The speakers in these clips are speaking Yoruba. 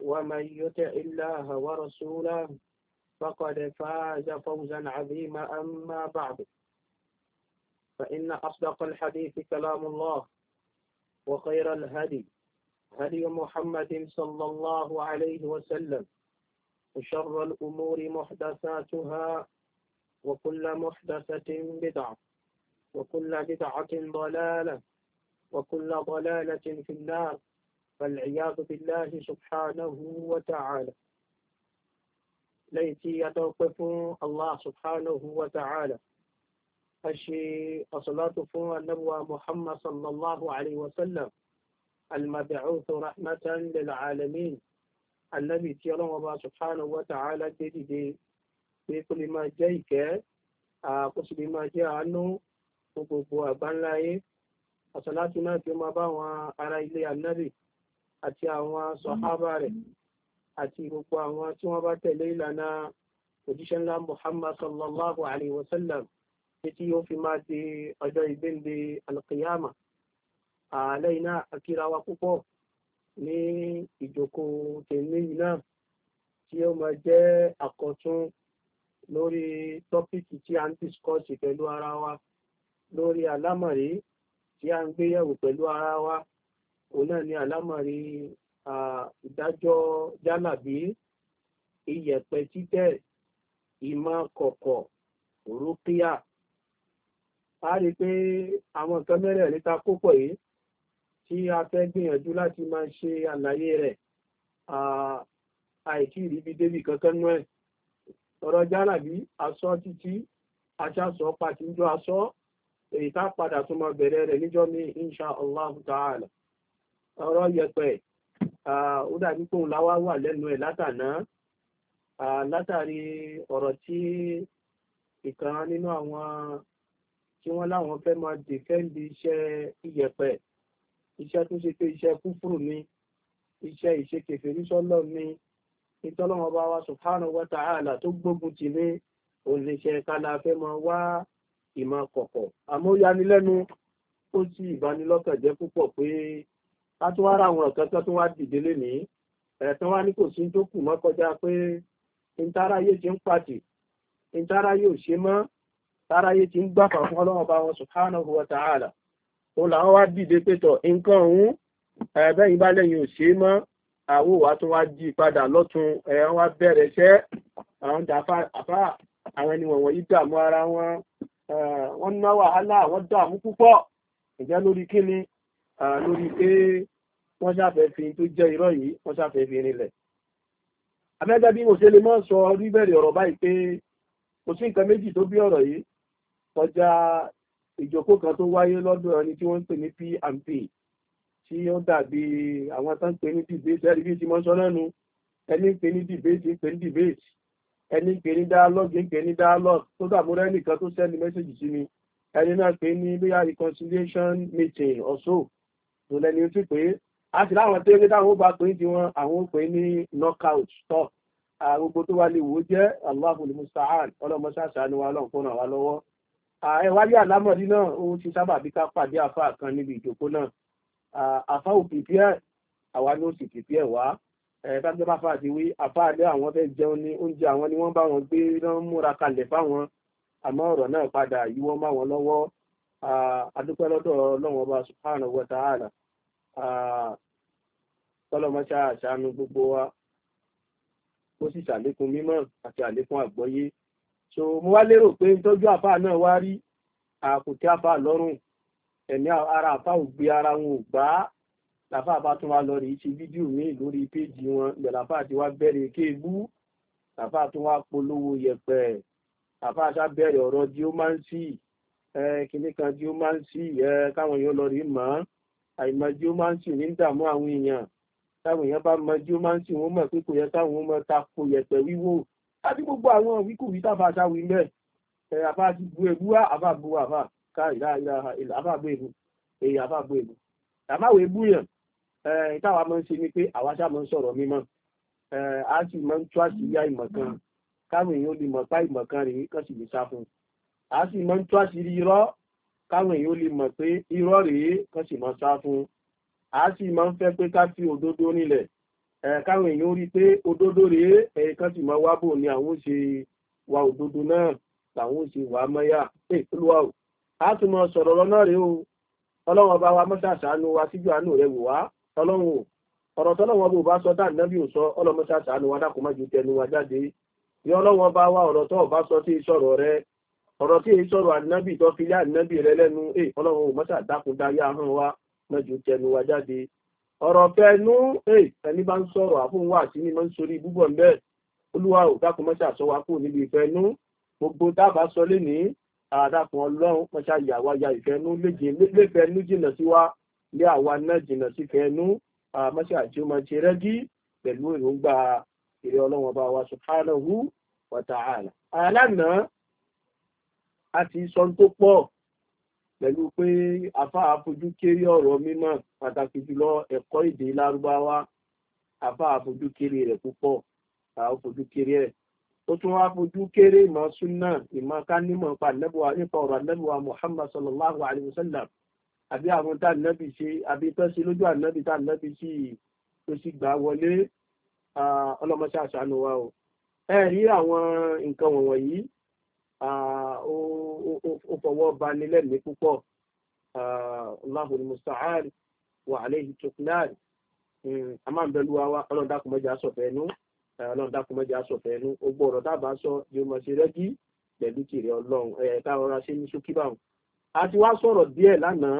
ومن يطع الله ورسوله فقد فاز فوزا عظيما أما بعد فإن أصدق الحديث كلام الله وخير الهدي هدي محمد صلى الله عليه وسلم وشر الأمور محدثاتها وكل محدثة بدعة وكل بدعة ضلالة وكل ضلالة في النار فالعياذ بالله سبحانه وتعالى lẹ́yìn tí a dọ́pẹ́ fún Allah subhanahu wa ta'ala a ṣe asọ́látò fún annabuwa Muhammad sallallahu alaihi wasallam almabi'utu rahmatan lil alamin annabi tí ọlọ́wọ́ bá subhanahu wa ta'ala dé dìde pé kó lè máa jẹ́ ìkẹ́ kó sì lè máa jẹ́ àánú gbogbo àgbáńláyé asọ́látò náà tí ó máa bá wọn ará ilé annabi àti àwọn sọ̀hábà rẹ̀ àti gbogbo àwọn tí wọ́n bá tẹ̀lé ìlànà òjíṣẹ́ ńlá Muhammad sallallahu alaihi wasallam títí yóò fi máa di ọjọ́ ìgbéǹde alqiyama ààlẹ́ iná akírawa púpọ̀ ní ìjòkó tèmi náà tí ó máa jẹ́ àkọ́tún lórí tọ́pìkì tí a ń dìskọ́sì pẹ̀lú ara wa lórí alámọ̀rí tí a ń gbéyẹ̀wò pẹ̀lú ara wa òun náà ni àlámọ̀rí ìdájọ́ jálàbí iyẹ̀pẹ̀ títẹ̀ ìmọ̀ kọ̀kọ̀ rúkíà a rí pé àwọn nǹkan mẹ́rẹ̀ níta kópọ̀ yìí tí a fẹ́ gbìyànjú láti máa ṣe àlàyé rẹ̀ àìtí ìríbi débì kankan nú ẹ̀ ọ̀rọ̀ jálàbí asọ títí aṣáṣọ pàtíjọ asọ èyí tá padà tó máa bẹ̀rẹ̀ rẹ̀ níjọ́ ní insha Allah ta'ala ọ̀rọ̀ yẹpẹ̀ ó dàbí pé òun láwá wà lẹ́nu ẹ̀ látàná látàrí ọ̀rọ̀ tí ìkan nínú àwọn tí wọ́n láwọn fẹ́ máa dìfẹ́ǹdì iṣẹ́ iyẹ̀pẹ̀ iṣẹ́ tó ṣe pé iṣẹ́ kúfùrù ni iṣẹ́ ìṣekèfèrí sọ́lọ́ ni ìtọ́lọ́wọ́ bá wa subhanahu wa ta'ala tó gbógun ti ní oníṣẹ́ kálá fẹ́ máa wá ìmọ̀ kọ̀kọ̀ àmọ́ yanilẹ́nu ó sì ìbanilọ́kàn púpọ̀ pé a tún wá ra àwọn nǹkan tó tún wá dìde lénìí ẹ̀ẹ̀tàn wá ní kò sí tó kù mọ́ kọjá pé ntáráyé ti ń pàtì ntáráyé ò ṣe mọ́ táráyé ti ń gbàfà fún ọlọ́run bá wọn subhanahu wa ta'ala ó làwọn wá dìde pé tọ̀ nǹkan ọ̀hún ẹ̀ẹ́bẹ́yìn bá lẹ́yìn ò ṣe mọ́ àwọ̀ wa tún wá jí padà lọ́tún ẹ̀yàn wá bẹ̀rẹ̀ iṣẹ́ àwọn dàfà àfà àwọn ẹni wọ̀nyí dààmú ara wọn wọ́n ná wàhálà wọ́n dààmú púpọ̀ ìjẹ́ lórí pé wọ́n ṣàfẹ́ fi tó jẹ́ irọ́ yìí wọ́n ṣàfẹ́ fi rinlẹ̀ abẹ́gbẹ́ bí mo ṣe lè mọ́ sọ orí bẹ̀rẹ̀ ọ̀rọ̀ báyìí pé kò sí nǹkan méjì tó bí ọ̀rọ̀ yìí kọjá ìjókòó kan tó wáyé lọ́dọ̀ ẹni tí wọ́n ń pè ní P&P tí ó dàbí àwọn tó ń pè ní debate ẹni bí ti mọ́ sọ lẹ́nu ẹni ń pè ní debate ń pè ní debate ẹni ń pè ní dialogue ń pè ní dialogue tó dàbò nìkan tó send message sí mi ẹni náà pè ní bóyá reconciliation meeting or so tó lẹ́ni tí pé a sì láwọn tó ń gbé táwọn ó bá pín tí wọn àwọn ó pín ní knockout tọ́ gbogbo tó wá lè wò jẹ́ Allahul musta'an ọlọ́mọṣáṣá ni wọn ọlọ́run fúnra wa lọ́wọ́ ẹ̀wáyé àlámọ̀dí náà ó ti sábà bí ká pàdé àfa kan níbi ìjókòó náà àfa ò pìpìẹ́ àwa ni ó sì pìpìẹ́ wá ẹ̀ẹ́dájọ́ bá fà ti wí àfa àlẹ́ àwọn fẹ́ jẹun ní oúnjẹ àwọn ni wọ́n bá wọn gbé náà múra kalẹ̀ fáwọn àmọ́ ọ̀rọ̀ náà padà yíwọ́ máa wọn lọ́wọ́ adúpẹ́ lọ́dọ̀ ọlọ́run ọba subhanahu wa ta'ala kọ́lọ́mọṣá àṣàánú gbogbo wa ó sì ṣàlékún mímọ̀ àti àlékún àgbọ́yé so mo wá lérò pé tọ́jú àfáà náà wá rí àkùtí àfáà lọ́rùn ẹ̀mí ara àfáà ò gbé ara wọn ò gbá làfáà bá tún wá lọ rí ṣe fídíò míì lórí péjì wọn ìgbẹ̀ làfáà ti wá bẹ̀rẹ̀ kéèbú làfáà tún wá polówó yẹpẹ̀ làfáà ṣá bẹ̀rẹ̀ ọ̀rọ̀ di ó máa ń sí kìnnìkan di ó máa ń sí káwọn èèyàn lọ rí mọ́ àìmọ̀jú máa ń sì ní dààmú àwọn èèyàn táwọn èèyàn bá mọjú máa ń sì wọ́n mọ̀ pé kò yẹ táwọn ọmọ ta kò yẹ̀pẹ̀ wíwò láti gbogbo àwọn wíkùwí tábà sáwì mẹ́ ẹ̀ àbá ti bu ebu àbá bu àbá ká ìlà ìlà àbá bu ebu èyí àbá bu ebu àbá wo ebu yàn ẹ̀ táwa máa ń ṣe ni pé àwa ṣá máa ń sọ̀rọ̀ mímọ́ ẹ̀ á sì máa ń tú àṣírí àìmọ̀ kan káwọn èèyàn lè mọ̀ pa ìmọ̀ kan rèé kan sì lè sá fún un á káwọn èèyàn lè mọ̀ pé irọ́ rèé kan sì máa sá fún a sì máa ń fẹ́ pé ká fi òdodo nílẹ̀ káwọn èèyàn rí pé òdodo rèé ẹ̀ẹ̀kan sì máa wá bò ní àwọn ṣe wa òdodo náà làwọn ṣe wà mọ́yà olúwa o a tún máa sọ̀rọ̀ lọ́nà rèé o ọlọ́run ọba wa mọ́ṣáṣáánú wa síjú àánú rẹ̀ wò wá ọlọ́run o ọ̀rọ̀ tọ́lọ́wọ́n bó bá sọ dáà nábì ò sọ ọlọ́mọṣáṣáánú wa dákùnmájú tẹnu wa jáde yọ ọlọ́run ọba wa ọ̀rọ̀ tó ọba sọ sí ìṣọ̀rọ̀ rẹ̀ ọ̀rọ̀ tí èyí sọ̀rọ̀ ànábì tó fi lé ànábì rẹ lẹ́nu ẹ̀ ọlọ́run ò mọ́ṣà dákúndáyà hàn wá mẹ́jọ tẹnu wa jáde ọ̀rọ̀ fẹnu ẹ̀ ẹni bá ń sọ̀rọ̀ àfóhùn wà sí ni máa ń sorí búbọ̀ ń bẹ́ẹ̀ olúwa ò dákun mọ́ṣà sọ wá kúrò níbi ìfẹnu gbogbo dábàá sọ lénìí àdàkùn ọlọ́run mọ́ṣà yà wá ya ìfẹnu léfẹnu jìnnà sí wa lé àwa náà jìnnà sí fẹnu mọ́ṣà tí ó máa ṣe rẹ́gí pẹ̀lú èròǹgbà èrè ọlọ́run ọba wa subhanahu a ti sọ tó pọ̀ pẹ̀lú pé afá afojú kéré ọ̀rọ̀ mímọ̀ pàtàkì jùlọ ẹ̀kọ́ èdè lárúbáwá afá afojú kéré rẹ̀ púpọ̀ afojú kéré rẹ̀ ó tún wá fojú kéré ìmọ̀ súnà ìmọ̀ ká pa nẹ́bùwà nípa ọ̀rọ̀ nẹ́bùwà Muhammad sallallahu alayhi wa sallam àbí àwọn tá nẹ́bì ṣe àbí tọ́sí lójú ànẹ́bì tá nẹ́bì sí tó sì gbà wọlé ọlọ́mọṣẹ́ àṣà nù o ẹ rí àwọn nǹkan wọ̀nyí ó fọwọ́ bani lẹ́mìí púpọ̀ Allahu al-musta'an wa alayhi tuklan hmm, a máa ń bẹ lúwa wa ọlọ́run dákun mẹ́jọ aṣọ̀fẹ́ ẹnu ọlọ́run dákun mẹ́jọ aṣọ̀fẹ́ ẹnu ó gbọ́ ọ̀rọ̀ dábàá sọ yóò mọ̀ sí rẹ́gí pẹ̀lú tìrẹ ọlọ́run ẹ̀ka ọ̀rọ̀ ṣe ní ṣókí báwọn. a ti wá sọ̀rọ̀ díẹ̀ lánàá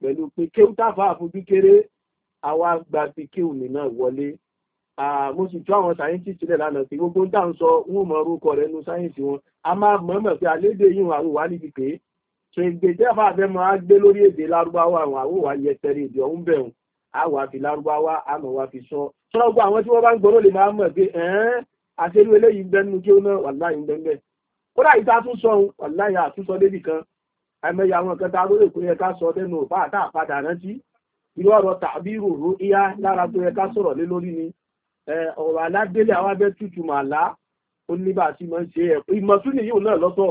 pẹ̀lú pé kéwù táfà àfojú kéré àwa gba ti kéwù nínà wọlé mo sì tún àwọn sáyẹ́ntìsì sílẹ̀ lánàá sí gbogbo ń dáhùn sọ wọn mọ orúkọ rẹ̀ nínú sáyẹ́ǹsì wọn a máa mọ̀ọ́mọ̀ pé àlédè yìí àrùn wà níbi pé ṣe ìgbésẹ̀ fàfẹ́ mọ́ á gbé lórí èdè lárúbáwá àwọn àwòwà yẹtẹrẹ èdè ọ̀hún bẹ̀rùn a wà fi lárúbáwá a mọ̀ wá fi sọ sọ́nà gbọ́ àwọn tí wọ́n bá ń gbọ́rọ̀ lè máa mọ̀ pé ẹ̀ẹ́n àṣírí eléyìí ń bẹnu kí ó náà wà láyé ń ọ̀rọ̀ aládélé àwọn abẹ́ tútù màlá ó ní bá a ti máa ń ṣe ẹ̀kọ́ ìmọ̀tún nìyí náà lọ́tọ̀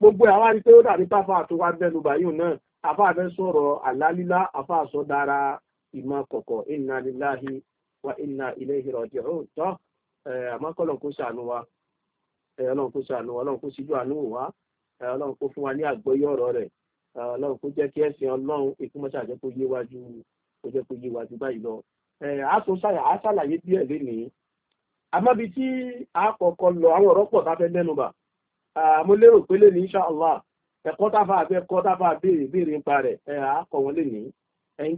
gbogbo àwọn àti pé ó dàbí pápá tó wá bẹ́nu báyìí náà àfa àfẹ́ sọ̀rọ̀ àlálílá àfa àsọ dára ìmọ̀ kọ̀kọ̀ inna lillahi wa inna ilayhi raji'un tọ́ àmọ́ kó ṣàánú wa ọlọ́run kó ṣàánú wa ọlọ́run kó ṣíjú àánú wa ọlọ́run kó fún wa ní àṣàlàyé díẹ̀ lénìí àmọ́bi tí a lọ awọn ọrọpọ pọ̀ tá fẹ́ mẹ́nubà mo lérò pé lè ní insha Allah ẹ̀kọ́ táfà abẹ́ ẹ̀kọ́ táfà béèrè béèrè wọn ní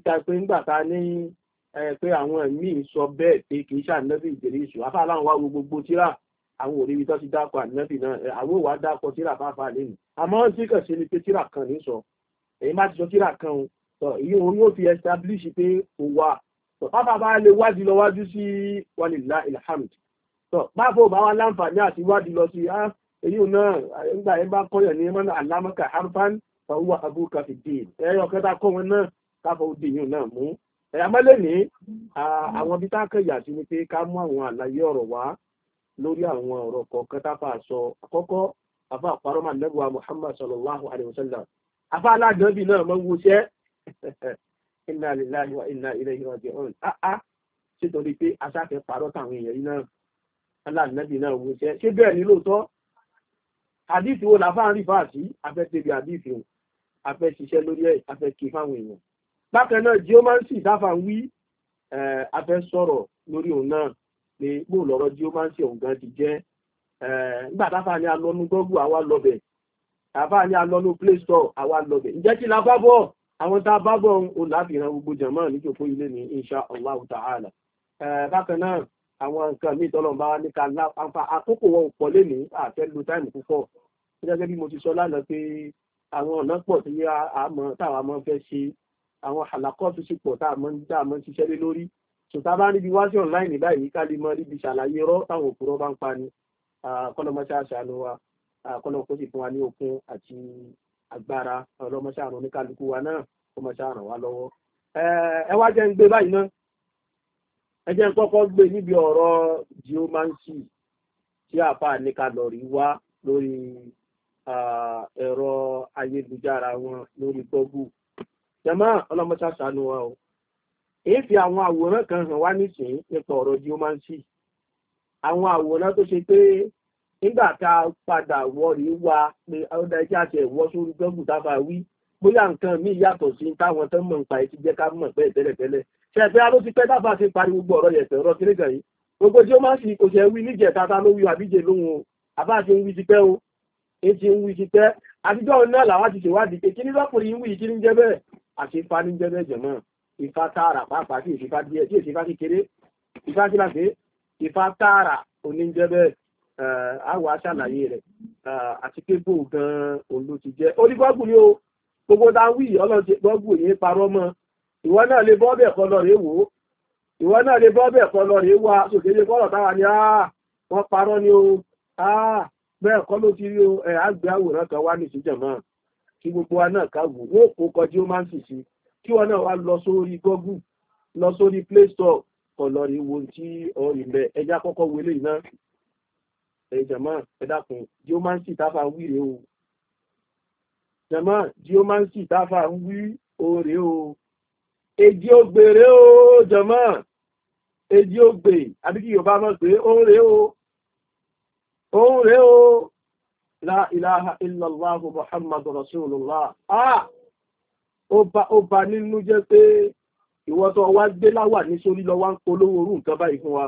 pé ta ní pé àwọn míì sọ pé kì í ìdèrè lè ní tí ni pé tíra kan ní sọ sọ tíra kan o fi establish pé pápá bá lè wádìí lọ wájú sí wàlìlá ilhamd tọ́ báfọ́ bá wá láǹfààní àti wádìí lọ sí á ah, èyí náà nígbà yẹn bá kọyọ ní mọ́nà alámọ́kà harfan fàwọ́ abúkà fi dì ẹ̀yọ kẹta kọ́ wọn náà káfọ́ dì yìí náà mú ní àwọn bí sí ni pé ká mú àwọn àlàyé wá lórí àwọn táfà sọ Muhammad sallallahu alayhi wa sallam inna lillahi wa inna ilayhi raji'un áá ah, sítorí ah. pé aṣáfẹ́ parọ́ táwọn èèyàn yìí náà aláàdínẹ́bì náà wò ṣẹ́ ṣé bẹ́ẹ̀ ni lóòótọ́ àdíìtì wo làfáà ń rí fáà sí afẹ́tẹ́bi àdíìtì o afẹ́ ṣiṣẹ́ lórí ẹ̀ afẹ́ kí fáwọn èèyàn bákan náà geomancy dáfà ń wí afẹ́ sọ̀rọ̀ lórí òun náà pé bó lọ́rọ̀ geomancy òun gan ti jẹ́ nígbà táfà ni a lọ nu Google àwa lọ bẹ̀ táfà ni a lọ nu Play Store àwa lọ bẹ̀ ǹjẹ́ kí la bá bọ̀ àwọn tá a bá bọ̀ ohun láfihàn gbogbo jẹ̀mọ́ níjòkó ilé ní insha allah ta'ala bákan náà àwọn nǹkan míì tọ́lọ̀ bá wá ní ká láǹfà àkókò wọn pọ̀ lé ní àfẹ́lú táìmù púpọ̀ gẹ́gẹ́ bí mo ti sọ lánàá pé àwọn ọ̀nà pọ̀ tí àmọ́ táwa máa fẹ́ ṣe àwọn àlàkọ́ tó ṣe pọ̀ tá a máa ń ṣiṣẹ́ lé lórí ṣùtá bá níbi wá sí báyìí ká lè mọ níbi ṣàlàyé rọ́ táwọn òpùrọ́ bá ń pa ni ló wa kọ́lọ́mọ kó sì fún wa ní okun àti agbára ọlọ́mọṣàrùn oníkálukú wa náà ọmọṣàrùn wa lọwọ ẹ wá jẹ́ ń gbé báyìí náà ẹ jẹ ń kọ́kọ́ gbé níbi ọrọ geomancy tí àpá ní ká lọ rí wá lórí ẹrọ ayélujára wọn lórí Google jẹ́mọ́ ọlọ́mọṣàṣàánú wa o èyí fi àwọn àwòrán kan hàn wá nísìnyí nípa ọrọ geomancy àwọn àwòrán tó ṣe pé nígbà tá a padà wọrí wa pé ọ̀dà ẹjẹ́ àti ẹ̀wọ́ sórí gọ́gù táfà wí bóyá nǹkan míì yàtọ̀ sí táwọn tó mọ̀ nípa ẹtí jẹ́ ká mọ̀ pẹ́ tẹ́lẹ̀tẹ́lẹ̀ ṣẹ̀fẹ́ aló ti pẹ́ táfà ti parí gbogbo ọ̀rọ̀ yẹ̀fẹ̀ ọ̀rọ̀ kiri kan yìí gbogbo tí ó máa ń sì kò ṣe wí níjẹ̀ tata ló àbíjẹ lóhun o àbá ti ń wí tipẹ́ o e ti ń wí tipẹ́ àtijọ́ náà làwọn ti ṣèwádìí pé kíní lọ́kùnrin ń wí kíní jẹ́ bẹ́ẹ̀ àti ifá ní jẹ́ bẹ́ẹ̀ jẹ̀mọ́ ifá tààrà pàápàá sí ìfipá díẹ̀ sí ìfipá kékeré ifá kí ifá tààrà oníjẹ́ àwa eh, ṣàlàyé rẹ̀ eh, àti pé bò gan òun ti jẹ́ ni gbogbo tá wí ọlọ́run ti gbọ́gbù yìí parọ́ mọ́ ìwọ náà lè bọ́ bẹ̀ kọ́ lọ rèé wò ó ìwọ náà lè bọ́ bẹ̀ kọ́ lọ rèé wà lè kọ́ lọ táwa ni ah, wọ́n parọ́ ni ah, bẹ́ẹ̀ kọ́ ló ti rí o ẹ̀ eh, àgbẹ̀ àwòrán kan wá ní ìṣèjọba kí gbogbo wa náà ká wò ó kó ó máa ń sì sí kí wọn náà wá lọ sórí Google lọ sórí Play Store lọ wo ọ̀rìn bẹ́ẹ̀ ẹja kọ́kọ́ wọlé yìí náà ẹ̀jọ̀mọ́ ẹ̀dàkùn jí ó máa ń sì táfà wí rèé o jẹ̀mọ́ jí ó máa ń sì táfà wí o rèé o èjì ògbè rèé o jẹ̀mọ́ èjì ògbè àbí kí yorùbá mọ̀ pé ó rèé o ó rèé o la ilaha illallah muhammadu rasulullah ah ó ba nínú jẹ́ pé ìwọ tó wá gbé láwà ní sórí lọ ń polówó orú nǹkan báyìí fún wa.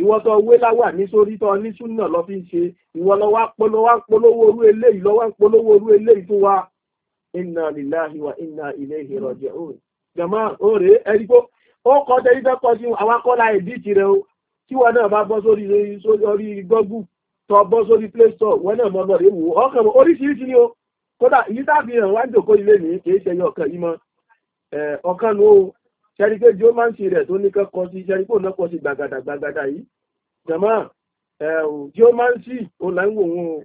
ìwọ tó wé láwà ní sórí tó ní lọ fi ń ṣe ìwọ polówó orú eléyìí lọ polówó orú eléyìí tó wá ilé ìrọ̀ jama ó kọ́ tẹ́lí fẹ́ kọ́ rẹ o tí wọn náà bá bọ́ sórí orí gọ́gù bọ́ play store wọn náà mọ́ lọ rèé wò ọkàn mọ́ oríṣiríṣi o kódà ilé kì í ṣe ṣẹ́ríkẹ́ jí ó máa ń ṣe rẹ̀ tó ní kẹ́kọ́ sí ṣẹ́ríkẹ́ òun kọ́ sí gbàgàdà gbàgàdà yìí máa ń sì wọn o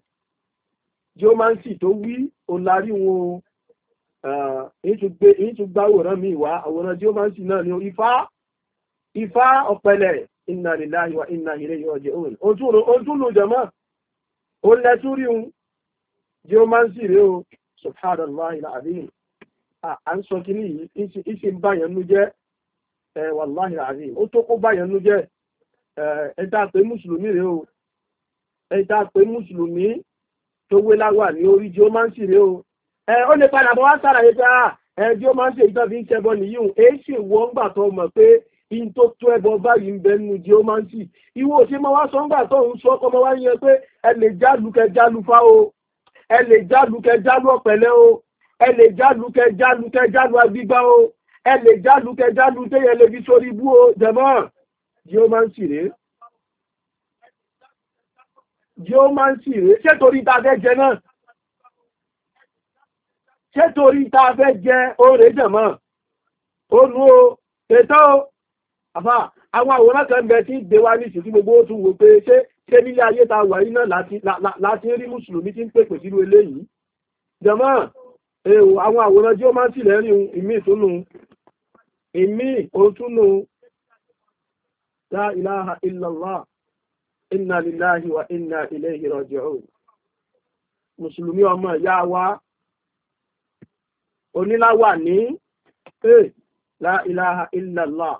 jí máa ń sì tó o èyí tún gbá àwòrán mi wá àwòrán jí máa ń sì náà ni ifá ifá ọ̀pẹlẹ̀ inna lillahi wa inna ilayhi raji'un òun tún lò jẹ̀mọ́ ó lẹ́tún rí máa ń sì o subhanallah ilà àdéhùn à ń sọ kí ní ìsìn jẹ́ ẹ wàláhì àrí ó tó kó báyẹn ló jẹ́ ẹ dá pé mùsùlùmí rèé o ẹ dá pé mùsùlùmí tó wé láwà ní orí jí ó máa ń sì rèé o ẹ ó lè padà bọ́ wá sàlàyé pé ah, ẹ ó máa ń ṣe ìtọ́ fi ń ṣẹbọ nìyí o èé ṣe wọ́n gbà tó mọ̀ pé in tó tó ẹbọ báyìí ń bẹ nínú jí ó máa ń sì ìwọ òṣè máa wá sọ́ngbà tó ń sọ ọkọ máa wá yẹn pé ẹ lè jálù kẹ jálù fá o ẹ lè jálù kẹ jálù ọ̀pẹ̀lẹ́ o ẹ lè jálù kẹ jálù kẹ jálù agbígbá o ẹ lè jálù kẹ jálù téyẹ lè fi sórí bú o jẹmọ́ yóò máa ń sì rèé yóò máa ń sì rèé ṣé torí ta fẹ́ jẹ náà ṣé torí ta fẹ́ jẹ oore jẹmọ́ olú o ètò àfà àwọn àwòrán kan bẹ tí gbé wá ní ìsìnkú gbogbo ó tún wò pé ṣé ṣé nílé ayé ta wà yìí náà láti rí mùsùlùmí tí ń pèpè sínú eléyìí jẹmọ́ èèwò àwọn àwòrán tí ó máa ń sì lẹ́rìn ìmí ìtúnú èmi òtúnú la ilaha illallah inna lillahi wa inna ilayhi mùsùlùmí ọmọ ìyá wa oníláwà ní la ilaha illallah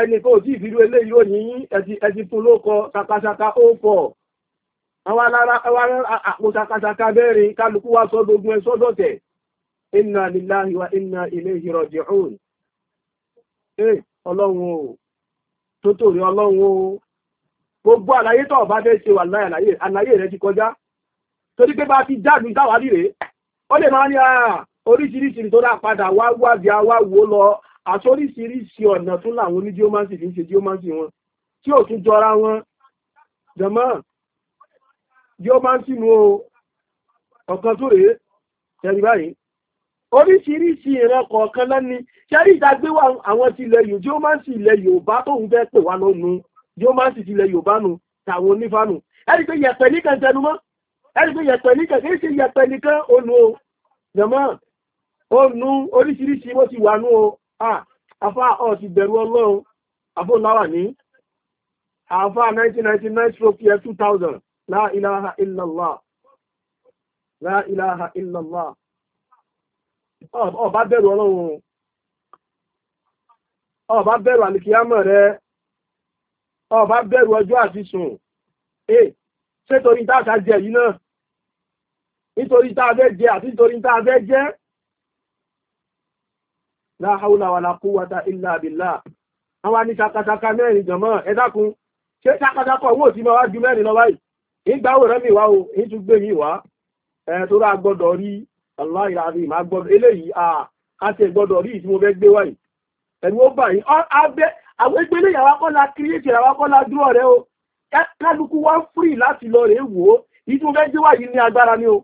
ẹni kó tí ìfìlú eléyìí ó yìnyín ẹti fún lókọ sakasaka ó pọ̀ àwọn àpò sakasaka bẹ́ẹ̀rin kálukú wá sọ́dọ̀ sọ́dọ̀ tẹ̀ ee ọlọ́run o tó tò rí ọlọ́run o gbogbo àlàyé tó ọba fẹ́ ṣe wà láyé àlàyé rẹ ti kọjá torí pé bá ti jáàdùn ìdáwárí rèé ó lè máa ní oríṣiríṣi tó dá padà wá wá bí a wá wò lọ àti oríṣiríṣi ọ̀nà tún làwọn onídíọ́mánsì fi ń ṣe díọ́mánsì wọn tí ò tún jọra wọn jọmọ́ díọ́mánsì nu ọ̀kan tó rèé tẹ̀lé báyìí oríṣiríṣi ìran kọ̀ọ̀kan lẹ́ni ṣẹ́rí ìdágbéwà àwọn ti ilẹ̀ yòó yóò máa ń sì ilẹ̀ Yorùbá pè wá lọ́nu yóò máa ń sì ilẹ̀ Yorùbá nu tàwọn onífànù ẹni pé yẹ̀pẹ̀ nìkan tẹnumọ́ ẹni pé yẹ̀pẹ̀ nìkan kì í ṣe yẹ̀pẹ̀ o jẹ̀mọ́ ònu oríṣiríṣi ti o àfa ọ̀ ti bẹ̀rù Ọlọ́run ní àfa 1999 2000 la ilaha ọba bẹ̀rù ọlọ́run ọba bẹ̀rù alikiyama rẹ ọba bẹ̀rù ọjọ́ àti sùn ẹ ṣé torí tá a ta yìí náà nítorí tá a jẹ àti nítorí tá a jẹ àwọn ṣakaṣaka mẹ́rin jọmọ́ ẹ dákun ṣé owó tí wá ju mẹ́rin lọ báyìí wo rẹ́mi wá o ìtúgbèmí wá ẹ̀ tó rà gbọ́dọ̀ Allah àrí ìmá gbọ́dọ̀ eléyìí a ti gbọ́dọ̀ rí ìtí mo fẹ́ gbé wáyìí ẹ̀rù ó báyìí abẹ́ àwọn ẹgbẹ́ eléyìí àwọn la kírìtì àwọn akọ́lá dúró rẹ o kálukú wá fírì láti lọ rèé wò ó ìtí mo fẹ́ gbé wáyìí ní agbára ni o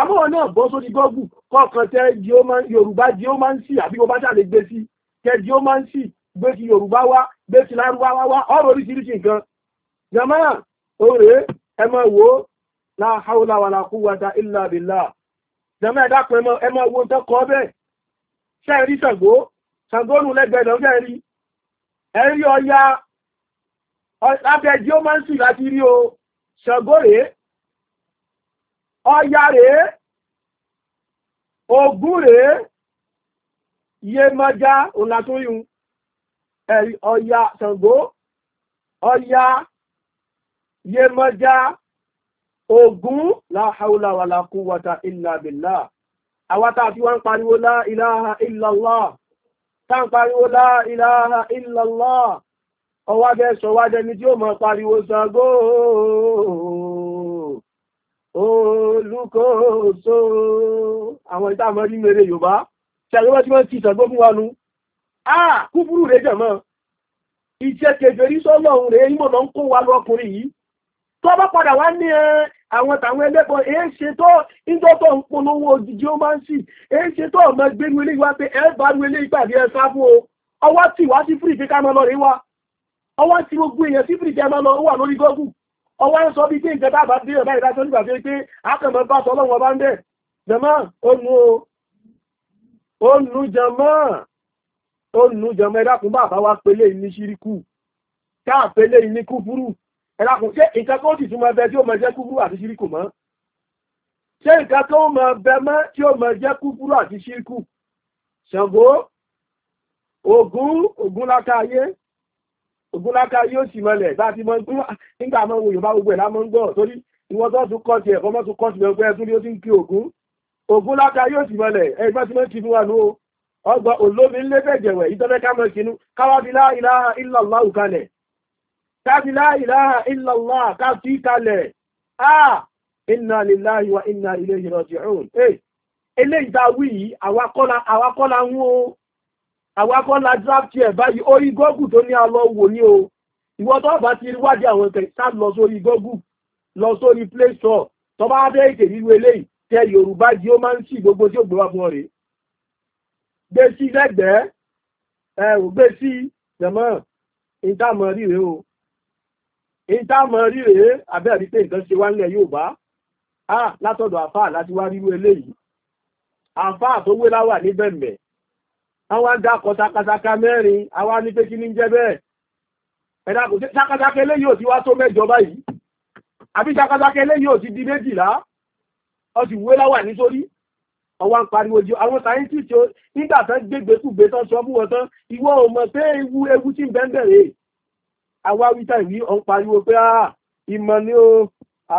àmọ́ náà bọ́ sórí gọ́gù kọ̀ọ̀kan tẹ́ yorùbá di ó máa ń sì àbí mo bá ṣàlè gbé sí tẹ́ di ó máa ń sì gbé sí yorùbá wá gbé sí lárúbáwá wá ọ̀rọ̀ oríṣiríṣi nǹkan jama òrè ẹ máa wò ó la hawla wala quwwata illa billah jẹ́mọ́ ẹ̀dàpọ̀ ẹmọ́ owó tó kọ́ bẹ́ẹ̀ ṣe rí Ṣàngó Ṣàngónù lẹ́gbẹ̀ẹ́dọ̀ fẹ́ rí ẹ̀rí Ọya lábẹ́jí ó máa ń sì láti rí o Ṣàngó rèé Ọya rèé Ògún rèé Yemọja ònàtóyún ẹ̀rí Ọya Ṣàngó Ọya Yemọja ogun láhàúlà wà lákúwàtà ìlàbìlà àwátà tí wọ́n ń pariwo láìláha ìlàlá tá ń pariwo láìláha ìlàlá ọwá bẹ́ sọ wá dẹni tí ó mọ̀ pariwo Ṣàngó olùkóso àwọn ìtàmọ́ ní mẹ́rẹ̀ Yorùbá ṣàgbọ́n tí wọ́n ti Ṣàngó fún wa nu padà wá ní àwọn tàwọn ẹlẹ́bọ̀ èé ṣe tó ìjọ́tọ̀ ń polówó òjìjí ó máa ń sì èé ṣe tó ọ̀mọ gbénu ilé ìwá pé ẹ bá nu ilé ìpàdé ẹ sá fún o ọwọ́ tí wá sí fúrìkì ká máa lọ rí wa ọwọ́ tí gbogbo èèyàn sí fúrìkì ẹ máa lọ wà lórí gọ́gù ọwọ́ ń sọ bí pé nǹkan tábà dé ọ̀bá ìdájọ́ nígbà pé pé akọ̀mọ̀ bá sọ ọlọ́run ọba ń bẹ̀ jẹ̀mọ́ onu o onu jẹ̀mọ́ onu jẹ̀mọ́ ẹ dákun bá àbá wa pélé ìníṣíríkù káà pélé ìníkúfúrú ẹ̀lákùn ṣé nǹkan tó ti túnmọ̀ ẹbẹ tí ó mọ̀ jẹ́ kúkúrú àti ṣíríkù mọ́ ṣé nǹkan tó mọ̀ bẹ mọ́ tí ó mọ̀ jẹ́ kúkúrú àti ṣíríkù Ṣàngó Ògún Ògúnlákáayé Ògúnlákáayé ó sì mọlẹ̀ bá ti mọ̀ pé ah, nígbà mọ̀ wo Yorùbá gbogbo ẹ̀ lá mọ̀ ń gbọ́ torí ìwọ́n tó tún kọ́ tiẹ̀ fọmọ́ tún kọ́ tiẹ̀ pé ẹtún ni ó ti ń kí Ògún Ògúnlákáayé ó sì mọlẹ̀ ẹgbẹ́ tí wọ́n ti fún wa nù ọgbà olómi ńlẹ́fẹ̀jẹ̀wẹ̀ ìtọ́fẹ́ ká mọ̀ kínú káwá bí lá ilaha illallah kalẹ̀ kábílá ìlàhà ìlàlá káfí kalẹ̀ ah inna lillahi wa inna ilayhi raji'un eh eléyìí tá wí yìí àwakọ́lá àwakọ́lá ń wo àwakọ́lá draft ẹ̀ báyìí orí gọ́gù tó ní alọ́ wò ní o ìwọ tó bá ti wádìí àwọn ẹ̀kẹ́ sá lọ sórí gọ́gù lọ sórí play store tó bá bẹ́ ètè nínú eléyìí tẹ yorùbá di ó máa ń sí gbogbo tí ó gbé wá fún ọ rèé gbé lẹ́gbẹ̀ẹ́ ẹ ò gbé sí rí rèé o ìtàmọ̀ rí rèé abẹ́rí pé nǹkan ṣe wá nílẹ̀ yóò bá a látọ̀dọ̀ àfáà láti wá rírú eléyìí àfáà tó wé láwà ní bẹ̀m̀bẹ̀ àwọn dákọ sakasaka mẹ́rin àwa ní pé kí ní jẹ́ bẹ́ẹ̀ ẹ̀dàkùn sakasaka eléyìí ò ti wá tó mẹ́jọ báyìí àbí sakasaka eléyìí ò ti di méjìlá ó sì wé láwà nítorí ọwọ́ ń pariwo jù àwọn sáyẹ́ntì tí ó nígbà tán gbégbékùgbé tán sọ fún wọn tán ìwọ ò mọ̀ pé ewu ewu tí ń bẹ́ẹ̀ bẹ̀rẹ̀ àwa wíta ìwí ọ̀n pariwo pé ah ìmọ̀ ni o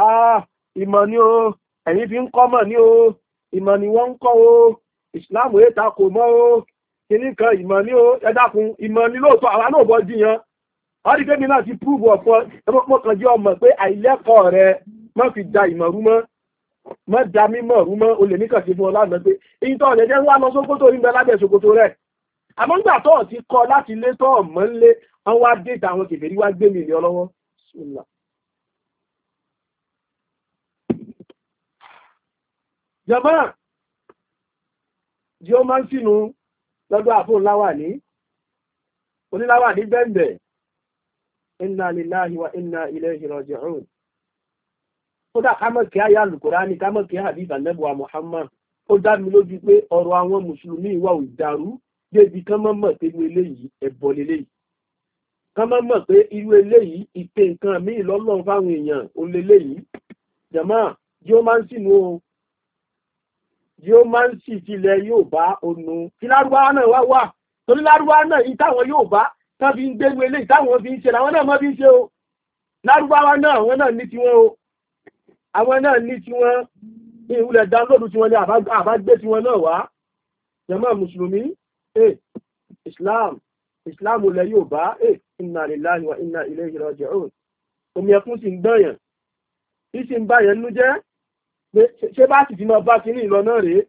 ah ìmọ̀ ni o ẹ̀yin fi ń kọ́ mọ̀ ni o ìmọ̀ ni wọ́n ń kọ́ o ìsìláàmù yìí ta kò mọ́ o kìíní kan ìmọ̀ ni o ẹ dákun ìmọ̀ ni lóòótọ́ àwa náà bọ́ jiyàn ọ́dígbémi náà ti púrúbù ọ̀pọ̀ ẹmọ́pọ̀ kan jẹ́ ọmọ pé àìlẹ́kọ̀ọ́ rẹ má fi da ìmọ̀ rú mọ́ má da mímọ̀ rú mọ́ o lè ní kàn sí fún ọ lánàá pé èyí tó ọ̀nà jẹ́ ń wá lọ sókótó orí ń bẹ lábẹ́ ṣòkòtò rẹ̀ àmọ́ nígbà tó ti kọ́ láti lé tó ọ̀mọ́ ń lé wọ́n wá déta àwọn kèfèrí wá gbé mìíràn lọ́wọ́ jọmọ́ jí ó máa ń sínú lọ́dọ̀ àfún láwà ní oníláwà ní bẹ́ẹ̀bẹ̀ inna lillahi wa inna ilayhi raji'un kódà kámọ̀kí ayé Al-Qur'ani kámọ̀kí hadith anẹ́bùwa Muhammad ó dá mi lójú pé ọ̀rọ̀ àwọn mùsùlùmí wà ò dàrú débi kán mọ́mọ̀ tẹ́lú eléyìí ẹ̀bọ̀ lélẹ́yìí ká má mọ̀ pé irú eléyìí ìpè nǹkan míì lọ́lọ́run fáwọn èèyàn ò leléyìí jàmá yóò máa ń sìnú o yóò máa ń sì tilẹ̀ yóò bá onu kí lárúbáwá náà wá wà torí lárúbáwá náà ìtàwọn yóò bá tán fi ń gbégbé eléyìí táwọn fi ń ṣe làwọn náà mọ́ fi ń ṣe o lárúbáwá náà àwọn náà ní tiwọn o àwọn náà ní tiwọn ìwúlẹ̀ dánlódù tiwọn ní àbágbé tiwọn náà wá jàmá mùsùlùmí eh islam islam ilẹ̀ yóò bá eh inna lillahi wa inna ilayhi raji'un omi ẹkún sì ń gbọ̀nyàn tí sì ń báyẹn nú jẹ́ ṣé bá sì ti mọ bá kínní ìlọ náà rèé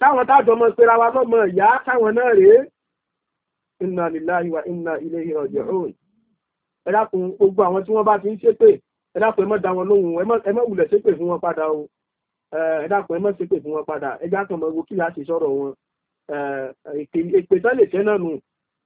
táwọn tájọ mọ pera wa lọ́mọ ìyá táwọn náà rèé inna lillahi wa inna ilayhi raji'un ẹ dákun gbogbo àwọn tí wọ́n bá ti ń ṣépè ẹ dákun ẹ wọn lóhùn ẹ wulẹ̀ ṣépè fún wọn padà o ẹ dákun ṣépè fún wọn padà ẹ já kan kí la sọ̀rọ̀ wọn èpè tán lè fẹ́ náà nù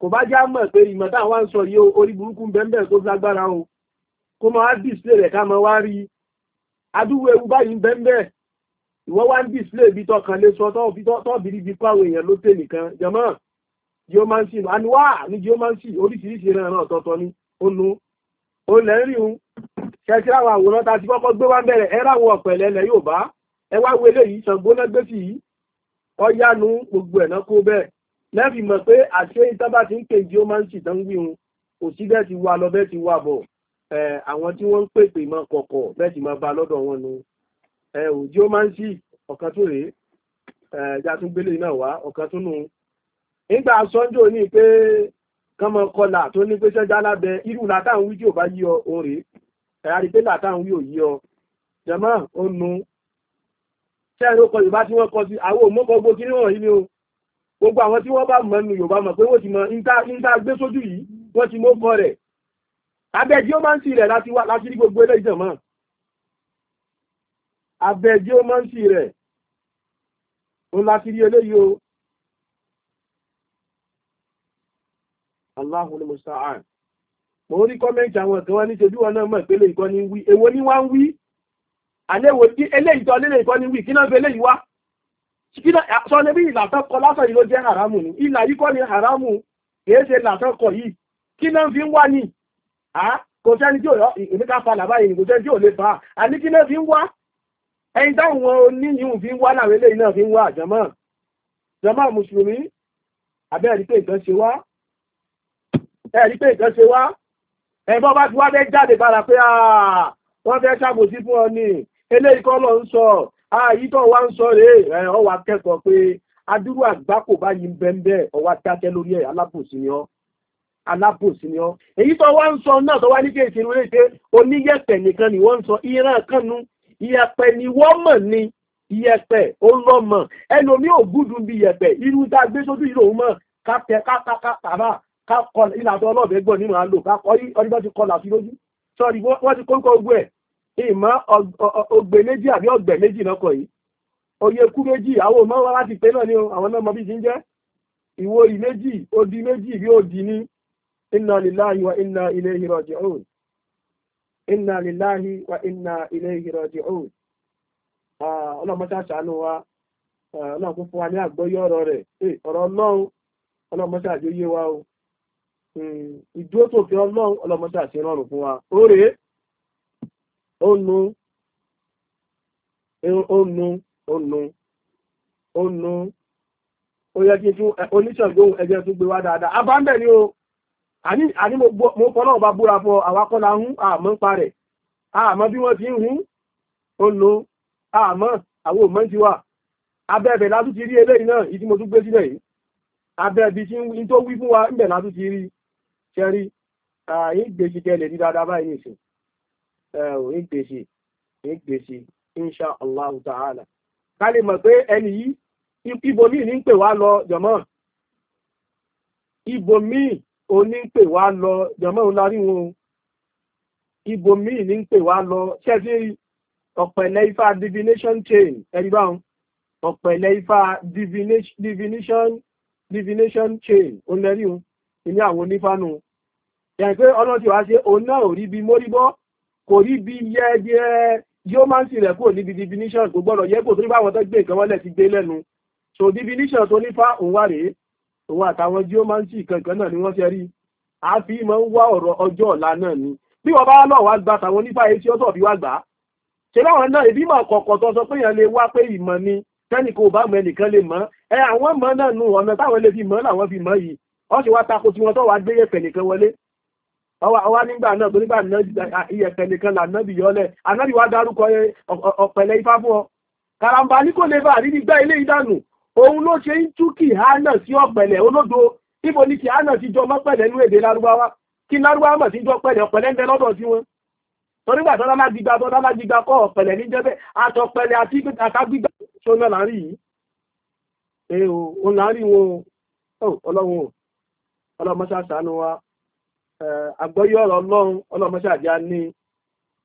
kò bá já mọ̀ pé ìmọ̀ táwọn wá ń sọ yìí orí burúkú bẹ́ẹ̀ tó lágbára o kó máa display rẹ̀ ká máa wá rí adúwò ewu báyìí bẹ́ẹ̀ ìwọ wá ń display ibi tọkàn lè sọ tọ́ọ̀bìrì bí kó èèyàn ló tè nìkan jẹmọ́ geomancy àníwá ní geomancy oríṣiríṣi ìran náà tọ̀tọ̀ ni ó nu ó lẹ́ ń rí un ṣẹ́ṣẹ́ àwọn àwòrán ta ti kọ́kọ́ gbé wá ń bẹ̀rẹ̀ ẹ ráwọn ọ̀pẹ̀lẹ̀ ilẹ̀ lẹ́fì mọ̀ pé àṣẹ ìtọ́ba ti ń kejì ó máa ń ṣìtàn gbìhun kò sí bẹ́ẹ̀ ti wà lọ bẹ́ẹ̀ ti wà bọ̀ àwọn tí wọ́n ń pèpè mọ kọ̀kọ̀ bẹ́ẹ̀ ti máa ba lọ́dọ̀ wọn nu òjì ó máa ń ṣì ọ̀kan tó rèé ẹja tún gbélé náà wá ọ̀kan tó nù un. nígbà sọ́njọ́ ní pé kọ́mọ kọlà tó ní pé sẹ́jà lábẹ́ irú látàwọn wíjì ò bá yí ọ gbogbo àwọn tí wọ́n bá mọ̀ nínú Yorùbá mọ̀ pé wọ́n ti mọ níta gbé sójú yìí wọ́n ti mọ́ kọ rẹ̀ abẹ́jí ó máa ń sí rẹ̀ láti wá láti rí gbogbo eléyìí jẹ̀mọ́ abẹ́jí ó máa ń sí rẹ̀ ó láti rí eléyìí o Allahu musta'an mo rí kọ́mẹ́ntì àwọn kan wọ́n ní ṣe wọn náà mọ̀ pé eléyìí kọ́ ni wí èwo ni wá ń wí àléwò eléyìí tọ́ sọ ní bí ìlàtọ́ kọ lásán yìí ló jẹ́ haramu ni ìlà yìí kọ́ ni haramu kìí ṣe ìlàtọ́ kọ yìí kí náà fi ń wá ní kò sẹ́ni tí ò yọ ìmíkà falà báyìí kò sẹ́ni tí ò lè bá àní kí náà fi ń wá ẹyin táwọn oníyìun fi ń wá láwọn eléyìí náà fi ń wá àjọmọ́ jàmá mùsùlùmí àbẹ́ẹ̀rí pé ìgbọ́n ṣe wá ẹ̀rí pé ìgbọ́n ṣe wá ẹ̀bọ́n bá ti wá fẹ́ jáde bára pé wọ́n fẹ́ ṣàbòsí fún ọ ní eléyìí kọ́ lọ ń àyítọ́ wa ń sọ rèé ẹ̀ ọ wà kẹ́kọ̀ọ́ pé adúrú àgbákò báyìí ń bẹ́ ń bẹ́ ọwá dákẹ́ lórí ẹ̀ alábòsí ni ọ́ alábòsí ni ọ́ èyí tó wá ń sọ náà tó wá ní kéèsì ìrú lè oníyẹ̀pẹ̀ nìkan ni wọ́n ń sọ ìran kanu ìyẹ̀pẹ̀ ni wọ́n mọ̀ ni ìyẹ̀pẹ̀ ó ń lọ mọ̀ ẹlòmí ò gúdùn bí ìyẹ̀pẹ̀ irú tá a gbé sójú yìí lòun mọ̀ ká tẹ ká ká ká tàbá ká ìlànà ọlọ́ọ̀bẹ gbọ́ nínú àlò ká ọdún bá ti kọ làfi lójú sọ́ọ̀rì wọ́n ti kórúkọ ogun ẹ̀ ìmọ̀ ọgbẹ́ méjì àbí ọgbẹ́ méjì lọ́kọ̀ yìí oyè kú méjì àwọn ọmọ wa láti pé náà ni àwọn náà mọ bí ti ń jẹ́ ìwo orí méjì odi méjì rí odi ní inna lillahi wa inna ilayhi raji'un inna lillahi wa inna ilayhi raji'un ọlọ́mọta ṣàánú wa ọlọ́run wa ní ọ̀rọ̀ rẹ̀ ọ̀rọ̀ ọlọ́run ọlọ́mọta àjọyé wa o ìdúró onu onu onu onu ó yẹ kí fún ẹgbẹ́ tó gbé ni o àní mo fọ́nà ọba búra fọ àwakọ́lá hún àmọ́ ń parẹ̀ àmọ́ bí wọ́n ti ń hún onu àmọ́ àwọn òmọ́ ti wà abẹ́ẹ̀bẹ̀ látú ti rí eléyìí náà ìdí mo tún gbé sílẹ̀ yìí abẹ́ẹ̀bí tí ń tó wí fún wa ń bẹ̀ látú ti rí ṣẹ́rí ìgbésíkẹ́lẹ̀ ní dáadáa báyìí ìgbèsè eh, ìgbèsè insha allah ta'ala ká lè mọ̀ pé ẹni yìí ibo míì ní ń pè wá lọ jọ̀mọ́ ibo míì oní ń pè wá lọ jọ̀mọ́ òun la rí wọn o míì ní ń pè wá lọ ṣẹ́ẹ̀tì ọ̀pẹ̀lẹ̀ ifá divination chain ẹ̀rí báwọn ọ̀pẹ̀lẹ̀ ifá divination divination chain òun lẹ́rí wọn ìní àwọn onífánu yẹn pé ọlọ́dún wa ṣe òun náà ò rí bí mórí bọ́ kò rí bí yẹ yẹ yóò máa ń tirẹ̀ kúrò níbi divination kò gbọ́dọ̀ yẹ kó tó ní báwọn tó gbé nǹkan wọlé ti gbé lẹ́nu so divination tó ní fa òun wà rèé òun àtàwọn geomancy kankan náà ni wọ́n ṣe rí a fi mọ́ ń wá ọ̀rọ̀ ọjọ́ ọ̀la náà ni bí wọ́n bá lọ́ọ̀ wá gba tàwọn onífà etí ọ̀tọ̀ fi wá gbà á ṣe láwọn náà ìbí mọ̀ kọ̀ọ̀kan tó sọ pé èèyàn lè wá pé ìmọ̀ ni tẹ́nìkan ò bá mọ ẹnìkan lè mọ̀ ẹ àwọn mọ̀ náà nu ọ̀nà táwọn lè fi mọ̀ làwọn fi mọ̀ yìí wọ́n sì wá tako tí wọ́n tó wá gbé yẹ̀pẹ̀ nìkan wọlé ọwá nígbà náà tó nígbà náà iyẹ̀pẹ̀ nìkan lànàbì yọlẹ̀ anábì wá dárúkọ ọ̀pẹ̀lẹ̀ ifá fún ọ karamba ní kò lè bá rí nígbà ilé ìdànù òun ló ṣe ń tú kì á sí ọ̀pẹ̀lẹ̀ olódo ibo ni ti jọ mọ́pẹ̀lẹ̀ èdè kí jọ pẹ̀lẹ̀ ọ̀pẹ̀lẹ̀ ń bẹ lọ́dọ̀ sí Eh, àgbọ́yé ọ̀rọ̀ ọlọ́run ọlọ́mọṣàdé ní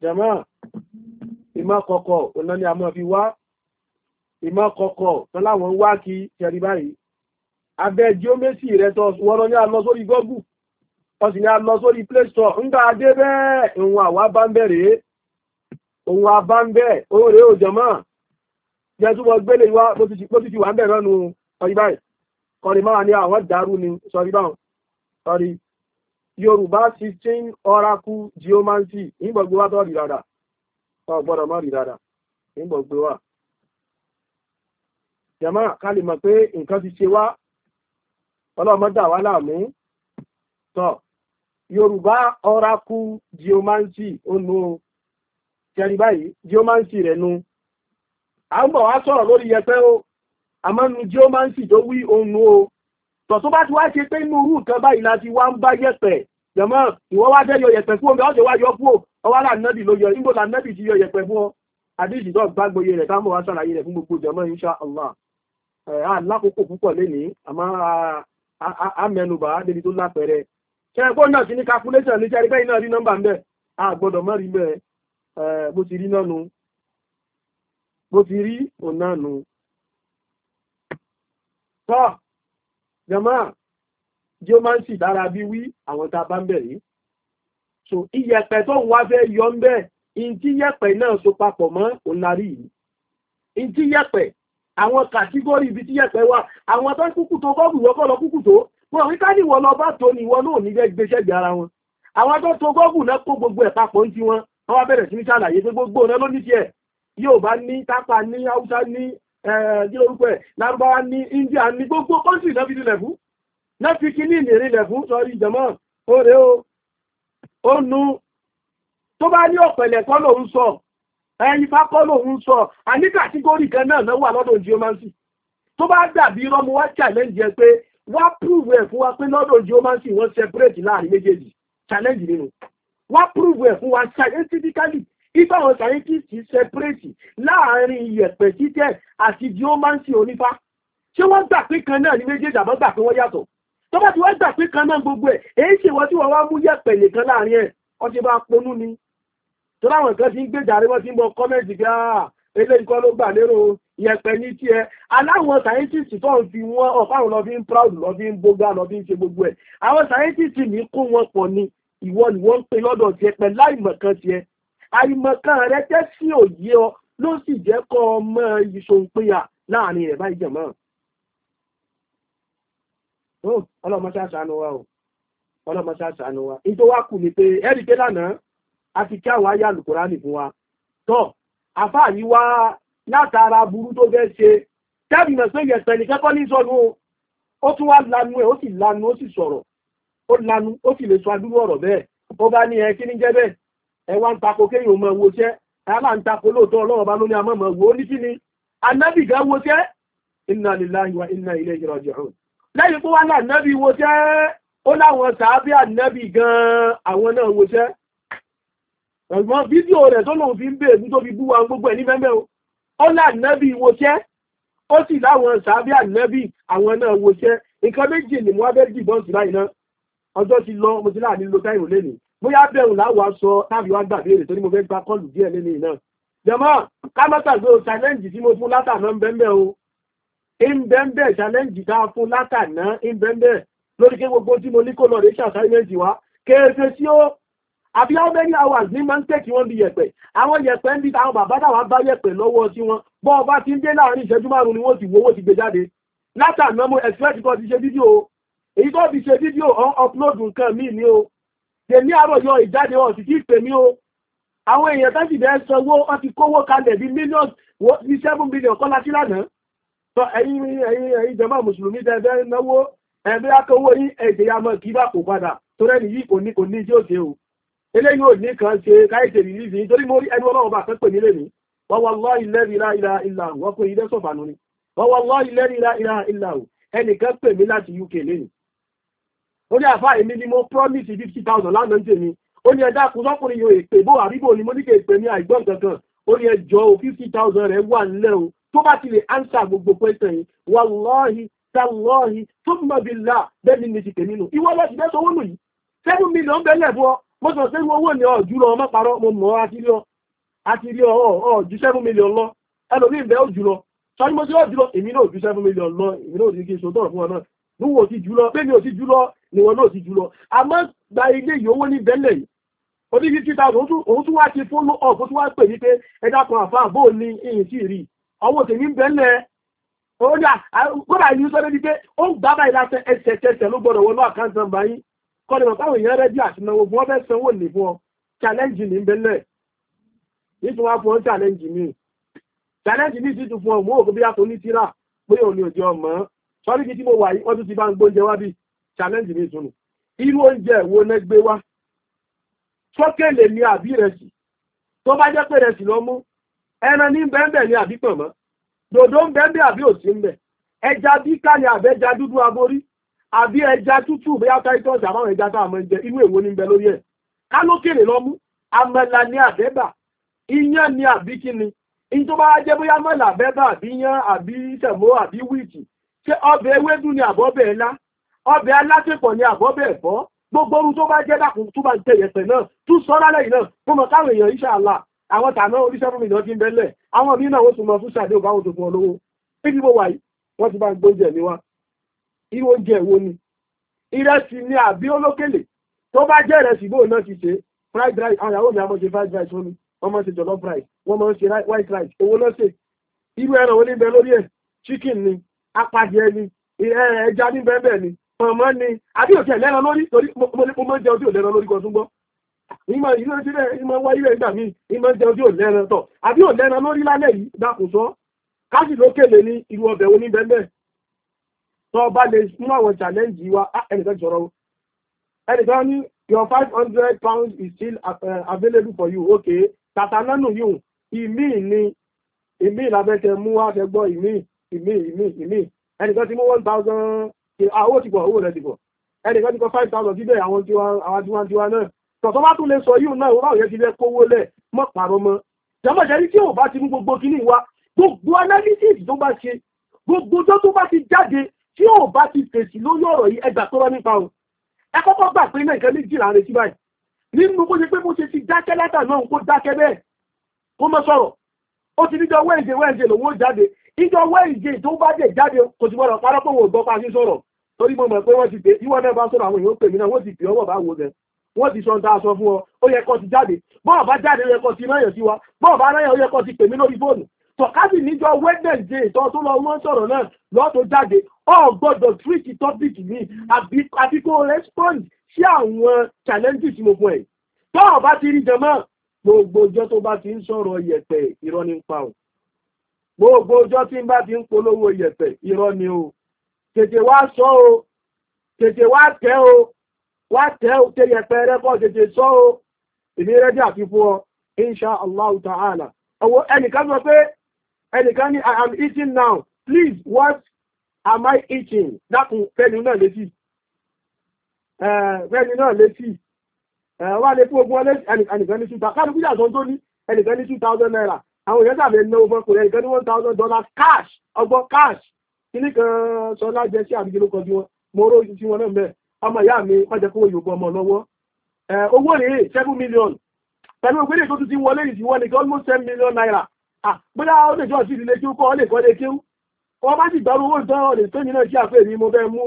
jẹ̀mọ́ ìmọ̀ kọ̀kọ̀ ni a máa fi wá ìmọ̀ tó láwọn wá kí kẹrì báyìí abẹ́ geometry rẹ̀ tó wọ́n ní a sórí Google sì ní a lọ sórí Play Store ńgbà adé bẹ́ẹ̀ òun àwa bá ń bẹ̀rẹ̀ òun àbá ń bẹ̀ yorùbá sixteen oracle geomancy ìgbọ̀gbé wa tó rí dáadáa ọgbọ́dọ̀ mọ́ rí dáadáa ìgbọ̀gbé wa jama ká lè mọ̀ pé nǹkan ti ṣe wá ọlọ́mọdà wá láàmú tọ́ yorùbá oracle geomancy ó nu tẹ́rí báyìí geomancy rẹ̀ nu à ń bọ̀ wá sọ̀rọ̀ lórí yẹpẹ́ o àmọ́ nu geomancy tó wí òun o tọ̀ tó bá ti wá ṣe pé inú irú nǹkan báyìí la ti wá ń bá yẹ̀pẹ̀ jẹ̀mọ́ ìwọ wá jẹ́ yọ yẹ̀pẹ̀ fún omi ọ̀jọ̀ wá yọ fún ọwá lànàbì ló yọ ìgbò lànàbì ti yọ yẹ̀pẹ̀ fún ọ àdíjì náà gbágboyè rẹ̀ káàmù wá sàlàyé rẹ̀ fún gbogbo jẹ̀mọ́ insha Allah alákòókò púpọ̀ lénìí àmọ́ amẹnubà débi tó lápẹẹrẹ ṣẹ́gbó náà sí ní calculation ní ṣẹ́rí bẹ́ẹ̀ náà rí nọ́mbà ń bẹ̀ a gbọ́dọ̀ mọ́ rí bẹ́ẹ̀ bó ti rí náà nu bó ti rí òun náà nu. tọ́ jọmọ́ jí ó máa ń sì dára bí wí àwọn tá a so iyẹ̀pẹ̀ tó ń wá fẹ́ yọ ń bẹ́ẹ̀ ìntí yẹ̀pẹ̀ náà so papọ̀ mọ́ òǹlarí yìí ìntí yẹ̀pẹ̀ àwọn kàtígórì ibi tí yẹ̀pẹ̀ wà àwọn tó ń kúkú tó gọ́ọ̀bù wọ́kọ́ lọ kúkú tó wọn rí ká níwọ̀ lọ bá tó ní wọn náà ní gbẹ́gbẹ́sẹ̀gbẹ̀ ara wọn àwọn tó tó gọ́ọ̀bù náà kó gbogbo ẹ̀ papọ̀ ní tiwọn wọn bẹ̀rẹ̀ sí ní ṣàlàyé pé gbogbo náà ló ní tiẹ̀ yóò bá ní tápà ní haúsá ẹ̀ẹ́dẹ́ orúkọ ẹ̀ lárúbáwá ní India ní gbogbo kọ́ńtì náà fi dilẹ̀ fún náà fi kí ní ìlérí fún sọrí ìjọmọ́ ó o ó ó nu tó bá ní ọ̀pẹ̀lẹ̀ kọ́ lòun sọ ẹ̀yìn bá kọ́ lòun sọ àní kàtígórì kan náà náà wà lọ́dọ̀ geomancy tó bá dàbí rọ́mú wá challenge ẹ pé wá prove ẹ̀ fún wa pé lọ́dọ̀ geomancy wọ́n separate láàrin méjèèjì challenge nínú wá prove ẹ̀ fún wa scientifically ipa àwọn sàyẹ́ntìsì sẹpẹ́rẹ́tì láàrin iyẹ̀pẹ̀ títẹ̀ àti di ó máa ń sin onífá ṣé wọ́n gbà pé kan náà ní méjèèjì àbọ̀ gbà pé wọ́n yàtọ̀ tó bá ti wọ́n gbà pé kan náà gbogbo ẹ̀ èyí ṣe wọ́n tí wọ́n wá mú yẹ̀pẹ̀ nìkan láàrin ẹ̀ wọ́n ti bá ponú ni tó láwọn nǹkan ti ń gbé jàre wọ́n ti ń bọ kọ́mẹ́ǹtì bí ah, eléyìí kọ́ ló gbà lérò yẹ̀pẹ̀ ní tiẹ̀ aláwọn sàyẹ́ntìsì tó ń fi wọ́n ọ̀fáwọn lọ fi ń proud lọ fi ń gbogbo lọ fi ń ṣe gbogbo ẹ̀ àwọn sàyẹ́ntìsì ní kó wọn pọ̀ ni ìwọ ni wọ́n ń pè lọ́dọ̀ tiẹ̀ pẹ̀ láì mọ̀ kan tiẹ̀ àìmọ̀kan rẹ jẹ́ sí òye ọ ló sì jẹ́ kọ́ ọmọ ìṣòǹpinya láàrin rẹ̀ báyìí jẹ̀mọ́. ọlọ́mọṣá o ọlọ́mọṣá ṣàánú wa ní tó wá kù ni pé ẹ̀rí pé lánàá a ti kí àwọn ayé àlùkùránì fún wa tọ́ àfáà yìí wá látara burú tó fẹ́ ṣe tẹ́bì mọ̀ pé yẹ̀sẹ̀ ní kẹ́kọ́ ní sọ́nù ó tún wá lanu ẹ̀ ó sì lanu ó sì sọ̀rọ̀ ó lanu ó sì lè sọ adúrú ọ̀rọ̀ bẹ́ẹ̀ ó bá ní ẹ kí ní jẹ́ bẹ́ẹ̀ ẹwà ń takò kéyìn ọmọ ẹwọ iṣẹ́ ẹlà ń takò lóòótọ́ ọlọ́run bá lóní àmọ́ ẹwọ ó ní kí ni anábì gá wo iṣẹ́ inna lillahi wa inna ilayhi raji'un lẹ́yìn tó wá ní anábì wo iṣẹ́ ó láwọn sàábí anábì gan àwọn náà wo iṣẹ́ ẹ̀gbọ́n fídíò rẹ̀ tó lòun fi ń bèèrè tó fi bú wa gbogbo ẹ̀ ní mẹ́mẹ́ o ó ní anábì wo iṣẹ́ ó sì láwọn sàábí anábì àwọn náà wo iṣẹ́ nǹkan méjì ni mo wá fẹ́ dìbọn sí báyìí náà ọjọ́ ti lọ mo ti láàánú lo táìmù lénìí bóyá bẹ̀rù láwọ̀ aṣọ táàbí wá gbàgbé èrè tó ní mo fẹ́ gba kọlù díẹ̀ nínú iná jẹmọ́ kámọ́tà gbé o challenge tí mo fún látàná ń bẹ́ẹ̀ o ń bẹ́ẹ̀ challenge tá a fún látàná ń bẹ́ẹ̀ lórí ké gbogbo tí mo ní kó lọ rè ṣe assignment wa kéèfé sí ó àbí how many hours ní máa ń tẹ̀kí wọ́n bí yẹ̀pẹ̀ àwọn yẹ̀pẹ̀ ń bí àwọn bàbá dáwà bá yẹ̀pẹ̀ lọ́wọ́ sí wọn bọ́ ọba ti ń dé láàrin ìṣẹ́jú márùn-ún ni wọ́n ti wo owó ti gbé jáde látàná mo expect kọ́ ti ṣe fídíò èyí tó ti ṣe fídíò ọ̀n upload nǹkan míì ní o tèmi àárọ̀ yọ ìjáde wọn sì kí tèmi o àwọn èèyàn tó sì bẹ́ẹ̀ sanwó wọn ti kówó kalẹ̀ bí mílíọ̀nù ní seven billion kọ́lá sí lánàá sọ ẹ̀yin ẹ̀yin ẹ̀yin jàmá mùsùlùmí dẹ́ẹ̀dẹ́ náwó ẹ̀mí akọwó yín ẹ̀jẹ̀ ya mọ̀ kí bá kò padà tó rẹ́ni yìí kò ní kò ní tí ó ṣe o eléyìí ò ní kan ṣe káyọ̀tẹ̀ rìlí sí nítorí mo rí ẹni ọlọ́run bá fẹ́ pè nílé mi wọ́n wọ́n lọ́ ilẹ̀ ìlà ìlà ìlà wọ́n pè ilé sọ̀fànù ni wọ́n wọ́n lọ́ ilẹ̀ ìlà ìlà ìlà ẹnìkan pè mí láti UK lénìí ó ní àfá èmi ni mo promise fifty thousand lánàá ń tèmi ó ní ẹ̀dá kù sọ́kùnrin yóò èpè bó àbíbò ni mo ní kí èpè ní àìgbọ́n kankan ó ní ẹjọ́ o fifty thousand rẹ̀ wà nílẹ̀ o tó bá ti lè answer gbogbo question yìí wàlọ́ọ̀hì tàlọ́ọ̀hì tó mọ̀ bí là bẹ́ẹ̀ ni ti tèmi nù ìwọ lọ́sì bẹ́ẹ̀ sọ wọ́nù yìí seven million bẹ́ẹ̀ fún ọ mo sọ sẹ́yìn owó ni ọ̀jú lọ ọmọ parọ́ mo mọ̀ àti ilé ọ̀ ju seven million lọ ẹlòmíì bẹ́ẹ̀ ò jù lọ sọ́ni mo ti ọ̀ jù lọ ju seven million lọ èmi náà ò ti kí n so tọ̀rọ̀ fún ọ náà níwò ti jù lọ ni wọn náà ti jù lọ àmọ́ gba ilé yìí owó ní bẹ́lẹ̀ yìí oní fifty thousand òun tún wá ti fóònù ọ̀pọ̀ tún wá pè ní pé ẹ̀dá kan àfa àbò ní ìyìn sí rí ọwọ́ tèmi ń bẹ́lẹ̀ kódà kódà yìí sọ débi pé ó ń gbá báyìí ẹsẹ̀ tẹsẹ̀ ló gbọdọ̀ wọnú àkáǹtì nàmbà yín kọ́ni mọ̀ táwọn èèyàn rẹ́dí àtìnáwó fún ọ́fẹ́ sanwó ní fún ọ challenge ní bẹ́lẹ̀ yìí tún wá fún ọ challenge mi challenge mi sì tún fún ọ mú òkú bí a kò ní tíra pé òun ni òjò ọmọ sọ́rí kí tí mo wà yìí wọ́n tún ti bá ń gbóúnjẹ wá bíi challenge mi tunu irú oúnjẹ wo lẹ gbé wá sọ́kèlè ni àbí ìrẹsì tó bá jẹ́ pé ìrẹsì lọ mú ẹran ní bẹ́ẹ̀bẹ̀ ni àbí pọ̀nmọ́ dòdò ń bẹ́ẹ̀bẹ̀ àbí òsì ń bẹ̀ ẹja bíkà ni àbẹ́ja dúdú aborí àbí ẹja tútù bí átáítọ́ọ̀sì àbáwọn ẹja tá a mọ̀ ń jẹ irú èwo ni ń bẹ lórí ẹ̀ kálókèlè lọ mú àmàlà ni àbẹ́bà iyán ni àbí kíni in tó bá jẹ́ bóyá mọ́là àbẹ́bà àbí iyán àbí sẹ̀mó àbí wíìtì ṣé ọbẹ̀ ewédú ni àbọ́bẹ̀ ńlá ọbẹ̀ alásèpọ̀ ni àbọ́bẹ̀ ẹ̀fọ́ gbogbo orú tó bá jẹ́ dàkún tó bá ń tẹ̀ yẹ̀pẹ̀ náà tún sọ lálẹ́ yìí náà mo mọ̀ káwọn èèyàn iṣẹ́ àlà àwọn tàná oríṣẹ́ fún mi náà ti ń bẹ́lẹ̀ àwọn míì náà ó tún mọ fún sàdé ò báwọn tuntun olówó níbi mo wà yìí wọ́n ti bá ń gbóúnjẹ mi wá irú oúnjẹ wo ni ìrẹsì ni àbí olókèlè tó bá jẹ́ ìrẹsì bóun náà ti ṣe fried rice àwọn ìyàwó mi àmọ́ ṣe fried rice fún mi wọ́n máa ń ṣe jollof rice wọ́n máa ń ṣe white rice owó náà ṣe irú ẹran oníbẹ̀ lórí ẹ̀ chicken ni apàdé ẹni ẹja níbẹ̀ bẹ́ẹ̀ ni mọ̀mọ́ ni àbí òkè lẹ́ran lórí torí mo máa ń jẹ ojú ò lẹ́ran lórí kan tún gbọ́ ìmọ̀ ìlú ti rẹ̀ ìmọ̀ wá ilé ìgbà mi ìmọ̀ jẹ ojú ò lẹ́ran tọ̀ àbí ò lẹ́ran lórí lálẹ́ yìí dákun sọ káàsì lókè lè ní irú ọbẹ̀ oníbẹ̀lẹ̀ tó bá lè mú àwọn challenge wa ẹnìkan jọrọ ẹnìkan ní your five hundred pounds is still uh, available for you okay tàtàlánù yìí ìmí ni ìmí làbẹ́kẹ̀ mú wá fẹ́ gbọ́ ìmí ìmí ìmí ìmí ẹnìkan ti mú one thousand Ah, owó ti pọ̀ owó rẹ̀ ti pọ̀ ẹnì kan ti kọ five thousand síbẹ̀ àwọn tiwa tiwa náà tọ̀tọ̀ bá tún lè sọ yíò náà wọ́n yẹ́ ti lẹ́ kówó lẹ̀ mọ́ pàrọ̀ mọ́ jàmọ́ jẹ́rí tí ò bá ti mú gbogbo kíní wa gbogbo analysis tó bá ṣe gbogbo tó tó bá ti jáde tí ò bá ti fèsì lórí ọ̀rọ̀ yìí ẹgbà tó bá nípa o ẹ kọ́kọ́ gbà pé náà nǹkan méjìlá rẹ̀ sí báyìí nínú bó ṣe pé bó ṣe ti dákẹ́ látà náà kó dákẹ́ bẹ́ẹ̀ kó mọ́ sọ̀rọ̀ ó ti níjọ wẹ́ǹdẹ̀ wẹ́ǹdẹ̀ lòun ó jáde ìjọ wẹ́ǹdẹ̀ tó bá dẹ̀ jáde kò sì gbọ́dọ̀ parọ́ pé òun ò gbọ́ pa sí sọ̀rọ̀ torí mo mọ̀ pé wọ́n ti pè ìwọ náà bá sọ̀rọ̀ àwọn èèyàn pè mí náà wọ́n ti pè ọwọ́ bá wo gan wọ́n ti sọ ń ta sọ fún ọ ó yẹ kó ti jáde bọ́ọ̀ bá jáde ó yẹ kó ti ráyàn sí wa bọ́ọ̀ bá ráyàn ó yẹ kó ti pè mí lórí fóònù tọ̀kásì níjọ wednesday tó tó lọ wọ́n sọ̀rọ̀ náà lọ́tọ̀ jáde ọ̀ gbọ́dọ̀ treat topic mi àbí kó respond sí àwọn challenges mo fún ẹ̀ tọ́ọ̀ bá ti rí jẹmọ́ gbogbo ọjọ́ tó bá ti ń sọ̀rọ̀ yẹ̀pẹ̀ irọ́ ní pa ò gbogbo ọjọ́ tí ń bá ti ń polówó yẹ̀pẹ̀ irọ́ ni o tètè wá sọ o tètè wá tẹ́ o wá tẹ́ o tẹ́ yẹpẹ́ rẹ kọ́ tètè sọ o èmi rẹ́dí àfihàn ọ insha allah ta'ala ọwọ́ ẹnìkan sọ pé ẹnìkan ní i am eating now please what am i eating dákun fẹ́ni náà létí fẹ́ni náà létí wá lè fún ogun ọlẹ́sì ẹnìkan ní two thousand kálukú yàtọ̀ tó ní ẹnìkan ní two thousand naira àwọn èèyàn tàbí ẹni náà wọ́n kò ẹnìkan ní one thousand dollars cash ọgbọ́n cash kíní kan sọlá jẹ sí àbíkí ló kọ bí wọn mo ró ojú tí wọn náà bẹ́ẹ̀ ọmọ ìyá mi má kó yóò ọmọ lọ́wọ́ owó rèé seven million pẹ̀lú òpínlẹ̀ tó tún ti wọlé yìí wọlé kí almost ten million naira bóyá ó lè jọ sí ilé kí ó kọ́ ọ lè kọ́ lé kí ó wọ́n bá sì gbàrú owó ìtọ́ ọ̀lẹ̀ tó mi náà sí àpé èmi mo fẹ́ mú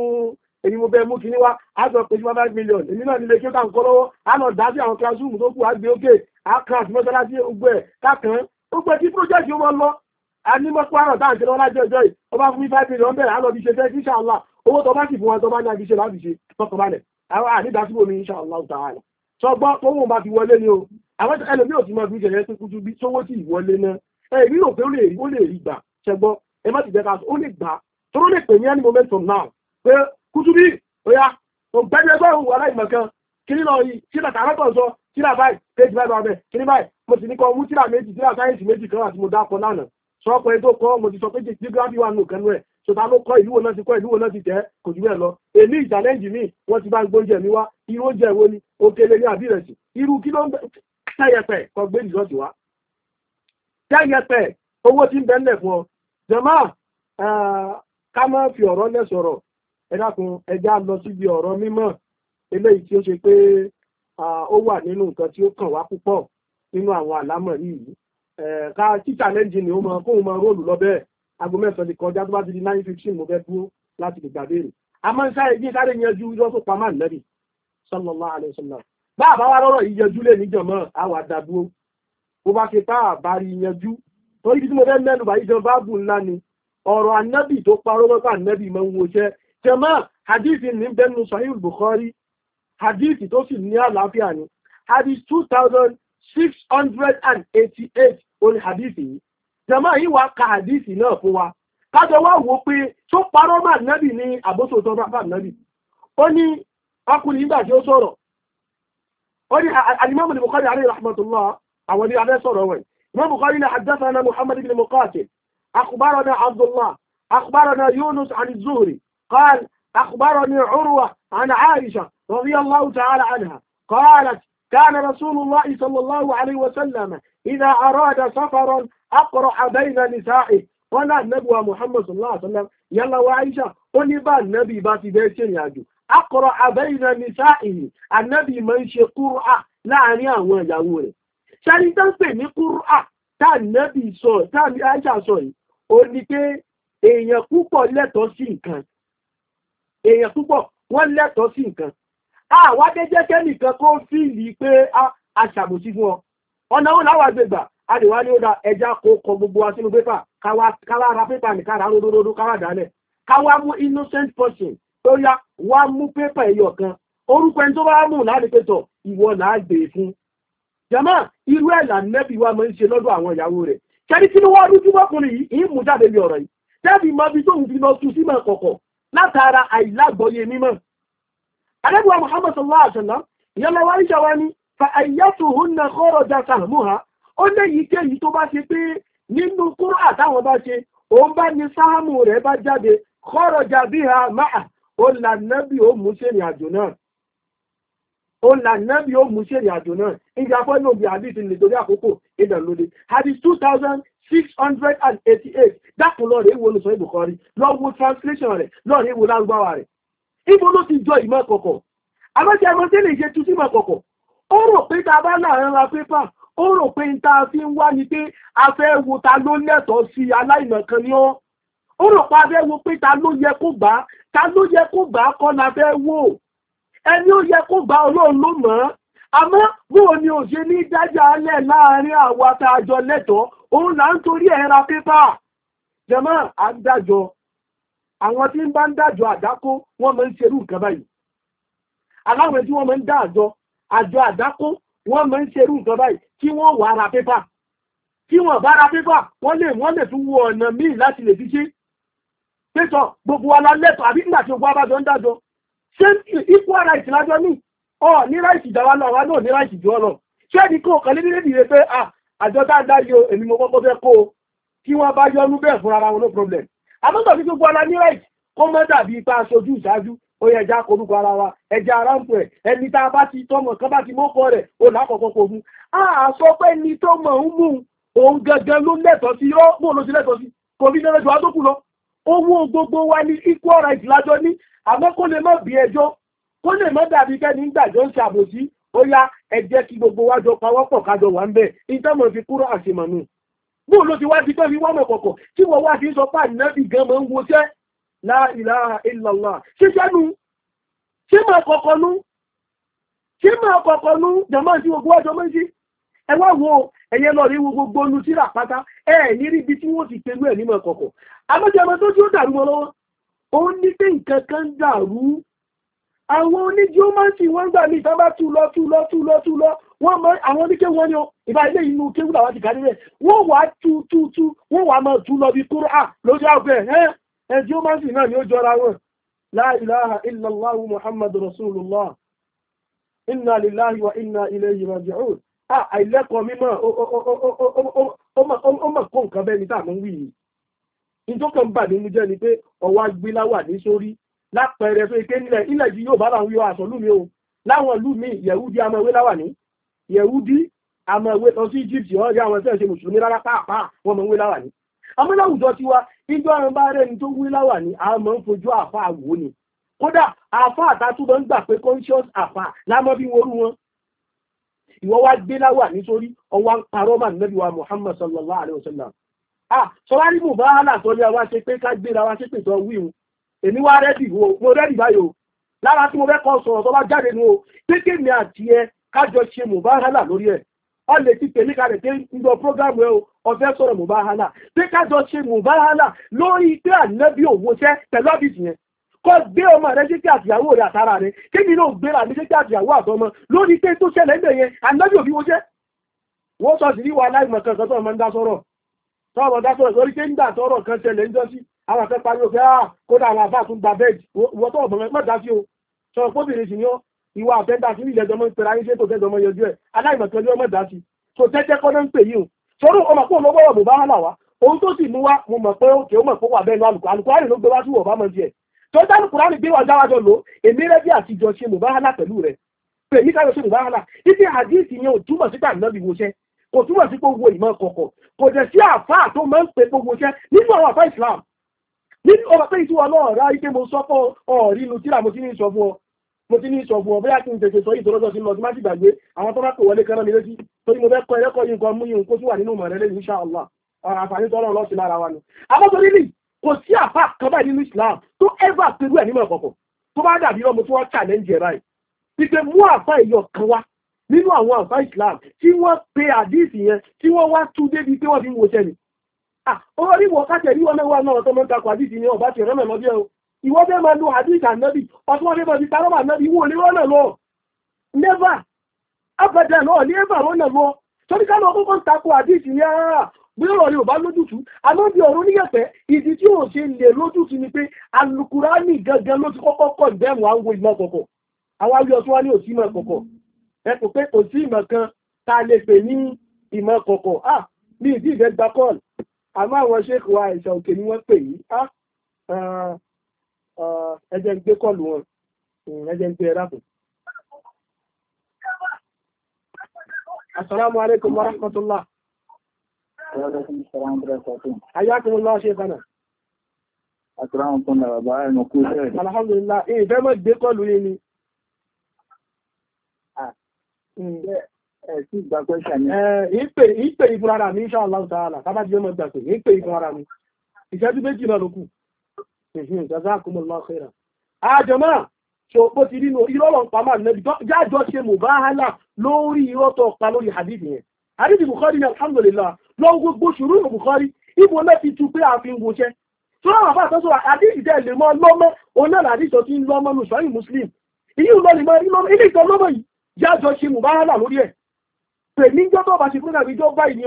èmi mo fẹ́ mú kíní wá á sọ pé five million èmi náà nílé kí ó kà ń kọ́ lọ́wọ́ á lọ dá sí àwọn classroom tó kù á gbé ókè á kan mọ́sálásí gbogbo ẹ̀ kákan gbogbo ẹ̀ tí project yóò wọ́n lọ a ní mọ́pọ̀ àrọ̀ dáà jẹ́ lọ́lá jẹ́ ọjọ́ yìí ọba fún mi five million bẹ̀rẹ̀ àlọ́ bí ṣe fẹ́ inshallah owó tó bá sì fún wa tó bá ní àbíṣe láti ṣe tọkàn balẹ̀ àwọn ni o àwọn ẹlòmí ò ti máa fi jẹ̀rẹ̀ tó kújú bí sówó sì wọlé náà ẹ rí rò pé ó lè rí gbà ṣẹgbọ́ ẹ má ti jẹ́ ká ó lè gbà tó ló lè pè ní any now pé kújú oya ògbẹ́ni ẹgbẹ́ òun aláìmọ̀ kan kiri lọ yìí kí lọ́ta arákọ̀ sọ kí lọ́ta báyìí page báyìí báyìí kí ní báyìí mo sì ní kọ́ mú tíra méjì tíra sáyẹ́ǹsì méjì kan àti mo dákọ̀ lánàá sọ́pọ̀ ètò kọ́ mo ti sọ pé geography wà nù kẹ́nu ẹ̀ sọta ló kọ́ ìlú wo náà ti kọ́ ìlú wo náà ti tẹ́ kò jù bẹ́ẹ̀ lọ èmi ìjàlẹ́jì mi wọ́n ti bá ń gbóúnjẹ mi wá irú oúnjẹ wo ni òkèlè ní àbí ìrẹsì irú kí ló ń tẹ́yẹpẹ̀ kọ́ gbé rìsọ́ọ̀tì wá tẹ́yẹpẹ̀ owó ti ń bẹ́ńlẹ̀ fún ọ jẹ̀má ká má fi ọ̀rọ̀ lẹ̀ sọ̀rọ̀ ẹ dákun ẹja lọ síbi ọ̀rọ̀ mímọ́ eléyìí tí ó ṣe pé ó wà nínú nǹkan tí ó kàn wá púpọ̀ nínú àwọn àlámọ̀ yìí Eh, ká kí challenge ni ó mọ kóun mọ róòlù lọ bẹ́ẹ̀ aago mẹ́sàn-án ti kọjá tó bá ti di nine fifteen mo fẹ́ dúró láti lè gbà béèrè àmọ́ sáré bí sáré yanjú irọ́ pamọ́ ànábì sallallahu alaihi wasallam bá a bá wá rọ́rọ̀ yìí yanjú lé níjọ̀mọ́ àwọn àdàdúró bó bá ṣe bá a bá rí yanjú torí ibi tí mo fẹ́ mẹ́nu bàyí jẹun báàbù ńlá ni ọ̀rọ̀ ànábì tó parọ́ mọ́ bá ànábì máa ń wo iṣẹ́ jẹmọ́ hadith ní bẹ́nu sahih bukhari hadith tó sì ní àlàáfíà ni hadith two thousand six hundred and eighty-eight orí hadithi yìí jàmáà yìí wá ka hadithi náà fún wa kájọ wá wò pé tó parọ́ máa nábì ní àbóso tó bá nábì ó ní ọkùnrin nígbà tí ó sọ̀rọ̀ ó ní alimami Bukhari alayhi rahmatullah àwọn ní abẹ́ sọ̀rọ̀ wẹ̀ imam Bukhari ní haddathana Muhammad ibn Muqatil akhbarana Abdullah akhbarana Yunus ali Zuhri قال أخبرني urwa ana aisha رضي الله تعالى عنها قالت كان رسول الله صلى الله عليه وسلم إذا أراد سفرا أقرع بين نسائه ولا نبوى محمد صلى الله عليه وسلم يلا وعيشة ونبا النبي باتي بيشين ياجو أقرع بين نسائه النبي من شي قرعة لا أنيا ويجاوري شريطان سيني قرعة tá nẹ́bì sọ tá aisha sọ yìí ó ní pé èèyàn púpọ̀ lẹ́tọ̀ọ́ sí nǹkan èèyàn púpọ̀ àwádé jẹ́kẹ́ nìkan kó fíìlì pé a ṣàbòsí fún ọ ọ̀nà ó láwà gbègbà a lè wá ní ó da ẹja kó kọ gbogbo wa sínú pépà káwá ra pépà ní kára ròdòdòdó káwá dálẹ̀ káwá mú innocent person tó yá wá mú pépà ẹyọ kan orúkọ ẹni tó bá mú láti pé tọ ìwọ làá gbé e fún jàmá irú ẹ̀ là nẹ́bí wa máa ń ṣe lọ́dọ̀ àwọn ìyàwó rẹ̀ kẹ́ni kí ló wá rújú mọ́kùnrin yìí ìmú jáde bí ọ̀rọ̀ yìí tẹ́bí mọ́bí tóun fi lọ tu símọ̀ kọ̀kọ̀ látara àìlágbọ́yé mímọ̀ Adébùwà Muhammad sallallahu alaihi wasallam ìyẹn lọ́wọ́ Aisha wa ni fa ayyatu hunna kharaja sahmuha ó lé yìí kéyìí tó bá ṣe pé nínú kúrò àtàwọn bá ṣe òun bá ní sáhámù rẹ̀ bá jáde kharaja biha máa ó là nábì ó mú ṣe ìrìn àjò náà ó là nábì ó mú ṣe ìrìn àjò náà ìjà fọ́ inú bí àdìsí nítorí àkókò ìdàlódé hadith two thousand 688 dákùn lọ́ọ̀rẹ́ ìwò olùsọ ìbùkọ́rí lọ́wọ́ translation rẹ̀ lọ́ọ̀rẹ́ ìwò lárúbáwá rẹ̀ ibo ló ti jọ ìmọ̀ kọ̀kọ̀ àbájá ẹmọ tí lè ṣe tu sí ìmọ̀ kọ̀kọ̀ ó rò pé tá a bá láàrin ra pépà ó rò pé n ta fi ń wá ni pé a fẹ́ wo ta ló lẹ́tọ̀ọ́ sí aláìmọ̀kan ni ó ó rò pé a wo pé ta ló yẹ kó gbà ta ló yẹ kó gbà kọ́ la fẹ́ wò ẹni ó yẹ kó gbà ọlọ́run ló mọ̀ ọ́ àmọ́ bóò ni òṣè ní dájà alẹ́ láàrin àwa tá a jọ lẹ́tọ̀ọ́ òun là ń torí ẹ̀ ra pépà jẹ́mọ́ à àwọn tí ń bá ń dájọ́ àdákó wọ́n máa ń ṣerú nǹkan báyìí aláwọn tí wọ́n máa ń dá àjọ àjọ àdákó wọ́n máa ń ṣerú nǹkan báyìí kí wọ́n wà ra pépà kí wọ́n bá ra pépà wọ́n lè wọ́n lè tún wo ọ̀nà míì láti lè fi ṣe pétọ̀ gbogbo wa la lẹ́tọ̀ àbí nígbà tí ogun abájọ ń dájọ́ ṣé equal right lájọ́ ní ọ̀ ní ráìsì ìdáwà náà wa náà ní ráìsì ìjọ lọ ṣé ẹni kó kàn lédè lédè rẹ pé àjọ dáadáa yo èmi mo kọ́kọ́ fẹ́ kó o kí wọ́n bá yọnu bẹ́ẹ̀ fúnra ara wọn no problem àmọ́tọ̀ sí gbogbo ọlá ní right kó mọ́ dàbí ipa aṣojú ìṣáájú ó yẹ ẹja korúkọ ara wa ẹja aráǹpọ̀ ẹ̀ ẹni tá a bá ti tọmọ kán bá ti mọ́kọ rẹ̀ ó lákọ̀ọ́kọ́ kò mú a sọ pé ni tó mọ̀ ń mú òun gangan ló lẹ́tọ̀ọ́ sí ó mú olóṣèlú lẹ́tọ̀ọ́ sí kò fi lẹ́rẹ́ jù wá tó kù lọ owó gbogbo wa ní equal right lájọ ní àmọ́ kó lè má bí ẹjọ́ kó lè má dàbí kẹ́ni gbàjọ́ ń ṣàbòsí ó yá ẹ kí gbogbo wa jọ pawọ́pọ̀ kájọ wà ń bẹ̀ ìtẹ́mọ̀ fi kúrò àṣemọ̀nù bóò ló ti wá di pé fi wọ́n mọ̀kọ̀kọ̀ tí wọ́n wá ti sọ pé ànábì gan máa ń woṣẹ́ la ilaha illallah ṣíṣẹ́ nu ṣé máa kọ̀kọ̀ nu ṣé máa kọ̀kọ̀ nu jàmáà sí gbogbo ọjọ́ méjì ẹ wo ẹ̀yẹ lọ rí gbogbo nu síra pátá ẹ ní rí ibi tí wọ́n ti pẹ̀lú ẹ̀ ní mọ̀ kọ̀kọ̀ àmọ́jọ́mọ́ tó tí ó dàrú wọn lọ́wọ́ ó ní pé nǹkan kan dàrú wọ́n mọ àwọn oníkéwù wọn ni ó ìbá ilé inú kéwù làwọn ti kà nílẹ̀ wọ́n wà á tú tú tú wọ́n wà á máa tú lọ bí kúrò à lójú àgbẹ̀ ẹ̀ ẹ̀ tí ó máa ń sìn náà ni ó jọra wọn. la ilaha illallah muhammadu rasulullah inna lillahi wa inna ilayhi raji'un àìlẹ́kọ̀ọ́ mímọ́ ó mọ̀ kó nǹkan bẹ́ẹ̀ ni tá à mọ́ ń wí yìí ìtọ́kàn bà nínú jẹ́ ni pé ọwọ́ agbéláwà ní sórí lápẹẹrẹ tó ike nílẹ̀ ilẹ̀ yìí yóò bá láwọn yóò àsọ̀lú mi o láwọn ìlú mi yẹ̀wú di amọ̀wé láwà ní yẹ̀wúdí àmọ́ ìwé lọ sí Egypt ọ̀rí àwọn tẹ́ ṣe mùsùlùmí rárá pàápàá wọ́n mọ̀ ń wé láwà ní ọmọ láwùjọ ti wá ijó àrùn bá rẹ̀ ní tó wé láwà ní àmọ́ ń fojú àfà wò ni kódà àfà àtàtúbọ̀ ń gbà pé conscious àfà lámọ́ bí worú wọn ìwọ wá gbé láwà nítorí ọwá parọ́ mà nẹ́bí wa Muhammad sallallahu alayhi wa sallam ah sọlárí mò bá hàlà sọ ní àwa ṣe pé ká gbéra wa ṣe pé ìtọ́ wíwù èmi wá rẹ́dì wo mo rẹ́dì báyò lára tí mo fẹ́ kọ́ sọ̀rọ̀ tó bá jáde nu o pé kémi àti ẹ kájọ ṣe mùbáhálà lórí ẹ̀ ọ lè ti tèmi kalẹ̀ pé ń ndọ program ẹ o ọ̀fẹ́ sọrọ mùbáhálà pé kájọ ṣe mùbáhálà lórí pé ànábì òwò ṣẹ́ tẹ̀lọ́bìsì yẹn kọ gbé ọmọ rẹ ṣe kí àtìyàwó rẹ àtàrà rẹ kémi náà gbéra mi ṣe kí àtìyàwó àtọmọ lórí pé tó ṣẹlẹ̀ ńbẹ̀ yẹn ànábì òbí wo ṣẹ́ wọ́n sọ sí kan ọmọ lórí pé kan sí àwọn akẹ́kọ̀ọ́ ah, kódà àwọn gba bẹ́ẹ̀dì wọ́n sí o ìwà àfẹ́dá sí ilẹ̀ ẹjọ́ mọ́ ń pera ayé ṣé kò tẹ́jọ́ mọ́ yọjú ẹ̀ aláìmọ̀tí ọjọ́ mọ́ dásí tó tẹ́jẹ́ kọ́ ló ń pè yìí o sọ́rọ́ ọmọ pé òun lọ́wọ́ bá hàlà wá ohun tó sì mú wá mo mọ̀ pé òkè ó mọ̀ pé wà bẹ́ẹ̀ nu alùpùpù alùpùpù àrùn ló gbé wá sí wọ̀ bá mọ̀ díẹ̀ tó dánù kùránì gbé wàjá wájọ lò èmi rẹ́bí àtijọ́ ṣe mo bá hàlà pẹ̀lú rẹ̀ pé èmi káyọ̀ ṣe mo bá hàlà ibi àdíìsì yẹn ò túmọ̀ sí tàbí lọ́bì wọṣẹ́ kò túmọ̀ sí gbogbo ìmọ̀ kọ̀kọ̀ kò dẹ̀ sí àfáà tó máa ń pe gbogbo iṣẹ́ nínú àwọn àfáà Islam nínú ọmọ pé ìtura náà rà ike mo sọ fún ọ rí inú tíra mo ti ní sọ fún ọ mo ti ní ìsọ̀ fún ọ bóyá kí n tètè sọ yìí tọ́lọ́jọ́ sí lọ sí má àwọn tó kò wọlé kanáà mi torí mo fẹ́ kọ ẹlẹ́kọ̀ọ́ yìí nǹkan mú yìí nǹkó sí wà nínú mọ̀rẹ́ lẹ́yìn insha Allah ọ̀rọ̀ àǹfààní tọ́lọ́ lọ sí lára wa ni. àbọ̀tọ̀ lílì kò sí àpá kan báyìí nínú Islam tó ever pẹ̀lú ẹ̀ nímọ̀ kọ̀kọ̀ tó bá dàbí ọmọ tí wọ́n challenge ẹ̀ báyìí wípé mú àpá ìyọ kan wá nínú àwọn àpá Islam tí wọ́n pe àdíìsì yẹn tí wọ́n wá tú débi pé wọ́n fi ń wo sẹ́ni. Ah, orí wọ́n káṣẹ̀ rí náà wà náà tó mọ́ ń àdíìsì yẹn ọ̀bá ti rẹ́mẹ̀ lọ́dí ẹ̀ ìwọ́dẹ́ máa lo àdíjà náàbì ọdún wọ́n lébọn ti tarọ́bà náàbì wọ́n lè rọ́nà lọ never abẹ́dẹ̀ náà ní ẹ̀bà rọ́nà lọ torí ká lọ kókó ń takò àdíjì ní ara gbérò rí ò bá lójútù àmọ́ bí ọ̀rọ̀ níyẹ̀pẹ́ ìdí tí ò ṣe lè lójútù ni pé alukurani gangan ló ti kọ́kọ́ kọ́ ìbẹ́mù àwọn ìmọ̀ kọ̀kọ̀ àwọn ayọ̀ tí wọ́n ní òsì ìmọ̀ kọ̀kọ̀ ẹ kò pé òsì ìmọ̀ kan ta lè pè ní ìmọ̀ kọ̀kọ̀ ah ní ìdí ìdẹ́gbà kọ́ọ̀lù àmọ́ àwọn ṣéèkì wa ìṣà òkè ni wọ́n pè yí ah ẹjẹ́ gbé kọlù wọn ẹjẹ́ gbé ẹ̀rábù. Assalamu alaikum wa rahmatullah. Ayákùn lọ ṣe bánà. Àtìráwọn tó nà bàbá ẹnu kú sẹ́rẹ̀. Alhamdulillah, ìfẹ́ mọ́ gbé kọlù yìí ni. Ẹ̀sí ìgbà pẹ́ṣà ni. Ìpè ìfúnra mi, insha Allah ta'ala, tábájú mọ́ gbà pé, ìpè ìfúnra mi. Ìṣẹ́jú méjì náà ló kù jazakumullahu khairan àjọmọ́ ah, ṣòpó ti nínú ìrọ̀lọ̀ pàmà nẹ́bí jájọ́ ṣe mùbáhálà lórí ìrọ́tọ̀ pa lórí hadith yẹn hadith bukhari ní alhamdulillah lọ́wọ́ gbogbo ṣùrù ní bukhari ibo náà ti tu pé àfin wòṣẹ́ tó àwọn àbá àtọ́sọ hadith dẹ̀ lè mọ́ lọ́mọ́ onáà hadith ti ń lọ́mọ́ nù sọ́yìn muslim ìyí lọ lè mọ́ ilé ìtọ́ lọ́mọ́ yìí jájọ́ ṣe mùbáhálà lórí ẹ̀ pè ní jọ́tọ̀ bá ṣe fún àbí jọ́ báyìí ni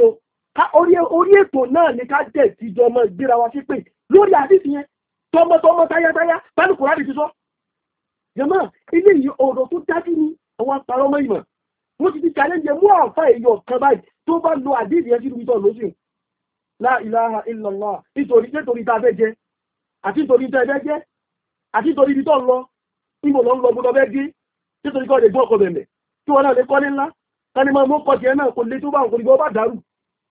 o orí ètò náà ni ká dẹ̀ ti jọmọ ìgbéra wa sí pé lórí hadith yẹn tọmọtọmọ táyátáyá pẹ̀lú kùrádì ti sọ jẹmọ́ ilé yìí ọ̀rọ̀ tó dájú ní ọwọ́ àpàrọ̀ mọ́ ìmọ̀ wọ́n ti ti challenge mú àǹfà èyí ọ̀kan báyìí tó bá lo àdéhìí ẹjú níbi tó lóṣù la ilaha illallah nítorí nítorí tá a fẹ́ jẹ àti nítorí tá a fẹ́ jẹ àti nítorí ibi tó ń lọ ìmọ̀ lọ ń lọ gbọdọ̀ fẹ́ gé nítorí kọ́ lè gbọ́ ọkọ̀ bẹ̀mẹ̀ tí wọ́n náà lè kọ́ ní ńlá kani máa mọ́ kọ̀tì ẹ̀ náà kò lè tó bá nǹkan ìgbọ́ bá dàrú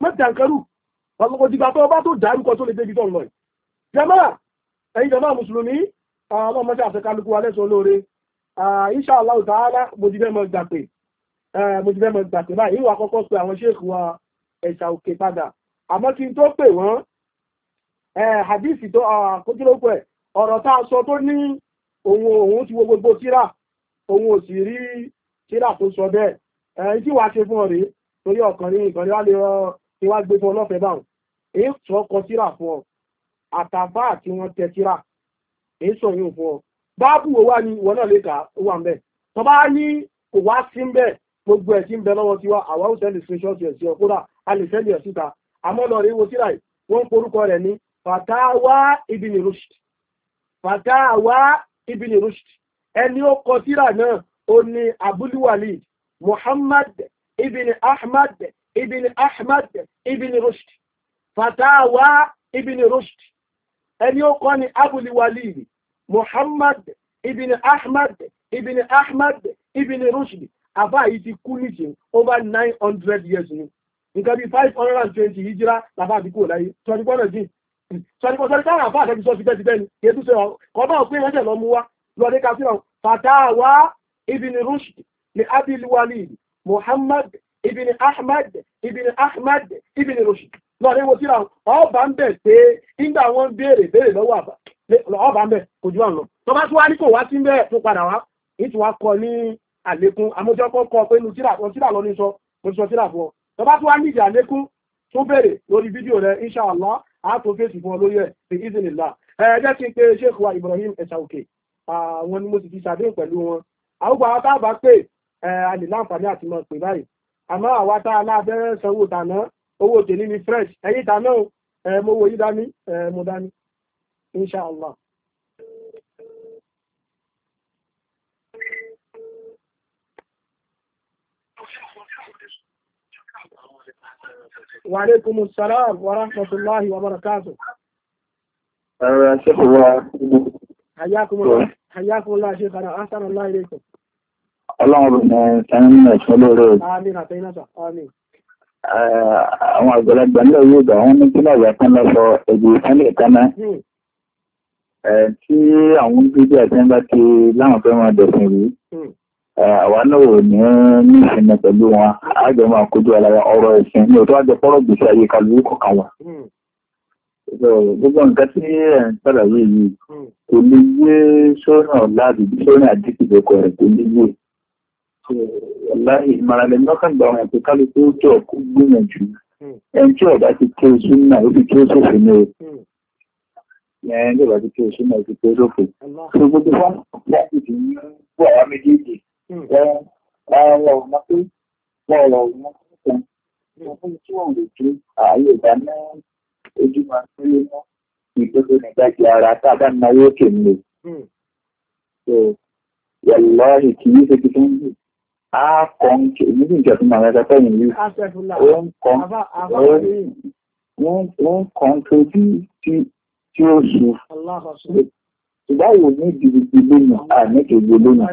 mẹ́ta nǹkan rù ọ̀pọ̀lọpọ̀ dìgbà tó bá tó dàrú kọ́ tó lè débi tó ń lọ yìí ẹ̀yìn jọba mùsùlùmí ọlọ́mọṣẹ́ àfẹ́kálukú wa lẹ́sọ olóore insha Allah ta'ala mo ti fẹ́ mọ gbàpè mo ti fẹ́ mọ gbàpè báyìí ìwà kọ́kọ́ pé àwọn ṣéèkù wa ẹ̀ṣà òkè padà àmọ́ kí n tó pè wọ́n hadisi tó kójúlópọ̀ ẹ̀ ọ̀rọ̀ tá a sọ tó ní òun òun ti wo gbogbo tíra òun ò sì rí àtàfà àti wọn tẹ̀síra èyí sọ yóò fún ọ báàbù wo wá ní ìwọ náà lè kà ó wà ń bẹ tó bá ní kò wá sí ń bẹ gbogbo ẹ̀ sí ń bẹ lọ́wọ́ tiwa àwa ó sẹ́lẹ̀ screenshot ẹ̀ sí ọkúrà a lè sẹ́lẹ̀ ẹ̀ síta àmọ́ lọ rí wo síra yìí wọ́n ń porúkọ rẹ̀ ní fatawa ibn rushd fatawa ibn rushd ẹni ó kọ síra náà ó ní abúlúwalid muhammad ibini ahmad ibini ahmad ibini rushd fatawa ibini rushd ẹni ó kọ́ ni abul walid muhammad ibn ahmad ibn ahmad ibn rushd àbá yìí ti kú níṣẹ́ over nine hundred years ni nǹkan bíi five hundred and twenty hijira làbá àbíkú ò láyé twenty one nineteen twenty one twenty one àbá àtẹ́bí sọ ti tẹ́tí bẹ́ni kí ètò ṣe ọ kọ́ bá òpin ẹ̀ṣẹ̀ lọ mú wa lọ́dẹ ká fihàn fatawa ibn rushd ni abil walid muhammad ibn ahmad ibn ahmad ibn rushd lọ́ọ̀rẹ́ wo síra ọba ń bẹ̀ pé nígbà wọ́n béèrè béèrè lọ́wọ́ àbá ọba ń bẹ̀ kò ju àwọn lọ tó bá tún wá ní kò wá sí bẹ́ẹ̀ tó padà wá ní tí wá kọ ní àlékún àmójọ́kọ́ kọ pé nu tíra lọ ní sọ mo ti sọ tíra fún ọ tó bá tún wá nídìí àlékún tó béèrè lórí fídíò rẹ inṣàlá àtò fèsì fún ọ lórí ẹ fi ìzìnlá ẹ jẹ́ kí n pe Sheikh wa Ibrahim ẹ̀sà òkè àwọn ni mo sì ti ṣàdéhùn pẹ̀lú wọn àwùgbà wa tá a bá pè ẹ a lè láǹfààní àti mọ̀ pè báyìí àmọ́ àwa tá a lábẹ́rẹ́ sanwó dáná owó tèmi ni fresh ẹ̀yìn ìta náà ẹ̀ mo wo yí dání ẹ̀ mo dání inṣàlá. Wa alaikumus salam wa rahmatullahi wa barakatuh. Ẹ̀rọ ṣẹ́kù wa. Hayyakumullah ṣe kàrà, Assalamu alaikum. Ọlọ́run ọ̀rọ̀ mẹ́ sẹ́yìn mẹ́ sọ́lọ́rọ̀. Àmín àtẹ́yìn náà sà, àmín àwọn àgbàlagbà ní ọ̀yọ́ ìgbà wọn ní kílọ̀ ìyá kan lọ́sọ èdè ìpínlẹ̀ kaná hmm. tí àwọn bíbí àti ẹ̀ńbá ti láwọn fẹ́ máa dẹ̀sìn rí hmm. àwa náà ò ní ní ìsinmi pẹ̀lú wọn àjọ máa kojú alára ọ̀rọ̀ ẹ̀sìn ní òtún àjọ fọ́rọ̀ gbèsè ayé kálukú kọ̀ọ̀kan wa. Hmm. gbogbo nǹkan tí ẹ̀ ń sọ̀rọ̀ yìí kò lè yé sọ́nà láàbì sọ́nà àdìsí ìdókòrè kò lè yé láì ìmọ̀rànlẹ̀ lọ́kànlá àwọn àti kálukú tó ọkú gbìyànjú hmm. ẹni tí ọ̀dá ti kí oṣù náà ó ti kí oṣù fún mi o hmm. ẹni tí ọ̀dá ti kí oṣù náà ó ti kí oṣù fún mi so gbogbo fún láti ti hmm. ní wọ àwọn méjèèjì wọn wọn wọn ọmọ pé wọn ọ̀rọ̀ ọmọ kan wọn fún mi tí wọn ò lè tó ààyè ìgbà náà ojú máa ń pélé mọ́ ìgbésẹ̀ nígbàjì ara tá a bá náwó òkè mi o. Wàlláhì kì í ṣe tuntun yìí a kàn kí níbi ìjọba máa rẹ̀ pẹ́yìn rí wọ́n kàn tó bí tí ó ṣe ìbáwò ní ìdìbìbì lónìí àníkègbè lónìí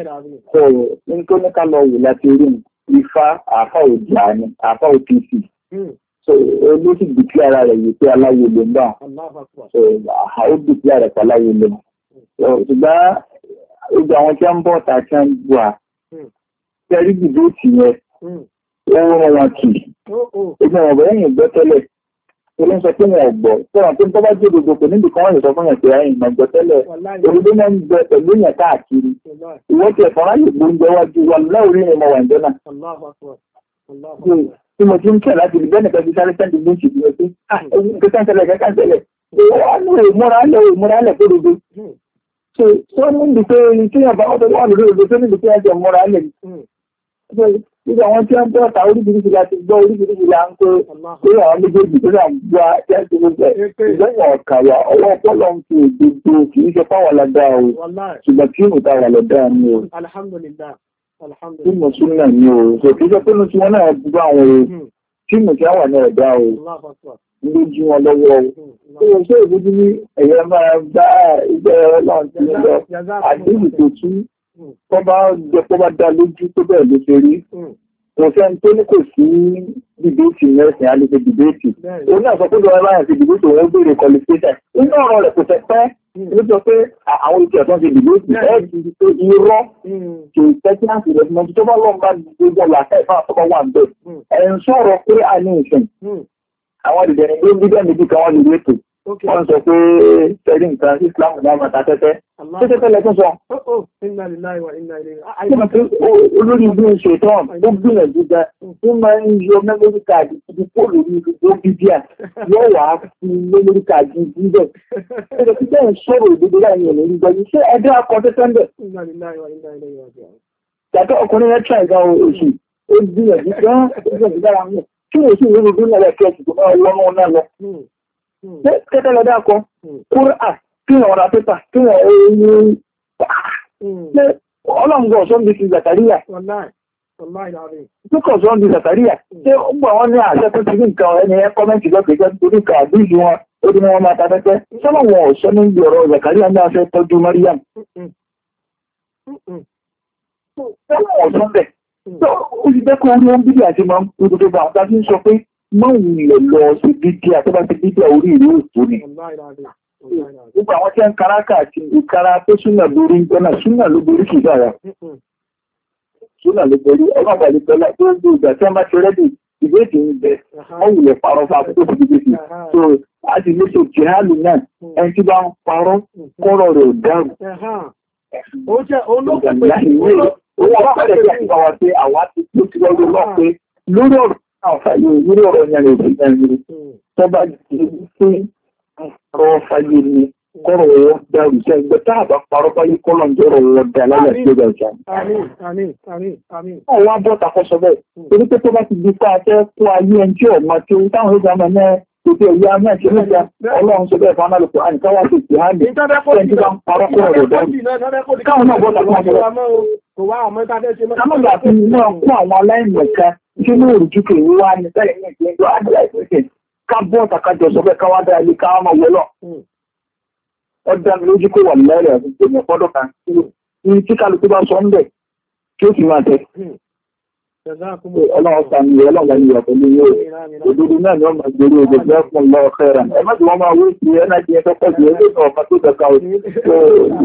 sọ̀rọ̀ ní tó ní ká lọ wò láti rí ifá àáfà òdì àní àáfà OPC ló sì dìkì hmm. ara rẹ̀ yìí pé aláwo ló ń bá ó dìkì ara rẹ̀ pé aláwo ló ń ṣùgbọ́n gbogbo àwọn tí wọ́n ń bọ̀ ta tí ń bu àá tẹ́rí gbùgbé tì yẹn wọ́n rán wa kì í ìgbọ̀n ọ̀bọ̀ ẹ̀yìn gbọ́ tẹ́lẹ̀ tó ló ń sọ pé wọn ò gbọ́ tọ́wọ́n tó ń tọ́wọ́ jẹ́ gbogbo kò níbi kan wọ́n lè sọ fún yàn pé ẹ̀yìn máa gbọ́ tẹ́lẹ̀ olùdó máa ń gbẹ pẹ̀lú yàn káàkiri ìwọ́ tiẹ̀ fọ́nrán yìí gbóúnjẹ wájú wa lórí ni mo wà ń dọ́nà tí mo ti ń kẹ̀ láti ibẹ̀ nìkan ti sáré sẹ́ńdì méjì bí ọtí kẹ́kẹ́ tẹ́lẹ̀ kẹ́kẹ́ tẹ́lẹ̀ wọ́n lè múra lẹ̀ múra lẹ̀ tó dodo hmm. so so níbi pé tí yàn bá wọ́n tó wà lórí òdodo tó níbi pé yàn jẹ́ múra lẹ̀ nígbà wọn tí wọn bọ ọta oríṣiríṣi láti gbọ́ oríṣiríṣi là ń pé pé àwọn méjèèjì tó náà ń gbá gbogbo ẹ ìgbẹ́yìn ọ̀kàwà ọwọ́ ọpọlọ ń fi òdodo kì í ṣe fáwọn o ṣùgbọ́n kí ìmọ̀ táwọn alága ni o tí mo sún náà ni o kò kí í ṣe pé ní náà gbogbo àwọn o hmm. tí mo ti àwọn náà dá o ló jí wọn lọ́wọ́ o tó hmm. o ṣe ìbójú ní ẹ̀yẹ máa bá ìgbẹ́ ọlọ́run tó bá jẹ tó bá dá lójú tó bẹ́ẹ̀ ló ṣe rí hmm. kò sẹ́ni tó ní kò sí dìbéètì mẹ́sìn á lè ṣe dìbéètì òun náà sọ pé lọ́wọ́ báyà ṣe dìbéètì òun béèrè qualification nínú ọ̀rọ̀ rẹ̀ kò tẹ́pẹ́ hmm. ló sọ pé àwọn ìṣe ọ̀tún ṣe dìbéètì ẹ̀ ti di pé irọ́ hmm. kò tẹ́tí láti rẹ̀ mọ́tò tó bá lọ́n bá gbogbo làákà ìfọ̀n àtọ́kọ̀ wà bẹ́ẹ̀ ẹ̀ ń sọ̀rọ̀ pé àní ìsìn àwọn ìdẹ̀rẹ̀ ló ń bí bẹ́ẹ̀ wọ́n sọ pé tẹ̀lé nǹkan islam náà máa tafẹ́fẹ́ tẹ́tẹ́fẹ́ lẹ́kún sọ. olórí ibi ìṣètàn ló gbìyànjú ga wọ́n máa ń yọ mẹ́mórí káàdì ibi pọ́ọ̀lù ní ìlú bíbíà yóò wá fi mẹ́mórí káàdì bíbẹ̀. ẹ̀rọ títẹ̀ ń sọ̀rọ̀ òdodo láàrin ẹ̀rọ ń gbọ́dọ̀ ṣé ẹjọ́ akọ tẹ́tẹ́ ń bẹ̀. yàtọ̀ ọkùnrin yẹn tíra ìgbà oṣù ó gbìyànjú kẹ́kẹ́ lọ dákọ̀ kúrà kí wọ́n ra pépà kí wọ́n owó ọlọ́mùgọ̀ sọ́ndì ti zàkàríyà tókọ̀ sọ́ndì zàkàríyà tí ó gbà wọ́n ní àṣẹ tó ti rí nǹkan ẹni ẹ kọ́mẹ́ntì lọ́pẹ̀ẹ́jọ́ torí nǹkan àbíjì wọn ó dín wọn máa tafẹ́fẹ́ sọ́nà wọn ò sọ ní ibi ọ̀rọ̀ zàkàríyà ní afẹ́ tọ́jú Mariam sọ́nà wọn sọ́ndẹ̀ tó ó ti dẹ́kun orí ó ń bíbí àti máa ń kú tó bá wọn tá máa ń lè lọ sí dídíà tó bá ti dídíà orí ìlú òtún ni. Gbogbo àwọn tí ń kara káàkiri ìkara tó súnà lórí ń gbọ́nà súnà ló borí kì í dára. Súnà ló borí ọgbà balẹ̀ pẹ̀lú gbogbo ìgbà tí wọ́n bá ti rẹ́dì ìbéèdì ń bẹ wọ́n wulẹ̀ parọ́ fún àkókò tó ti So a ti ní so jihálù náà ẹni tí bá ń parọ́ kọ́rọ̀ rẹ̀ ò dárò. Ó jẹ́ olókùn àfàyè ìwúrí ọ̀rọ̀ ni àrẹ̀ òfin ẹ̀rẹ̀ tó bá jẹ́ wípé ọ̀rọ̀ fàyè ni kọ́rọ̀ wọ́n dá ìṣẹ́ ìgbẹ́ tá a bá parọ́ báyé kọ́lọ̀ ń jọrọ̀ wọ́n dá lálẹ́ àti ìjọba ìjà. ọ̀wọ́n abọ́ takọ́sọ bẹ́ẹ̀ torí pé tó bá ti di fáa fẹ́ kó ayé ẹni tí ọ̀ma tí ó táwọn ìjà máa náà tètè ìyá náà ṣe níta ọlọ́run sọ bẹ́ẹ̀ fáwọn alùpùpù àti káwá sí ìhà ní ẹni bá ń parọ́ ṣé ní òrùjú kì í wá ní bẹ́ẹ̀ ní ìpínlẹ̀ ìjọ àdúrà ìpínlẹ̀ ká bọ́ tàkàjọ sọ pé káwá dá ilé káwá mọ̀ wọlọ́ ọ dá mi lójú kó wà lẹ́rẹ̀ẹ́ àti ìgbìmọ̀ fọ́dọ̀ kan tí kálukú bá sọ ń bẹ̀ kí ó sì máa tẹ̀. Ọlọ́run sàmì ọlọ́run ni ní yóò. Òdodo náà ni wọ́n máa gbèrú òdòdó ẹ̀fún lọ ọ̀fẹ́ra. Ẹ má ti wọ́n máa wé sí ẹnájì ẹ̀fẹ́ pẹ̀lú ẹgbẹ́ ìtàn ọ̀pá tó dẹ̀ka ò.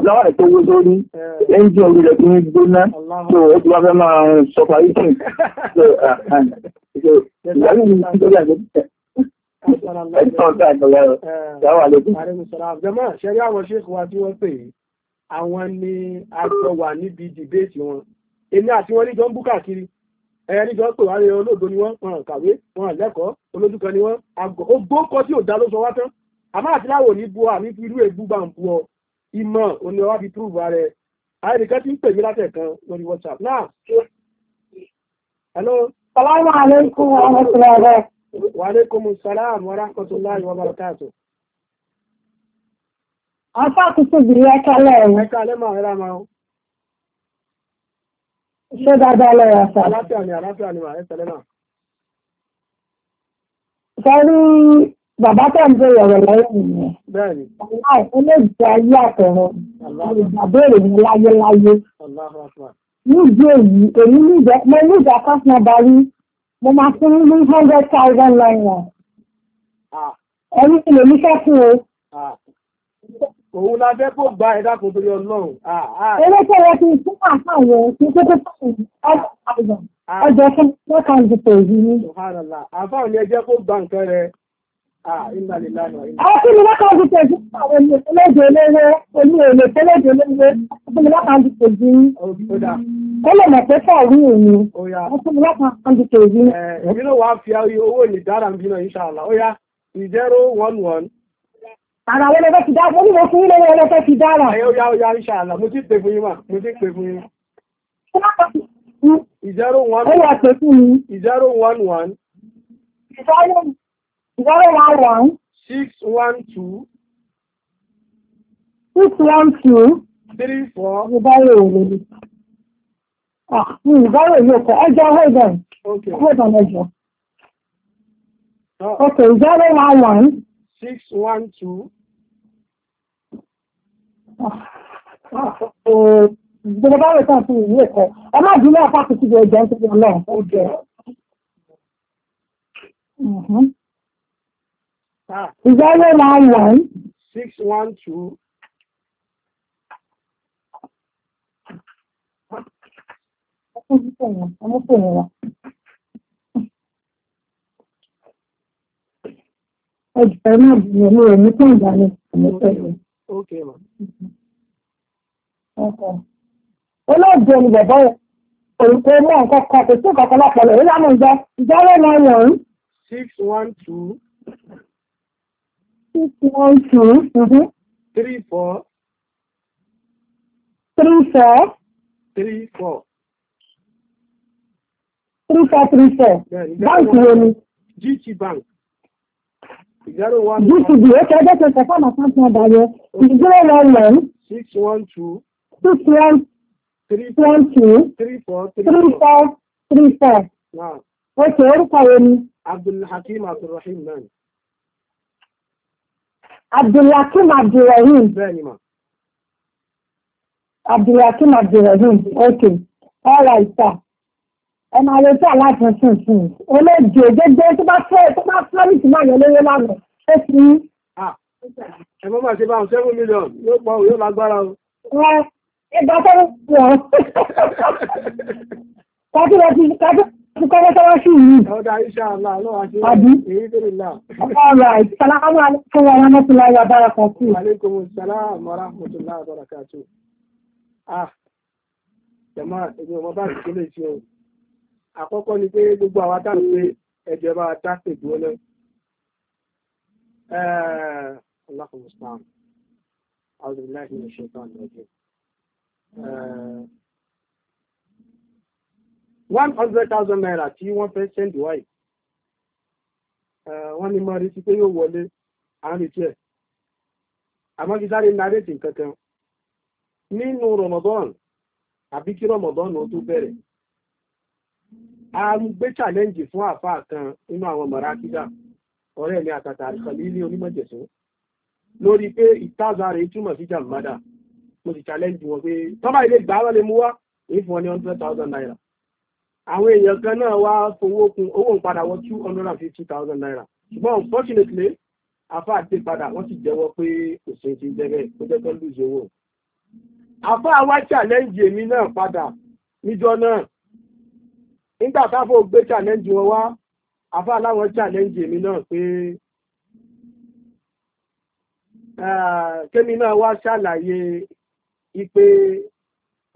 Láwọn ẹ̀tọ́ owó sórí, ẹ́ńjì eh. orí rẹ̀ ti ń gbóná. So ó ti wá fẹ́ máa ah, ah. Eh. ń sọ parísìn. Ẹ̀sán ọ̀gá àgbàlá rẹ̀. Ìyáwó àlejò. Àjọmọ́ ẹni jọ pé wàá rí olóògbé ni wọ́n wọn kàwé wọn lẹ́kọ̀ọ́ olójú kan ni wọ́n àgọ́ ogbó kọ́ tí ò da ló sọ wá tán àmọ́ àti láwò ní bu àmì fi irú ègbú bá ń bu ọ ìmọ̀ òní ọwá fi túrùbù ara ẹ̀ àìríkẹ́ tí ń pè mí látẹ̀kan lórí WhatsApp náà ṣe. Salamu alaikum wa rahmatullahi wa barakatuh. Wa alaikum salam wa rahmatullahi wa barakatuh. Afá kùsùn bìrì ẹ̀kálẹ̀ ẹ̀wọ̀n. Ẹ̀kálẹ̀ máa ń rà máa ń. Ṣé dáadáa lọ́wọ́ sá? Aláfíà ni aláfíà ni màá ṣẹlẹ̀ náà. Sọ́rí bàbá tó ń bèrè ọ̀rọ̀ lọ́wọ́ nìyẹn. Bẹ́ẹ̀ni. Aláì olóògbé ayé àtọ̀rọ̀ ìgbàbéèrè mi láyéláyé. Níbi èyí, èmi níjẹ́ mo níjẹ́ akásínà darí, mo máa fún ní hundred thousand naira. Ah. Ẹ̀yin lèmi fẹ́ fún o. Ah òun la fẹ́ kó gba ẹ̀dá kò torí ọlọ́run. Eré tó yẹ kí n fún àtàwọn ní kókó fún ọjọ́ ọjọ́ fún lọ́kà ìdìbò yìí ni. Àfáà ni ẹ jẹ́ kó gba nǹkan rẹ̀. Àwọn kí ni lọ́kà ìdìbò yìí fún àwọn ènìyàn tẹ́lẹ̀dẹ̀ olówó olú èlé tẹ́lẹ̀dẹ̀ olówó fún mi lọ́kà ìdìbò yìí. Ó lè mọ̀ pé fọ́ọ̀rù òní. Ó fún mi lọ́kà ìdìbò yìí. Èmi náà wàá fi owó ìdára mi náà, inṣàlá. Ó yá, zero one one. Ara wọn lọ́fẹ́ ti dá, mo ní mo fún ilé wọn lọ́fẹ́ ti dára. Ẹ yá ọya ìṣà mo ti pè fún yín mà, mo ti pè fún yín. Ìjẹ́rò wọn wọn. Ó wà pè fún mi. Ìjẹ́rò wọn wọn. Ìjẹ́rò wọn wọn. Six one two. Six one two. Three four. Ìbáyọ̀ òwòlè. Ah, ìbáyọ̀ yóò kọ, ẹjọ́ hold on. Okay. Hold on ẹjọ́. Okay, zero one one. Six one two ìjọba rẹ̀ kàn fún ìwé ẹ̀kọ́ ọmọ ìdílé àpapọ̀ ti bẹ̀rẹ̀ jẹun tó lọ ó jẹ. Zero nine one. Six one two. Ọmọ fún ìwọ̀n. Ẹgbẹ̀rún àbúrò ní ẹ̀mí tó ń dání. Ẹ̀mí tó ń dání. Okay ma. olóòjì olùbẹ̀bọ̀ òrùkọ mú nǹkan kan kò sí nǹkan kan lápọ̀lọ̀ èyí lámú ìjọ ìjọ rẹ̀ náà yàn án. six one two. six one two. Mhm. three four. three four. three four. three four three four. báńkì wo ni. GT bank. This GCB, okay, that's a second account number here. It's 011 612 612 312 3434 34. Wow. Okay, orúkọ wo ni? Abdulhakeem Abdulrahim náà ni. Abdulhakeem Abdulrahim. Abdul Hakim Abdulhakeem Abdulrahim, okay. All right, sir ẹ máa retí aláìsàn tuntun olóòjì òjòjò tó bá fẹ́ tó bá fẹ́ rìsì máa yẹn lówó lánàá ó fi. ẹ mọ́ máa ṣe báwọn seven million yóò pọ̀ yóò lágbára o. ẹ ẹ gbà tó wọ̀ ọ́ kájú lọ sí kájú lọ sí kọ́kọ́ sọ́wọ́ sí yìí. ọ̀dà iṣẹ́ àlá ló wá sí àbí èyí tó lè là. alright salamu alaykum wa rahmatulahi wa barakatuh. aleykum salaam wa rahmatulahi wa barakatuh. ah jama èmi ò mọ báyìí tó lè ṣe o àkọ́kọ́ ni pé gbogbo àwọn tá à ń pé ẹjọ́ bá dá pègbó náà Allahu musta'an a'udhu billahi minash shaitanir rajim one hundred thousand naira tí wọ́n fẹ́ sẹ́ndì wáyé wọ́n ní máa retí pé yóò wọlé à ń ẹ̀ àmọ́ kí sáré narètì kankan nínú Ramadan àbí kí Ramadan ó tó bẹ̀rẹ̀ àrùn gbé challenge fún àfá kan nínú àwọn mọ̀rákídà ọ̀rẹ́ mi àtàtà àríkànlẹ̀ ilé onímọ̀jẹ̀sùn lórí pé ìtàzà rẹ̀ túmọ̀ sí jàmbádà mo sì challenge wọn pé tọ́ba ilé ìgbà wọn lè mú wá èyí fún ọ ní hundred thousand naira àwọn èèyàn kan náà wá fowó kún owó ń padà wọ two hundred and fifty thousand naira ṣùgbọ́n unfortunately àfá àti padà wọ́n sì jẹ́wọ́ pé òsè ti jẹ́ bẹ́ẹ̀ ó jẹ́ tó lùzì owó àfá wá challenge èmi náà padà níjọ náà nígbà táfò gbé challenge wọn wá àfà láwọn challenge èmi náà pé kémi náà wá ṣàlàyé ipe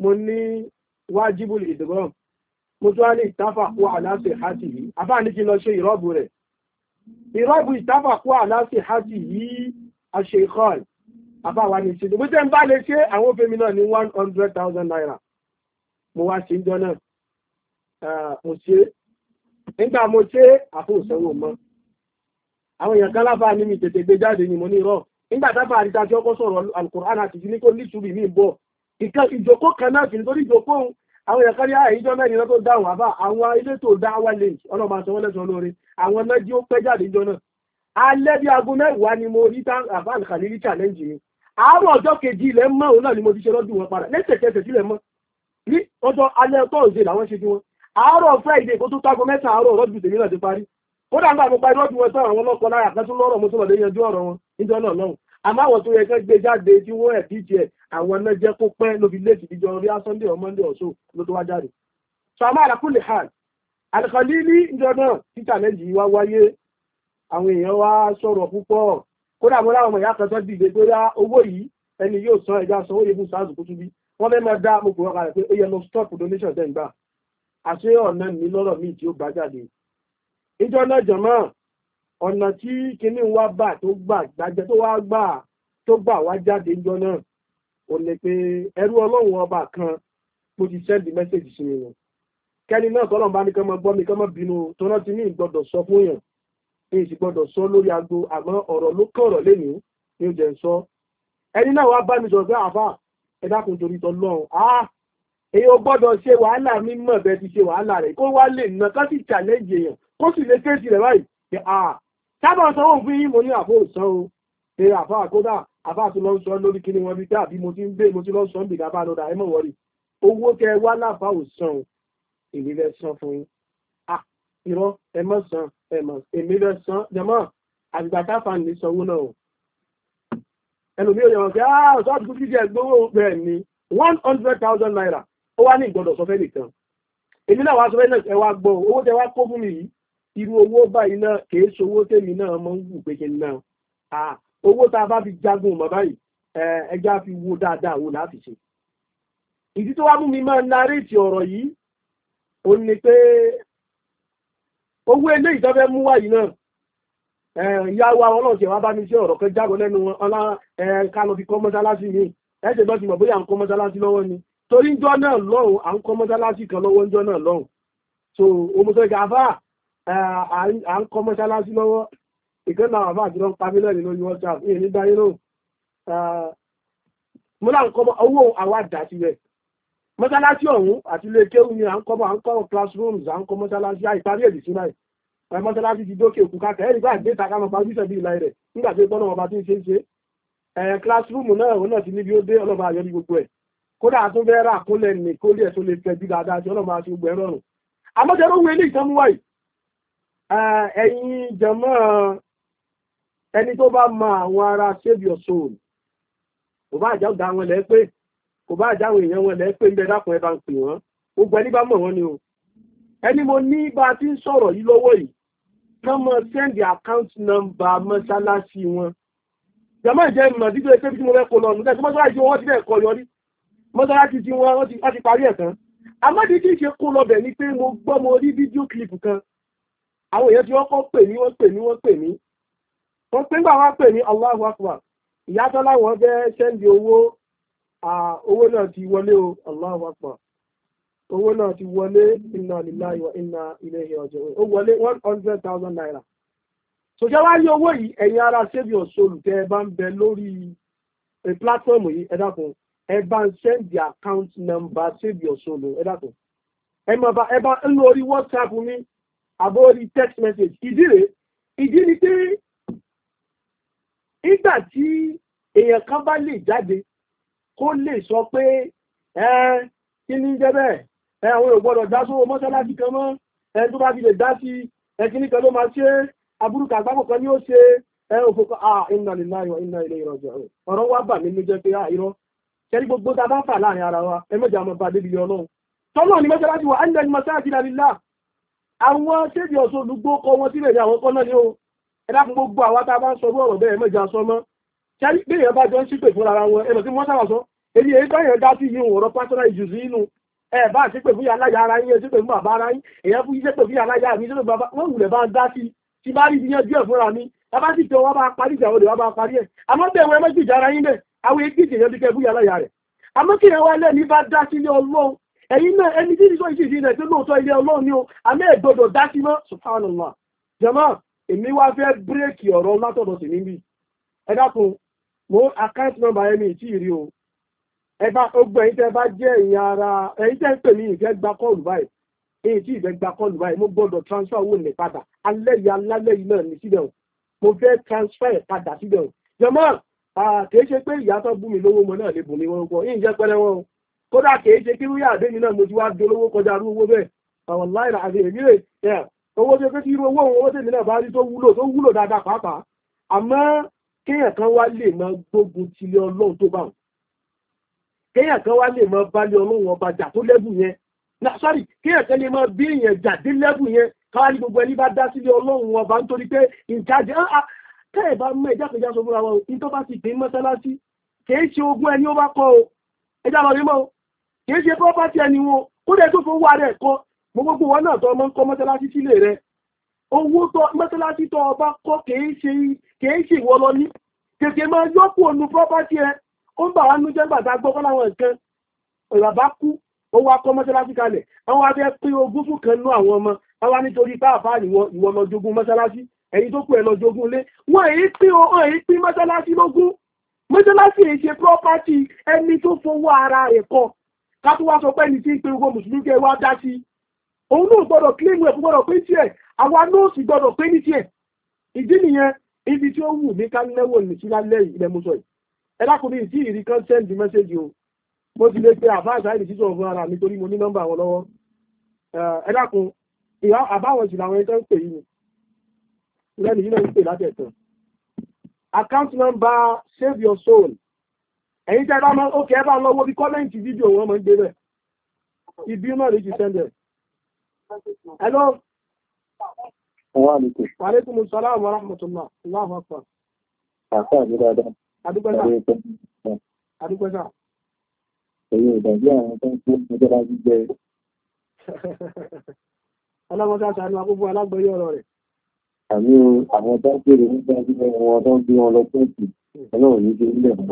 mo ní wájibul ìdúrọ̀m mo tún wá ní ìtafàkú aláṣẹ hàtì yìí àfà ní kí n lọ ṣe ìrọ́bù rẹ̀ ìrọ́bù ìtafàkú aláṣẹ hàtì yìí àṣẹ ìkọ́ọ̀lù àbáwa ní ìṣèlú bó jẹ́ ń bá lè ṣe àwọn obìnrin náà ní one hundred thousand naira mo wá ṣe ń jọ náà Ah, mo ṣe nígbà mo ṣe àfóòsẹ́wò mọ́ àwọn èèyàn kan láfa ní mi tètè gbé jáde ni mo ní rọ nígbà tábà àríta tí ọkọ sọ̀rọ̀ alukur'an àti ní kó nítorí mi bọ̀ ìkan ìjòkó kan náà sì nítorí ìjòkó àwọn èèyàn kan ní àyè ah, ìjọ mẹ́rin tó dáhùn àbá àwọn ilé tó dá wà lè ọlọ́mọ àṣọ wọn lẹ́sọ̀ lóore àwọn náà jí ó pẹ́ jáde ìjọ náà alẹ́ bí aago mẹ́wàá ni mo rí tán àbá àlùkàní rí challenge mi àárọ̀ ọjọ́ kejì ilẹ̀ mọ́ òun náà ni mo ti ṣe lọ́dún wọn padà lẹ́sẹ̀kẹsẹ̀ sílẹ̀ mọ́ ní ọjọ́ alẹ́ ọkọ̀ òṣèlú àwọn ṣe ti wọn àárọ̀ friday kó tó tágo mẹ́ta àárọ̀ rọ́dù tèmi náà ti parí kódà nígbà mo parí rọ́dù wọn sọ̀rọ̀ àwọn ọlọ́kọ láyà kan tún lọ́rọ̀ mo ọrọ lọ́dẹ yanjú ọ̀rọ̀ wọn níjọ́ náà lọ́hùn àmọ́ àwọn tó yẹ kán gbé jáde tí wọ́n ẹ̀ àwọn náà jẹ́ kó pẹ́ léèkì orí sunday or monday or ló tó wá jáde so àmọ́ àrà hàn àlùkọ́lí ní ìjọ náà tí challenge yìí wá wáyé àwọn èèyàn wá sọ̀rọ̀ púpọ̀ kódà mo láwọn ọmọ ìyá kan tó dìde pé owó yìí ẹni yóò san ẹja sanwó fún sars wọ́n fẹ́ máa àṣé ọ̀nà mi lọ́rọ̀ mi tí ó gbà jáde ìjọ náà jọ̀mọ́ ọ̀nà tí kinní wa bà tó gbà gbàjẹ́ tó wá gbà tó gbà wá jáde ìjọ náà ò ní pé ẹrú ọlọ́run ọba kan mo ti sẹ́ndì mẹ́sẹ̀jì sí mi wọn kẹ́ni náà tọ́lọ́run bá ní kán mọ́ gbọ́ mi kán mọ́ bínú tọ́lọ́ ti ní ìgbọ́dọ̀ sọ fún yàn èyí sì gbọ́dọ̀ sọ lórí aago àmọ́ ọ̀rọ̀ ló kọ̀rọ̀ lénìí ní oúnjẹ ń sọ ẹni náà wá bá mi sọ pé àfà ẹ dákun torí tọ́lọ́run áá èyí ò gbọ́dọ̀ ṣe wàhálà mímọ̀ bẹ́ẹ̀ ti ṣe wàhálà rẹ̀ kó wá lè nà kó sì challenge èèyàn kó sì lè fèsì rẹ̀ báyìí pé à sábà sanwó fún yín mo ní àfọ òsán o pé àfọ àkódà àfọ àti lọ sọ lórí kíni wọn bí pé àbí mo ti ń gbé mo ti lọ sọ ń bìgá bá lọ dà ẹ mọ̀ wọrí owó tẹ wá láfa òsán o èmi fẹ́ san fún yín à irọ́ ẹ mọ̀ san ẹ mọ̀ èmi fẹ́ san jẹmọ́ àgbà táfà ní sanwó náà o ẹlòmíràn yẹn wọn fi ah One hundred thousand naira ó wá ní ìgbọ́dọ̀ sọ fẹ́ nìkan èmi náà wá sọ fẹ́ náà ẹ wá gbọ́ owó tẹ wá kó fún mi yìí irú owó báyìí náà kìí ṣowó tèmi náà mọ́ ń wù pé kí n náà owó tá a bá fi jagun mọ̀ báyìí ẹja fi wo dáadáa wo láti ṣe ìdí tó wá mú mi máa náréètì ọ̀rọ̀ yìí ó ní pé owó eléyìí tó fẹ́ mú wáyìí náà ìyá wa ọlọ́run ṣe wá bá mi sí ọ̀rọ̀ kan jágọ̀ lẹ́nu wọn ọlá ká lọ fi kọ́ mọ́sálásí mi ẹ̀jẹ̀ bá ti mọ̀ bóyá ń kọ́ mọ́sálásí lọ́wọ́ ni torí njọ náà lọ́hùn à ń kọ́ mọ́sálásí kan lọ́wọ́ njọ́ náà lọ́hùn so omoṣẹ́ gàfà à ń kọ́ a lọ́wọ́ ìkànnà àbá àti lọ́n pamí náà nínú whatsapp ní èmi dá mo náà ń kọ́ owó ọ̀hún àti ilé kéwù ni à ń kọ́ à ń kọ́ classrooms à ń kọ́ àìparí ti dókè òkú kákẹ́ kódà tó fẹ́ rà kó lẹ̀ ní kó lẹ̀ tó lè fẹ́ bí dáadáa tí ọlọ́mọ àti gbogbo ẹ̀rọ rùn àmọ́jẹ́ ló wọ ilé ìtàn mú wáyé ẹ̀yin jẹ̀mọ́ ẹni tó bá mọ àwọn ará save your soul kò bá àjà ọ̀gá wọn lẹ́ pé kò bá àjà àwọn èèyàn wọn lẹ́ pé ń bẹ dákun ẹ bá ń pè wọ́n gbogbo ẹni bá mọ̀ wọ́n ni o ẹni mo ní bá a ti ń sọ̀rọ̀ yìí lọ́wọ́ yìí kán mọ send account number mọ́ṣáláṣí wọn jẹ̀mọ́ ìjẹ́ ìmọ̀ dídó ẹgbẹ́ bí mo fẹ́ kó lọ nù mọ́sálásí tí nwa wọ́n ti parí ẹ̀tàn amọ́dé tí ṣe kún lọ́bẹ̀ ni pé mo gbọ́ mo rí fídíò kan àwọn èèyàn ti wọ́n kọ́ pè mí wọ́n pè mí wọ́n pè mí wọ́n pé ńgbà pè mí Allahu Akbar ìyàtọ̀ láwọn fẹ́ sẹ́ndì owó owó ti wọlé o Allahu Akbar owó náà ti wọlé inna lillahi wa inna ilayhi raji'un ó wọlé one hundred thousand naira owó yìí ẹ̀yin ara ọ̀ṣọ́lù tẹ́ ẹ eh, platform yìí ẹ dákun ẹ send ń account number save your solo ẹ dàpọ̀ ẹ máa bá ẹ bá ń lo orí whatsapp mi àbọ̀ orí text message ìdí rèé ìdí ni pé nígbà tí èèyàn kan bá lè jáde kó lè sọ pé ẹ kí ni jẹ́ bẹ́ẹ̀ ẹ àwọn ògbọ́dọ̀ dá sówó mọ́sálásí kan mọ́ ẹ tó bá fi lè dá sí ẹ kí ni kan ló máa ṣe aburúkà àgbákò kan ni ó ṣe ẹ òfò kan ah inna lillahi wa inna ilayhi raji'un ọ̀rọ̀ wa bà mí ló jẹ́ pé ah irọ́ ṣẹ́rí gbogbo ta bá fà láàrin ara wa ẹmẹ́jà ọmọ bá débi ọlọ́run tọ́lọ́ ni mọ́ṣáláṣí wa ẹni lẹ́nu mọ́ṣáláṣí láti lá àwọn ṣéèdì ọ̀ṣọ́ olùgbó kọ wọn sílẹ̀ ní àwọn kọ́ náà ni ó ẹ̀dá fún gbogbo àwa ta bá ń sọ ọ̀rọ̀ bẹ́ẹ̀ ẹmẹ́jà sọ mọ́ ṣẹ́rí pé èèyàn bá jọ ń ṣípè fún ara wọn ẹ̀mọ̀ tí wọ́n sábà sọ èyí èyí tọ́yẹ̀ dá sí yìí ọ̀rọ̀ pásítọ́rà ìjùsí inú ẹ̀ bá ṣípè fún yàrá ara yín ṣípè fún bàbá ara yín èèyàn fún ṣípè fún yàrá yàrá mi ṣípè bàbá wọn wùlẹ̀ bá ń dá sí ti bá rí ibi díẹ̀ fúnra mi bàbá sì tẹ wọn bá parí ìjà wọn lè wá bá parí ẹ̀ àmọ́ bẹ́ẹ̀ wọn ẹmẹ́jì ìjà ara yín bẹ́ẹ̀ àwọn èdèjì èèyàn dúkẹ́ búyà láyà rẹ̀ àmọ́ kí ẹwà lẹ́ni bá dá sí ilé ọlọ́run ẹ̀yìn náà ẹni tí ìṣọ́ ìṣìṣì rẹ̀ tó lóòótọ́ ilé ọlọ́run ni o àmọ́ ẹ̀gbọ́dọ̀ dá sí mọ́ subhanallah jama èmi wá fẹ́ bírèkì ọ̀rọ̀ látọ̀dọ̀ sí níbi ẹ dákun mo account number ẹni ìtì rí o ẹ bá ogbó ẹ̀yin tẹ́ bá jẹ́ ẹ̀yin ara ẹ̀yin tẹ́ ń pè mí ìfẹ́ gba kọ́ọ̀lù báyìí ẹ̀yin tí ìfẹ́ gba kọ́ọ̀lù báyìí mo gbọ́dọ̀ transfer owó ní padà alẹ́ yìí alálẹ́ yìí náà ní síbẹ̀ o mo fẹ́ transfer ẹ̀ padà síbẹ̀ o jama kìí ṣe pé ìyá tó bú mi lówó mọ náà lè bù mí wọn kọ yìí ń jẹ́ pẹ́rẹ́ wọn o kódà kìí ṣe kí rúyà àdémi náà mo ti wá dolówó kọjá rú owó bẹ́ẹ̀ àwọn láìra àti èmi rè ẹ̀ owó tó pé kí irú owó òun owó tèmi náà bá rí tó wúlò tó wúlò dáadáa pàápàá àmọ́ kéèyàn kan wá lè máa gbógun tilé ọlọ́run tó bá wọn kéèyàn kan wá lè máa balẹ̀ ọlọ́run ọba jà tó lẹ́bù yẹn na sorry kéèyàn kan lè máa bí èèyàn jà dé lẹ́bù yẹn káwá ní gbogbo ẹni bá dá sílé ọlọ́run ọba nítorí pé ìjáde tẹ́ẹ̀ bá mọ́ ìjákejá sọ fúnra wọn ní tó bá ti dé mọ́sálásí kìí ṣe ogún ẹni ó bá kọ́ o ẹjá lọ rímọ́ kìí ṣe pọ́pátì ẹni wọn kó dẹ̀ tó fowó ara ẹ̀ kọ́ mo gbogbo wọn náà tó ọmọ ń kọ́ mọ́sálásí sílé rẹ̀ owó tó mọ́sálásí tó ọba kọ́ kìí ṣe ìwọ lọ ní kèké máa yọ́pù ònu pọ́pátì ẹ ó ń bà wá nújẹ́ gbàdá gbọ́kọ́ láwọn nǹkan ìràbá ẹ̀yin tó kú ẹ̀ lọ́jọ́ ogún lé wọ́n èyí pín ọ̀hún èyí pín mọ́ṣáláṣí lógún mọ́ṣáláṣí èyí ṣe pírọ́pátì ẹni tó fowó ara rẹ̀ kọ́ ká tó wá sọ pé ẹni tí ń pe owó mùsùlùmí kẹ́ wá dá sí òun náà gbọ́dọ̀ kílíìmù ẹ̀ gbọ́dọ̀ pé tiẹ̀ àwa náà sì gbọ́dọ̀ pé ní tiẹ̀ ìdí nìyẹn ibi tí ó wù mí ká náwó ní sí lálẹ́ ilẹ̀ mo sọ yìí ẹ dákùnrin ìdí ìrí kan sẹ́ndì mẹ́sẹ̀gì lẹ́nu yìí náà ń pè látẹ̀tàn account number save your soul ẹ̀yin tẹ́ bá mọ́ ókè ẹ bá ń lọ́wọ́ bí kọ́mẹ́ǹtì fídíò wọn mọ̀ ń gbé bẹ̀ ibi náà lè ti sẹ́ndẹ̀ hello wa alaikum salaam wa rahmatullah allahu akbar àṣà mi dáadáa adúgbẹ́sà adúgbẹ́sà ẹ̀yin ìdàgbé àwọn tó ń kó ọjọ́ bá jíjẹ ọlọ́mọdé àṣà ni wọ́n kó fún alágbẹ̀yọ́ ọ̀rọ̀ rẹ̀ àmì àwọn tó ń pèrè nígbà tí wọn tó ń gbé wọn lọ pẹ́ẹ̀tì ọlọ́run ní ṣe nílẹ̀ fún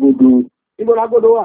Amin wà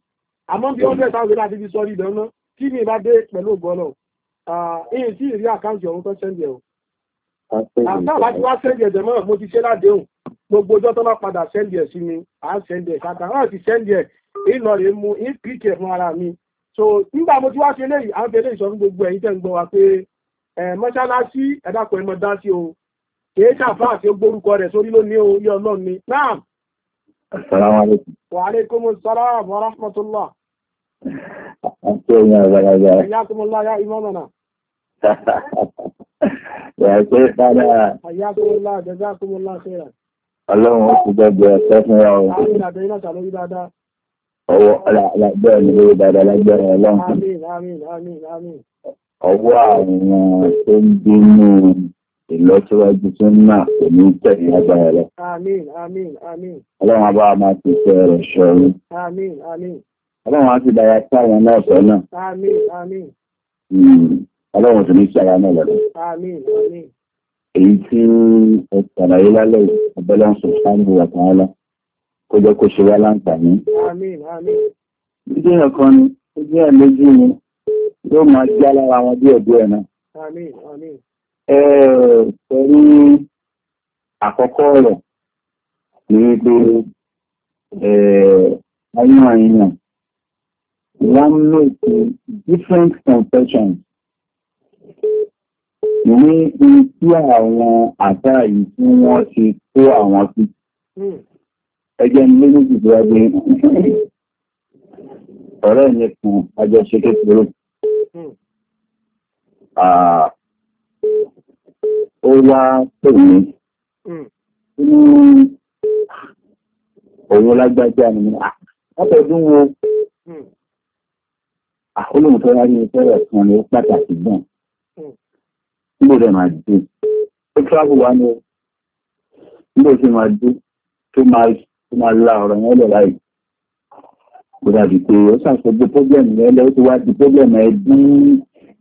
àmọ́ bí hundred thousand láti fi sọ́rí ìdán ná kí ni ìbá dé pẹ̀lú ògbọ́nà ìyìn tí ìrí àkáǹtì ọ̀hún tó ṣẹ́ǹdì ẹ̀hún. àtàwọn àti wá ṣẹ́ǹdì ẹ̀jẹ̀ mọ́ mo ti ṣe ládéhùn gbogbo ọjọ́ tó bá padà ṣẹ́ǹdì ẹ̀ sí mi à ń ṣẹ́ǹdì ẹ̀ ṣáta náà ti ṣẹ́ǹdì ẹ̀ ìlọ rẹ̀ mú in pk fún ara mi so nígbà mo ti wá ṣe léyìí à ń fẹ́ léyìí fún gbogbo ẹ̀yin tẹ́ ń gbọ́ wa pé mọ́ṣáláṣí ẹ̀dàpọ̀ ẹ̀mọ dá sí o kì í ṣàfà gbórúkọ rẹ̀ sórí lónìí o ilé ọlọ́run ni. Assalamu Wa alaikum assalam wa rahmatullah. أعطينا بلغة حياكم الله يا إمامنا يا شيخنا حياكم الله جزاكم الله خيرا اللهم اكتب يا شيخنا يا رب لا لا بẹ́ẹ̀ ni ló dáadáa lágbára ọlọ́run. ọwọ́ àwọn tó ń bínú ìlọsíwájú tó ń nà kò ní tẹ̀lé lágbára lọ. ọlọ́run a bá máa ti fẹ́ rẹ̀ ṣọ́rí ọlọ́run á ti dára sí àwọn náà sọ náà. Hmm, ọlọ́run sì ní sí ara náà lọ́dọ̀. èyí tí ó ṣàlàyé lálẹ́ ọ̀bẹ́lẹ́ ń sọ sáàmù ọ̀kan ọlá kó jẹ́ kó ṣe wá láǹfààní. jíjẹ́ ọ̀kan ni ó jẹ́ ẹ̀lẹ́jú ni yóò máa já lára wọn díẹ̀ díẹ̀ náà. pẹ̀lú àkọ́kọ́ rẹ̀ ní pé ayé àyíyàn one make different confessions. Ní ibi tí àwọn àṣà yìí tí wọ́n ti kó àwọn sí. Hmm. Ẹgbẹ́ ní méjì tó wáyé. Ọ̀rẹ́ mi kan àjọṣe kékeré. Hmm. Ó wá pè mí. Hmm. Òun lágbájá ni wọ́n tọ́jú wo àkólóhùn tó wá ní ìfẹ́rẹ̀ kan ni ó pàtàkì gan hmm. níbo rẹ̀ máa dé ó tíráàbù wá ní níbo ṣe máa dé tó máa la ọ̀rọ̀ yẹn lọ láì kó dàbí pé ó ṣàṣọgbó pọ́blẹ́mù yẹn lọ ó ti wá di pọ́blẹ́mù ẹbí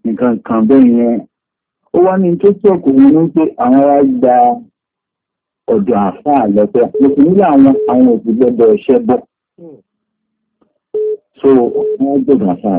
nǹkan kan bẹ́ẹ̀ yẹn ó wá ní tó tí ọkùnrin ní pé àwọn ará gba ọ̀dọ̀ àfáà lọ pé àpòkù nílẹ̀ àwọn àwọn òbí gbọ́dọ̀ ṣẹ́ bọ̀ hmm. so wọ́n gbọ́dọ̀ àfáà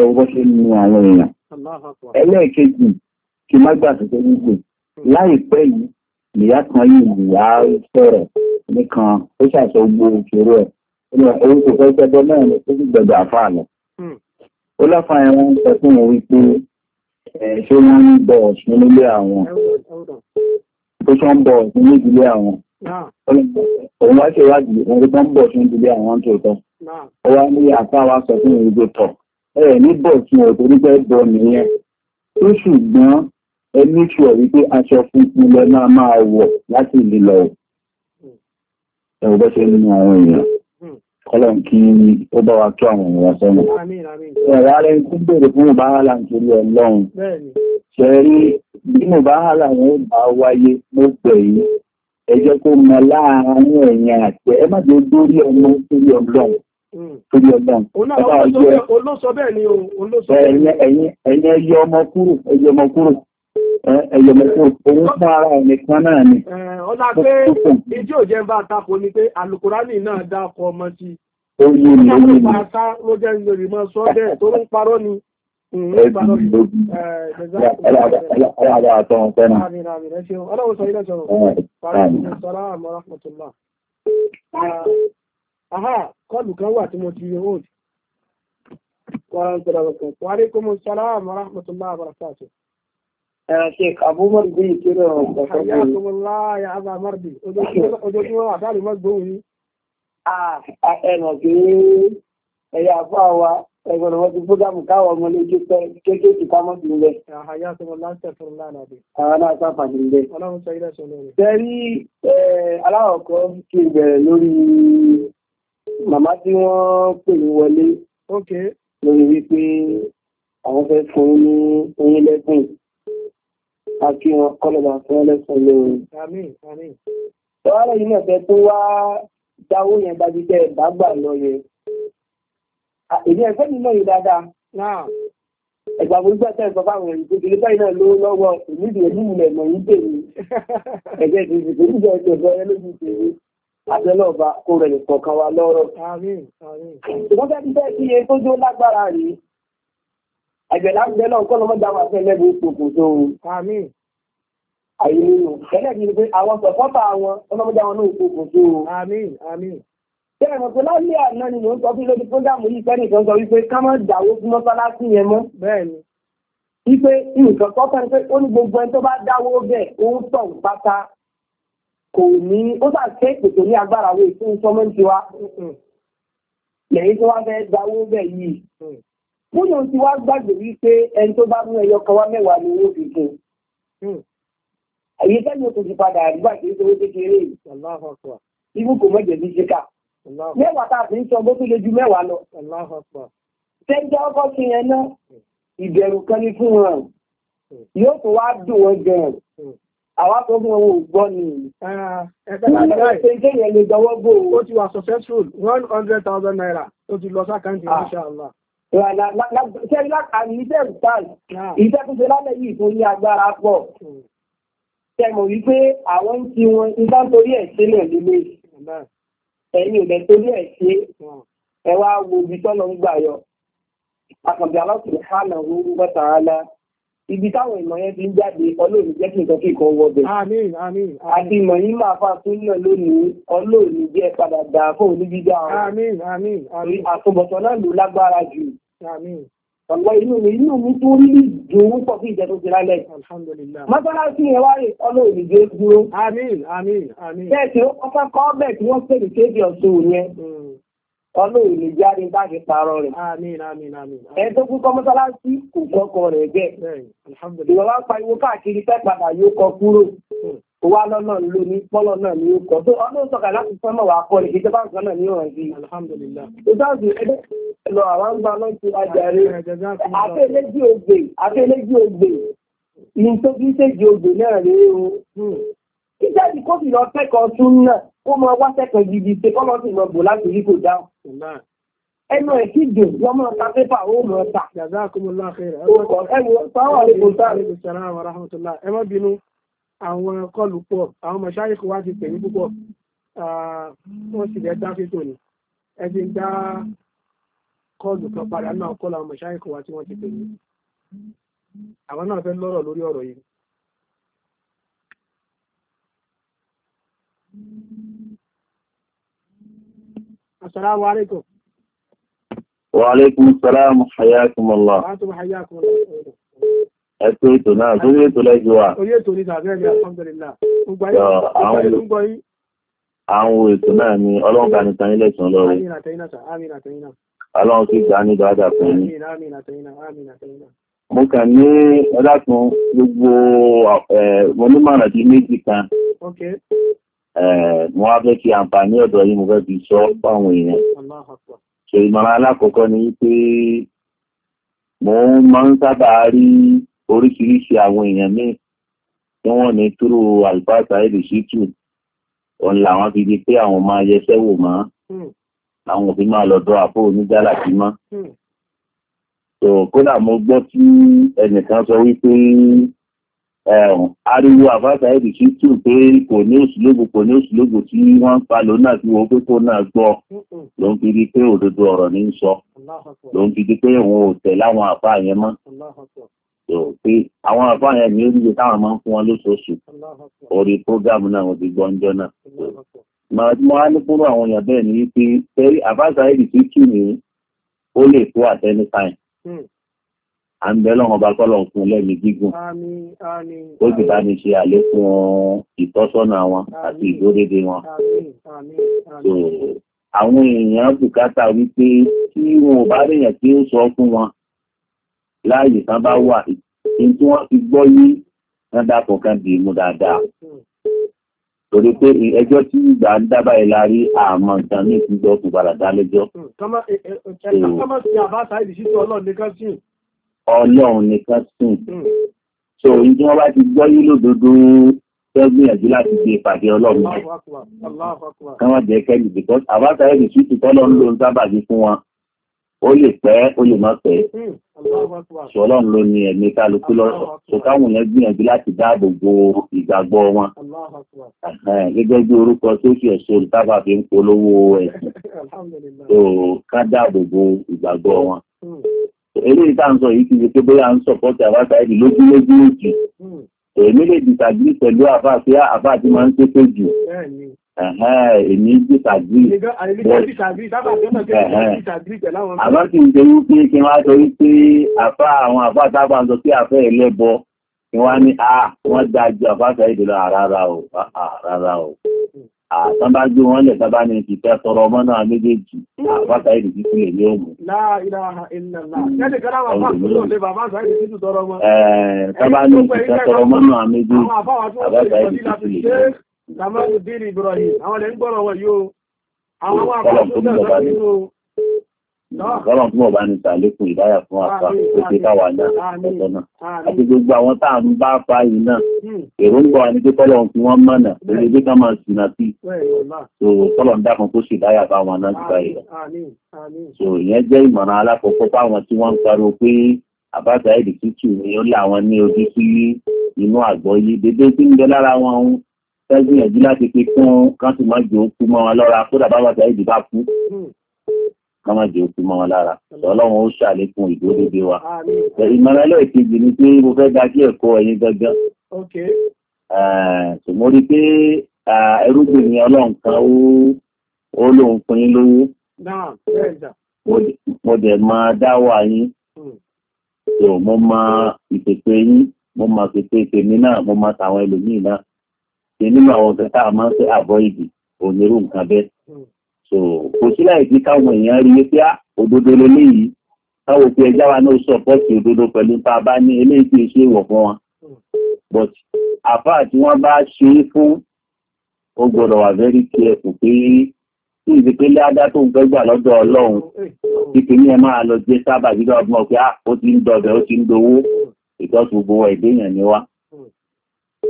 ọwọ́ ṣe mú àwọn èèyàn ẹlẹ́ẹ̀kejì kí má gbàgbé tó nígbò hmm. láìpẹ́ yìí ìyá kan yìí ìyá sọ̀rọ̀ nìkan ó ṣàṣọ gbó òṣèré ẹ̀ òun kò fẹ́ jẹ́bọ náà ló tó gbẹ̀gbẹ̀ àfa lọ. Hmm. ó láfa ẹ̀ sọ fún òun wípé ṣé wọ́n ń bọ ọ̀ṣun nílé àwọn tó ṣe ń bọ ọ̀ṣun nídìílé àwọn òun wá ṣèwádìí òun tó ń bọ ọ̀ṣun nídìílé àwọn tó tọ́ ó ní àfa wa sọ fún òun tó tọ̀ ẹ níbọ̀ tí wọn torí fẹ́ bọ nìyẹn tó ṣùgbọ́n ẹ ní sùọ wípé aṣọ funfun lẹ máa máa wọ̀ láti lè lọ ẹ ò bẹ́ ṣe nínú àwọn èèyàn kọlọ́n kí ó bá wa tó àwọn èèyàn sọ́nà ẹ̀rọ ara ẹni tó bèrè fún mùbáhálà nítorí ọlọ́run ṣe rí bí mùbáhálà wọn ó bá wáyé ló pẹ̀ yìí ẹ jẹ́ kó mọ láàárín ẹ̀yìn àti ẹ má jẹ́ dórí ọmọ nítorí ọlọ́run torí ọgbà ọba ọjọ́ ẹ̀yin ẹyọ ọmọ kúrò ẹyọ ọmọ kúrò ẹyọ ọmọ kúrò òun fún ara ẹnìkan náà ni. ọlá pé ijó jẹ́ bá takò ni pé alukurani náà dá ọkọ ọmọ sí i. ó yé mi ó yé mi. pàṣá ló jẹ́ ìròyìn mọ́ sọ bẹ́ẹ̀ tó ń parọ́ ni. Ọlọ́run sọ ilé ṣọ̀rọ̀. Fàájì, sọ́lá, àmọ́, rahmatullah aha kọlù kan wà tí mo ti rí hold wọ́n tẹ̀lé ọkọ̀ wa alaikum salaam wa rahmatullahi wa barakatuh. Sheikh Abubakar bin Kiro ọ̀pọ̀ ya Aba Mardi ojoojúmọ́ àtàrí mọ́ gbóhùn yìí. Ẹnà kí ẹ̀yà àfọ́ àwa ẹgbẹ̀rún wọn ti fúgàmù káwọ ọmọ lójú pẹ́ kéékèèké ká mọ́ sí ilẹ̀. Àhàyà tó mọ láńtẹ̀ fún lánà dé. Àwọn náà sá fàdí ilẹ̀. Ọlọ́run sọ ilẹ̀ sọ lórí màmá tí wọ́n pè mí wọlé lórí wípé àwọn fẹ́ fún ní oyún lẹ́gbìn àti wọn kọlọ̀bà fún ẹlẹ́sùn lórí. Ìwárẹ̀ yìí náà fẹ́ tó wá dáwó yẹn bá jíjẹ́ ìbágbà lọ yẹ. Èdè ẹ̀fẹ́ mi náà yìí dáadáa. Ẹ̀gbà burúkú ẹ̀tẹ́ ìsọ fáwọn èèyàn tó kìlípà iná ló lọ́wọ́ ìmúdìí ẹ̀dínlẹ̀ mọ̀ yìí tèmi. Ẹ̀jẹ̀ ti ìsìnkú ìjọ ìjọba ẹlẹ́gbẹ̀ẹ́ àtẹ́lọ́ọ̀bá kó rẹ̀ nìkan kan wa lọ́rọ̀. Ìwọ́n fẹ́ fẹ́ sí iye tó jó lágbára rí. Àgbẹ̀lá ń bẹ náà kọ́nà mọ́jà wà fẹ́ lẹ́bùn ìpòkò tó o. Àyè nínú. Ẹlẹ́gbẹ̀ẹ́ ni pé àwọn sọ̀pọ́tà wọn kọ́nà mọ́jà wọn náà ìpòkò tó o. Bẹ́ẹ̀ mọ̀ pé lálẹ́ àná ni mò ń sọ fún lórí fúndàmù yìí fẹ́ni kan sọ wípé ká má dàwó fún mọ́sálásí yẹn mọ́. Bẹ́ẹ̀ni. Wípé nǹkan kọ́kọ́ ni pé ó ní gbogbo ẹni tó bá dáwó bẹ́ẹ̀ ó ń tọ̀ pátá kò ní ó bá ṣe ìpètò ní agbára owó ìfún sọmọ́ntì wa lẹ́yìn tó wá fẹ́ gbawó bẹ̀ yìí múlò mm. tí wá gbàgbé wípé ẹni tó bá mú ẹyọ kan wá mẹ́wàá ni owó fi fún èyí sẹ́yìn oṣù ti padà àdúgbà tí ó ṣòro kékeré ibú kò mọ̀jẹ̀ bí ṣíkà mẹ́wàá tá a fi ń sọ bó tó lè ju mẹ́wàá lọ sẹ́ńtẹ́ ọkọ̀ ti yẹn náà mm. ìbẹ̀rù kan ní fún wọn mm. yóò tó wá dùn wọn gan-an àwa tó fún owó gbọ́ ni. Ah, ó ti wà successful one hundred thousand naira ó ti lọ ah. iṣẹ́ ah. iṣẹ́ tó ṣe lálẹ́ yìí tó ní agbára pọ̀. Hmm. wípé àwọn wọn iṣẹ́ torí ẹ̀ torí ẹ̀ ṣe, hmm. wá wo ibi ń ibi táwọn ìmọ̀ yẹn ti ń jáde ọlọ́run jẹ́ kí nǹkan kíkan wọbẹ̀. àmín àmín. àti ìmọ̀ yìí máa fa tún náà lónìí ọlọ́run jẹ́ padà dà fún onígbígbà wọn. àmín àmín. àmín. àtúbọ̀tán náà ló lágbára jù. àmín. ọ̀pọ̀ inú mi inú mi tó rí dùn pọ̀ sí ìjẹ́ tó ti lálẹ́. alhamdulillah. mọ́sálásí yẹn wá rè ọlọ́run jẹ́ dúró. àmín àmín àmín. bẹ́ẹ̀ tí ó kọ́ ọlọ́run ò lè jáde bá fi parọ́ rẹ̀. àmín àmín àmín. ẹ tó kú kọ́mọ́sálásí kò sọ́kọ rẹ̀ jẹ́. ìrọ̀lá pariwo káàkiri fẹ́ padà yóò kọ kúrò. Hmm. ó wá lọ́nà ló ní pọ́lọ̀ náà ni ó kọ́. tó sọ̀kà láti fẹ́ mọ̀ wá kọ́ ìjọba náà ẹgbẹ́ lọ àwọn àfẹ́lẹ́jì ògbè àfẹ́lẹ́jì ògbè kó máa wá sẹ́kọ̀ gidi ṣe kọ́lọ́ sì máa bò láti rí kò dáhùn. ẹnu ẹ̀ kí dùn wọ́n máa ta pépà ó máa ta. jazakumullahu khairan. ẹ̀wọ̀n sáwà lè kò sáà. ẹ má bínú àwọn kọlù pọ̀ àwọn mọ̀ṣáyé kò wá ti pè ní púpọ̀ wọ́n sì lẹ́ dá fítò ni ẹ ti dá kọlù kan padà náà kọlù àwọn mọ̀ṣáyé kò wá tí wọ́n ti pè ní. àwọn náà fẹ́ lọ́rọ̀ lórí ọ̀rọ̀ yìí. Assalamu alaikum. Wa alaikum assalam hayyakum Allah. Ẹ̀tọ́ ètò náà tó ní ètò lẹ́jọ wà. Orí ètò ní Sàbẹ́ẹ̀lì Alhamdulillah. Àwọn ètò náà ni Ọlọ́run bá ní tayín lẹ́sàn lọ́rọ̀. Ọlọ́run ti gbà ní dáadáa fún yín. Mo kàn ní ọdá kan gbogbo mọ́nímọ̀ràn di méjì kan mo wá fẹ́ kí àǹfààní ọ̀dọ̀ yìí mo fẹ́ fi sọ fáwọn èèyàn ṣe ìmọ̀ràn alákọ̀ọ́kọ́ ni wípé mo máa ń sábà rí oríṣiríṣi àwọn èèyàn míì tí wọ́n ní túrú àlùbáṣà èdè ṣítù òun làwọn fi di pé àwọn máa yẹsẹ́ wò mọ́ hmm. àwọn òfin máa lọ́dọ̀ àpò onígbàlà sí mọ́ hmm. kódà mo gbọ́ tí ẹnìkan sọ wípé ariwo àbáta ẹ̀dì sí tù pé kò ní òṣìlógún kò ní òṣìlógún tí wọ́n ń pa lòun náà fi wo pé kó náà gbọ́ ló ń fi di pé òdodo ọ̀rọ̀ ní í sọ ló ń fi di pé òun ò tẹ̀ láwọn àfa yẹn mọ́ pé àwọn àfa yẹn ní oríire táwọn máa ń fún wọn lóṣooṣù orí prógámù náà wọn ti gbọ́ ń jọ náà. mo á ní kúrò àwọn èèyàn bẹ́ẹ̀ ni wípé àbáta ẹ̀dì sí tù ní ó lè kó àtẹnifáìn à ń bẹ lọ́wọ́ bá kọ́ lọ́wọ́ fún lẹ́mí gígùn ó sì bá ní ṣe àlékún ìtọ́sọ́nà wọn àti ìdódédé wọn. àwọn èèyàn bùkátà wípé tí wọn ò bá rèèyàn tí ó sọ fún wọn láàyè kan bá wà ní tí wọ́n ti gbọ́ yí wọ́n dàpọ̀ kan dì í mú dáadáa. torí pé ẹjọ́ tí ìgbà ń dábàá ẹ̀ lárí àmọ́ nǹkan ní ìpínlẹ̀ ọ̀tún padà dá lẹ́jọ́. kọ́mọ̀ sí àbáta ìdí sísọ ọlọ́ọ̀ni kan sí ọlọ́run nìkan sùn. Hmm. so ìdí wọn bá ti gbọ́ yí lódodo gbẹ́gbìyànjú láti gbé ìpàdé ọlọ́run rẹ̀. kí wọ́n jẹ́ kẹ́lì because àbáta ẹ̀sìn tútù tọ́lọ́ ń lo sábàbí fún wọn ó lè pẹ́ ó lè má pẹ́. Hmm, sọ ọlọ́run ló ní ẹ̀mí kálukú lọ́sọ̀ tó káwọn yẹn gbìyànjú láti dáàbò bo ìgbàgbọ́ wọn. gẹ́gẹ́ bí orúkọ sókè ẹ̀sọ́ olùtábà fi ń polówó ẹ̀sìn tó ká dáàbò bo ìgbàgbọ́ wọn. Hmm eléyìí tá à ń sọ yìí kì í hmm. ṣe pé bóyá à ń sọ̀pọ̀tì àbáṣáìdì lójú lójú lójú èmi lè dìtàgírí pẹ̀lú àbáṣe àbáṣe máa ń ṣépè jù èmi dìtàgírí àbá kì í ṣe wípé kí wọ́n á sọ wípé àfa àwọn àbáṣe àbá ń sọ pé àfẹ́ ẹlẹ́bọ kí wọ́n á ní à ah, wọ́n dájú àbáṣáìdì lọ rárá o rárá o. àtàn bá gbé wọn lẹ̀ ní tọrọ ọmọ náà méjèèjì mm. àbáta ìlú títí lè ní òmù. tábà ní ìfẹ́ tọrọ ọmọ náà méjèèjì àbáta ìlú títí lè ní òmù. Kọlọ̀ kó ní Ah. Ọlọ́run tí wọ́n bá ní ìtàlékùn ìdáyà fún àpá òkè táwà náà ọ̀tọ̀ náà. Àti gbogbo àwọn tá à ń bá fa yìí náà, hmm. èròǹgbà wa ní pé kọ́lọ̀ tí wọ́n mọ̀nà lórí ẹgbẹ́ ká máa sùn náà sí. So kọ́lọ̀ ń dákan kó sì dáyà bá wọn náà síta ìlọ. So ìyẹn jẹ́ ìmọ̀ràn alákọ̀ọ́kọ́ fáwọn tí wọ́n ń pariwo pé àbáta èdè tútù ni ó lé àwọn ní ojú sí inú àgbọ̀ yìí. Dédé tí ń bẹ lára wọn ń tẹ́gbìyànjú láti kọ́mọ̀ jẹ́ òkú mọ́ wọn lára ọlọ́run ó ṣàlékún ìdúródé wa ìmọ̀ràn ẹlẹ́ẹ̀kejì ni pé mo fẹ́ ga sí ẹ̀kọ́ ẹ̀yin gangan ṣùgbọ́n rí pé ẹrúgbìn ni ọlọ́run kan ó lóun fún yín lówó mo dẹ̀ máa dáwọ́ yín hmm. so mo mọ ìpèpè yín mo mọ pèpè tèmi náà mo mọ tàwọn ẹlòmíì náà tèmi náà àwọn kẹta máa ń fẹ́ àbọ̀ ìdì òun irú nǹkan bẹ́ẹ̀. Hmm so kò sí láì sí káwọn èèyàn rí pé á ah, òdodo lélẹ́yìí káwọn òfin ẹja wa náà sọpọ́ọ̀tì òdodo pẹ̀lú tá a bá ní eléyìí tí ṣe wọ̀ fún wọn but àfáà tí wọ́n bá ṣe é fún ó gbọ́dọ̀ wà very careful pé tí ìdíkélé ajá tó ń fẹ́ gbà lọ́dọ̀ ọlọ́run kíkì ní ẹ máa lọ jẹ́ sábà gbígbà ọgbọ́n pé á ah, ó ti ń dọ̀bẹ̀ ó ti ń dowó ìtọ́sùn gbogbo ẹ̀dẹ́yàn ni wá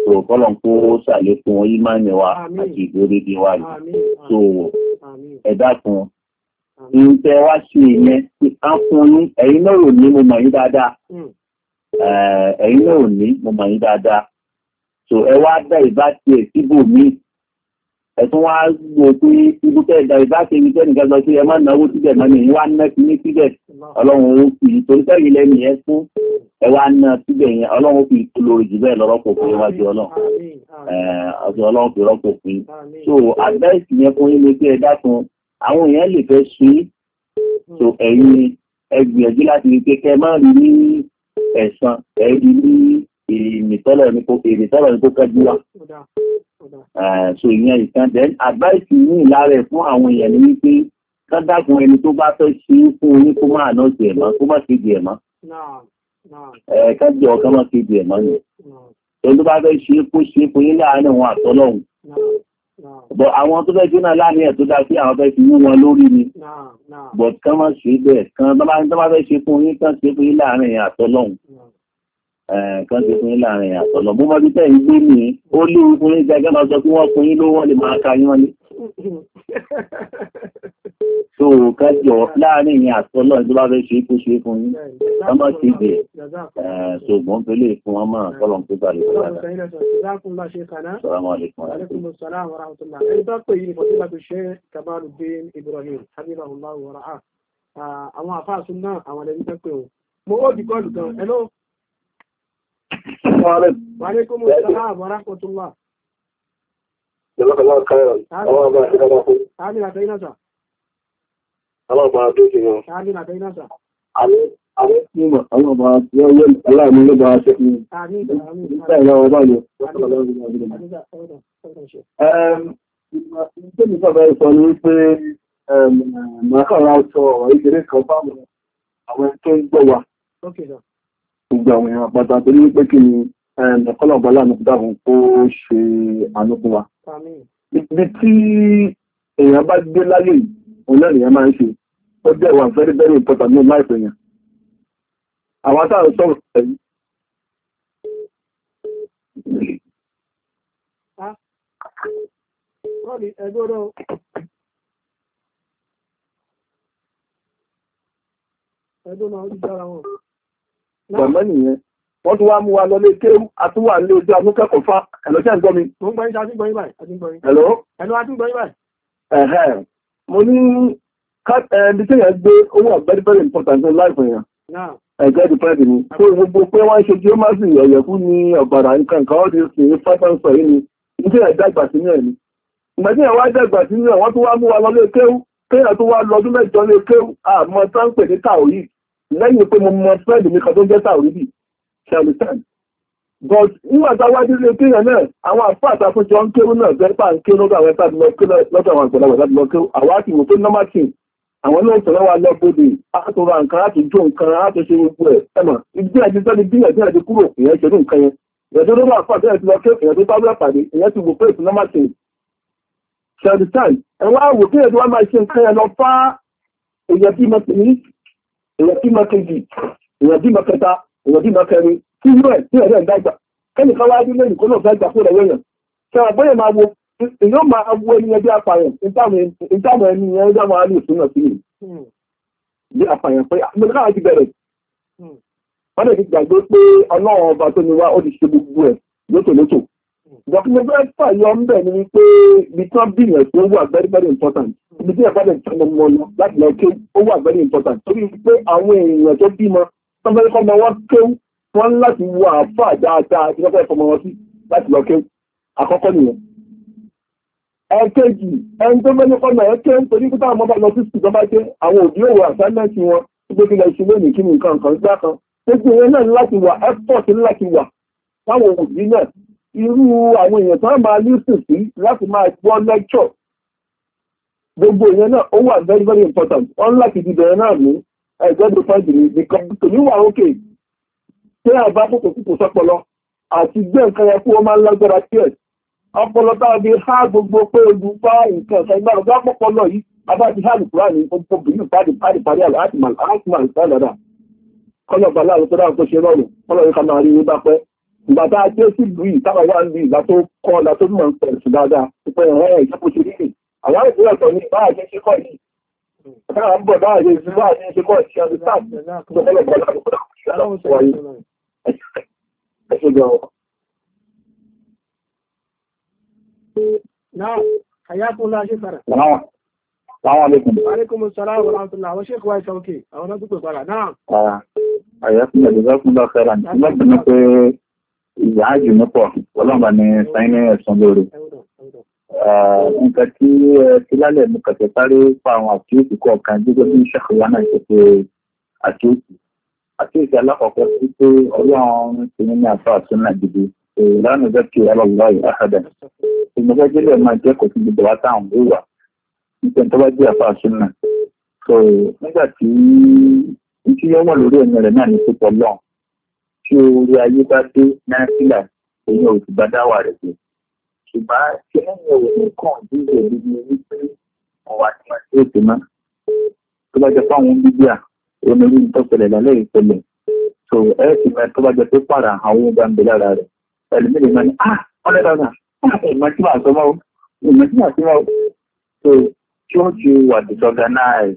so kọ́lọ̀ ń kó sàlékún ìmánìwá àti ìdórédéwà ni so ẹ̀dá kan ìrìntẹ́ wá ṣe ìyẹn a fún ní ẹ̀yin náà ò ní mo mọ̀ yín dáadáa hmm. ẹ̀yin náà ò ní mo mọ̀ yín dáadáa so ẹ wá dá ìbá tiẹ̀ síbò míì ẹ̀tún wá gbò pé ibi tẹ́ ìdá ìbá ṣe ibi tẹ́ nìkan lọ sí ẹ má náwó síbẹ̀ mọ́ mi wá ná sí ní síbẹ̀ ọlọ́run ó fi torí tẹ́yìn lẹ́nu yẹn fún ẹ wá ná síbẹ̀ yẹn ọlọ́run fi kú lórí jù bẹ́ẹ̀ lọ́rọ́pọ̀ fún yín wájú ọlọ́run ọ̀sẹ̀ ọlọ́run fi rọ́pò fún yín so advice yẹn fún yín ni pé ẹ dákun àwọn èèyàn lè fẹ́ sí so hmm. ẹ̀yin ẹ gbìyànjú láti rí pé kẹ má rí ní ẹ̀sán ẹ rí ní ìrìnìtọ́lọ̀ ní kó kẹ́jú wa so ìyẹn ìkan then advice yìí lára ẹ̀ fún àwọn èèyàn ni wípé kán dákun ẹni tó bá fẹ́ sí fún oníkó máa náà jẹ̀ mọ́ kó má ṣe jẹ̀ ẹ̀ẹ́kájọ ọ̀kan máa kéde ẹ̀mọ́ ni ẹni tó bá fẹ́ ṣe kó ṣe kó yé láàárín òun àtọ́lọ́hun bọ̀ àwọn tó fẹ́ jóná láàárín ẹ̀ tó dá sí àwọn fẹ́ fi wú wọn lórí ni bọ̀ kán máa ṣe bẹ́ẹ̀ kan tó bá fẹ́ ṣe fún yín kán ṣe fún yín láàárín ẹ̀ àtọ́lọ́hun kan ti fún yín láàrin àtọ̀lọ̀ bó mọ́ bí tẹ́ ń gbé ní ó léwu fún yín gẹ́gẹ́ máa sọ kí wọ́n fún yín lówó lè máa ka yín wọ́n ní so ká jọ láàrin ìyẹn àtọ́lọ́ tó bá fẹ́ ṣe kó ṣe fún yín ọmọ ti bẹ̀ ṣùgbọ́n pẹ̀lú ìfún wọn máa tọ́lọ̀ tó bá lè wọ́n lára. àwọn àfáàsùn náà àwọn ẹni tẹ́ pé o mo ó dìkọ́ lùkàn hello. Wa alaikum salaam wa rahmatullah. جزاك الله خيرا الله يبارك لكم عامل عدينا سا الله يبارك فيكم عامل عدينا سا Ìjọba ìfẹ́ sọ ní pé màkàrà sọ ọ̀rọ̀ ìgbèrè kan fáwọn àwọn tó ń gbọ́ wa. Ìgbà àwọn èèyàn pàtàkì ní pé kí ni ẹ̀kọ́lọ̀gbọ́ lánàkúdàrún kó ṣe ànúkún wa. Ibi tí èèyàn bá gbé láyé òun náà nìyàn máa ń ṣe, ó jẹ́ wà very very important ní láìpù èèyàn. Àwọn táà sọ̀rọ̀ ẹ̀yí. Ẹgbẹ́ náà nìyẹn wọ́n tún wá mú wa lọ lé kéwú àtúwà lé ojú amúkẹ́kọ̀ọ́ fá ẹ̀lọ́ jẹ́ ǹgbọ́ mo ń gbọ́ yín àtúgbọ́ yín báyìí àtúgbọ́ ẹ̀lọ́. ẹ̀lọ́ àtúgbọ́ yín báyìí. mo ní ẹni tí yẹn gbé owó very very important in life yẹn. ẹ̀gẹ́ depend ni. pé gbogbo pé wọ́n ṣe geomasi ẹ̀yẹ̀kú ni ọ̀bàrà nǹkan kan ó ti sì ní fáfáń yìí ni iṣẹ́ tí yẹn wá dàgbà sínú ẹ̀ ní ṣẹlùtàn but nígbà táwájú ilé kéèyàn náà àwọn àfáà àtàkùnjọ ń kéwú náà bẹ́ẹ̀ bá ń ké lọ́dọ̀ àwọn ẹ̀ta lọ́dọ̀ àwọn àgbàlagbà láti lọ kéwú àwọn àti wò pé nọ́màtì àwọn náà sọ̀rọ̀ wa lọ́gbọ́dẹ̀ àtọ̀rọ̀ nǹkan láti jó nǹkan láti ṣe gbogbo ẹ̀ ẹ̀mọ̀ ìgbìyànjú sẹ́ni gbìyànjú kúrò ìyẹn ṣerú nǹkan yẹn ìyẹn tó bá pàdé ẹ̀ ti lọ kéèkì ìyẹn tó bá bẹ́ẹ̀ pàdé ìyẹn ti wò pé ìtùnú máa ṣe ṣẹ̀dù táì ẹ̀wọ́n àwò kéèyàn tó wá máa ṣe nǹkan yẹn lọ fá èyàn bí mọ kejì èyàn bí mọ kẹta èèyàn bí máa kẹrin tí irú ẹ̀ tí ẹ̀rẹ́ ìdágbà kẹ́nìkan wáyé nílé nìkan náà dágbà fún ẹ̀rẹ́ yẹn ṣe àgbọ́yẹ̀ máa wo èèyàn máa wo ẹni ẹbí apààyàn ìtàwọn ẹni yẹn ọjà máa lè súnà sí ní apààyàn pé àmì ah, náà ti bẹ̀rẹ̀ hmm. wọ́n lè fi gbàgbé pé ọlọ́run ọba tó ní wá ó ti ṣe gbogbo ẹ̀ lótòlótò hmm. ìjọkùnrin fẹ́ fàyọ ń bẹ̀ ni pé ibi tí wọ́n bí yẹn tó wà very very important hmm. ibi tí ẹ̀fọ́ lè tán ọmọ lọ láti very important torí pé àwọn èèyàn tó tọ́bẹ̀rẹ̀ kọ́ ma wọ́n kéwú wọ́n láti wọ àfà dáadáa tí wọ́n fẹ́ fọmọ wọn sí láti lọ kéwú àkọ́kọ́ nìyẹn ẹ̀kẹ́jì ẹni tó mẹ́lú kọ́ náà ẹ̀kẹ́ ń torí pípa àwọn ọmọ lọ sí sùkúl tó bá jẹ́ àwọn òbí òwò àsáńdẹ̀sì wọn tó gbé kílẹ̀ ìṣúlẹ̀ ní kíni nǹkan kan gbá kan gbogbo ìyẹn náà láti wà ẹ́fọ́ọ̀tì láti wà táwọn òbí náà irú àwọn èèyàn tó máa lísìn sí láti máa gbọ́ lẹ́kṣọ̀ gbogbo ìyẹn náà ó wà very very important wọ́n láti dìbẹ̀rẹ̀ náà mú ẹgbẹ́ point ni nìkan kò ní ókè tí a bá kòkò kòkò sọpọlọ àti gbé nǹkan yẹn ọpọlọ a fi gbogbo pé ogun bá nǹkan ọ̀sán ìgbà ọ̀gá pọpọlọ yìí abá ti há lùkúrà ní gbogbo bìnú pàdé pàdé pàdé àlọ́ àti màlá àti màlá tó dáhùn tó ṣe rọrùn kọ́nà yìí ká máa rí pẹ́ ìgbà tá a sí ìlú yìí wá ń kọ́ ọ̀la Táà ń bọ̀ láàá yóò sí láàá ní ṣekọ́ ìṣẹ́ àti táà ní ọ̀pọ̀lọpọ̀ láàá wáyé. Ẹṣẹ́ gbà wọ́n. Náà, àyákùn láṣẹ́ fara. Náà. Àwọn alékùn sọ́lá wọ́n láàá tó láàá wọ́n ṣe kọ́ ìṣẹ́ òkè, àwọn ọdún pẹ̀lú padà náà. Àyákùn lẹ́gbẹ̀ẹ́kùn lọ́fẹ́ra ní ìgbàgbọ́n pé ìyá jù mọ́pọ̀, wọ́n lọ́mà ní sáínẹ́ ẹ̀sán lórí nǹkan tí ti lálẹ́ mú kẹ̀kẹ́ sáré pa àwọn àkíyèsí kọ̀ọ̀kan gẹ́gẹ́ bí ṣàkóyá náà ṣe pé àkíyèsí àkíyèsí alákọ̀ọ́kọ́ sí pé ọlọ́run ti ní ní àfa àtún náà gidi ìlànà ìjọ kí ọlọ́run yìí àhàdà ìmọ̀jẹ́ gẹ́gẹ́ máa jẹ́ kò sí gbogbo wa táwọn ń wà nítorí tó bá jẹ́ àfa àtún náà so nígbà tí tí yọ wà lórí ẹ̀mí rẹ̀ náà ní pípọ̀ lọ́n tí orí ayé bá dé náà sílà èyí ò ṣùgbọ́n tí ẹ̀yìn ò ní kàn bí èdè ni wípé ọ̀wà tí wọ́n ti ètò mọ́ tó bá jẹ pé àwọn bíbíà onírú tó ṣẹlẹ̀ lálẹ́ ìṣẹ̀lẹ̀ tó ẹ̀ sì mẹ́ tó bá jẹ pé pààrà àwọn ọgbà ń bẹ lára rẹ̀ ẹlòmíràn máa ní à ah, ọ̀rẹ́ dáadáa ah, ìmọ̀ tí màá sọ mọ́ ìmọ̀ tí màá sọ mọ́ tó kí wà disorganized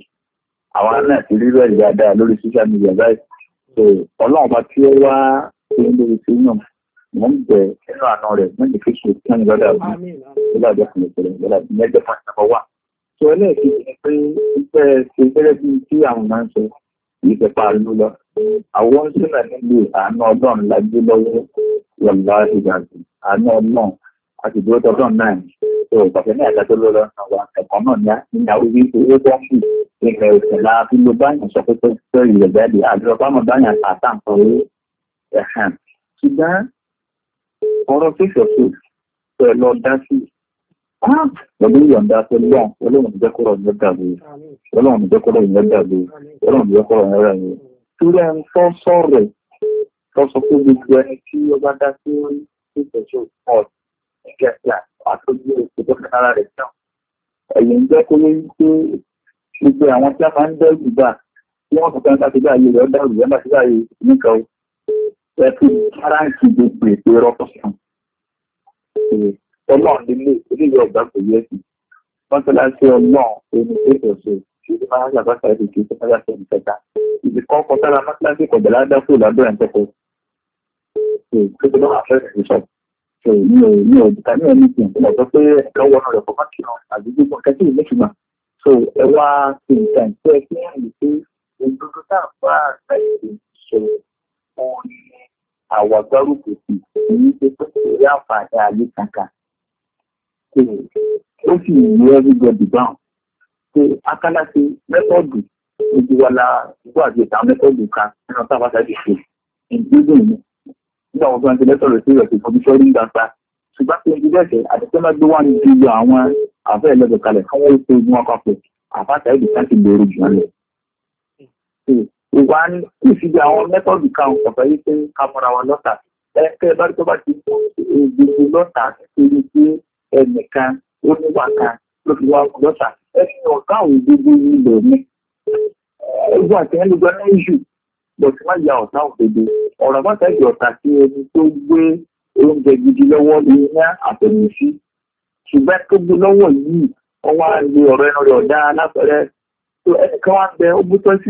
àwọn náà ti rírọ̀ ìyá dáa lórí social media báyìí tó ọlọ́run bá tí wá ṣe ń lórí sí náà mo ń bẹ nínú àná rẹ̀ mo ń lè fi ṣe kí wọ́n lọ́dà bí lọ́dà jẹ́ kùnú ìṣẹ̀lẹ̀ lọ́dà bí mẹ́jọ fún ìṣẹ̀lẹ̀ wà. sọ ẹlẹ́ẹ̀kejì ni pé iṣẹ́ ṣe gẹ́gẹ́ bí tí àwọn máa ń sọ yìí fẹ́ pa ló lọ. àwọn ń sílẹ̀ nílùú àánú ọlọ́run la gbé lọ́wọ́ wọ̀lá ìgbàgbé àánú ọlọ́run a sì dúró tọ́jọ́ náà ní. sọ ìpàṣẹ ní àdájọ́ ló lọ àwọn ẹ̀kọ́ náà ní àwọn ibi owó tó ń bù ilẹ̀ òṣèlá fi ló báyàn sọ pé pé ìrẹ̀lẹ́dẹ̀ àdúrà bámọ̀ báyàn àtàǹkan owó ẹ̀hàn. ṣùgbọ́n ọ̀rọ̀ tó ṣọ̀ṣù pẹ̀ lọ dá sí lọ́dún yọ̀ǹda tó lọ́wọ́ ọlọ́run jẹ́ kọ́rọ̀ ní dàbí ọlọ́run jẹ́ kọ́rọ̀ ní dàbí ọlọ́run jẹ́ kọ́rọ̀ ní rẹ̀ yẹn. Túrẹ́ ń sọ sọ̀rọ̀ tó sọ pé gbogbo ẹni tí ó bá dá sí orí tó tẹ̀sọ̀ pọ̀ ẹ̀kẹ́ sí àtọ́jú ètò tó fi ara rẹ̀ tán. Ẹ̀yìn jẹ́ kó lóyún pé gbogbo àwọn tí a máa ń dẹ́rù gbà tí wọ́n kọ̀ọ̀kan bá ti báyìí rẹ̀ ó dàrú yẹn bá ti báyìí ẹ fi ara ń kí gbogbo ètò ẹ̀rọ tó sàn. ọlọ́run nílé onílé ọ̀gá kò yẹ sí mọ́tòláṣí ọlọ́run ẹni ètò ṣe ìdí máa ń yàgbá sáré kìí ṣe máa yàtọ̀ ìṣẹ̀dá ìdí kan kọ sára mọ́tòláṣí kọ̀dà ládá fún ìlàbẹ̀rẹ̀ ńkẹ́kọ̀ọ́ tó tó lọ́wọ́ àfẹ́rẹ́ ìṣọ̀ mi ò mi ò dìkà ní ẹni tí mo sọ pé ẹ̀ka wọnú rẹ̀ fọmọ́ kí wọn àbí gbogbo nǹkan tí ìlú ṣùgbọ́n so ẹ wá ṣe nǹkan tí ẹ fi hàn yìí pé òdodo tá bá àgbà ìṣòro òun àwọ̀gbọ́rù kò sí èyí tó pẹ̀lú àǹfààní ayé kankan. ó sì ní everybody down pé akálá ṣe mẹ́tọ́ọ̀dù ojú wa la ikú àti ìta mẹ́tọ́ọ̀dù kan nínú sábà sáà ti ṣe ìgbésùn mi nígbà wọn tó ń ṣe mẹ́tọ́ọ̀dù sí ìrọ̀sì fún bíṣọ́rí ń gbàgbà ṣùgbọ́n pé ojú bẹ́ẹ̀ àdìsẹ́ máa gbé wá ní ju àwọn àfẹ́ ẹlẹ́dọ̀ kalẹ̀ fún wọn ó ṣe ogun ọkọ̀ pé àfáàtà ìdìkan ti gbòòrò jù wọn lọ ìwà ní ìfìdí àwọn mẹ́tọ́dù kan ọ̀pọ̀ yìí pé ká fara wa lọ́tà ẹ̀kẹ́ bá tó bá ti gbogbo lọ́tà torí pé ẹnìkan ó ní wà kan ló fi wá lọ́tà ẹ̀sìn ọ̀gá òun gbogbo ilẹ̀ mi ẹgbẹ́ àti ẹni gbọ́dọ̀ ní jù bọ̀ tí wọ́n ya ọ̀tá òdodo ọ̀rọ̀ bá tẹ̀sí ọ̀tá sí ẹni tó gbé oúnjẹ gidi lọ́wọ́ ní àtẹ̀yìnsí ṣùgbọ́n tó gbé lọ́wọ́ yìí wọ́n wá lé ọ̀rọ̀ ẹnu o ọ̀dá na tó ẹnìkan wá bẹ ó bú tọ́sí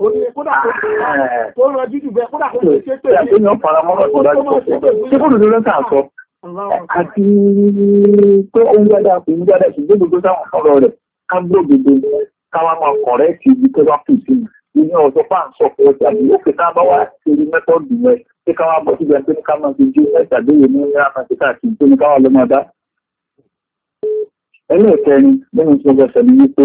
Ah. Àti pé ó ń gbádá kò ń gbádá ṣùgbọ́n gbogbo sáwọn ọ̀rọ̀ rẹ̀ ká gbógbogbo káwà máa kọ̀rẹ́ kì í tó bá kù sí inú ọ̀sọ́ bá ń sọ pé ọjà bí òkè tá bá wá ṣeré mẹ́tọ́ọ̀dù rẹ̀ pé káwà bọ̀ síbi ẹgbẹ́ ní ká máa fi jí ẹ̀ta déwò ní ìlú àmàtí káàkiri tó ní káwà lọ́mọdá. Ẹlẹ́ẹ̀kẹrin lẹ́yìn tí mo gbẹ̀sẹ̀ ni wípé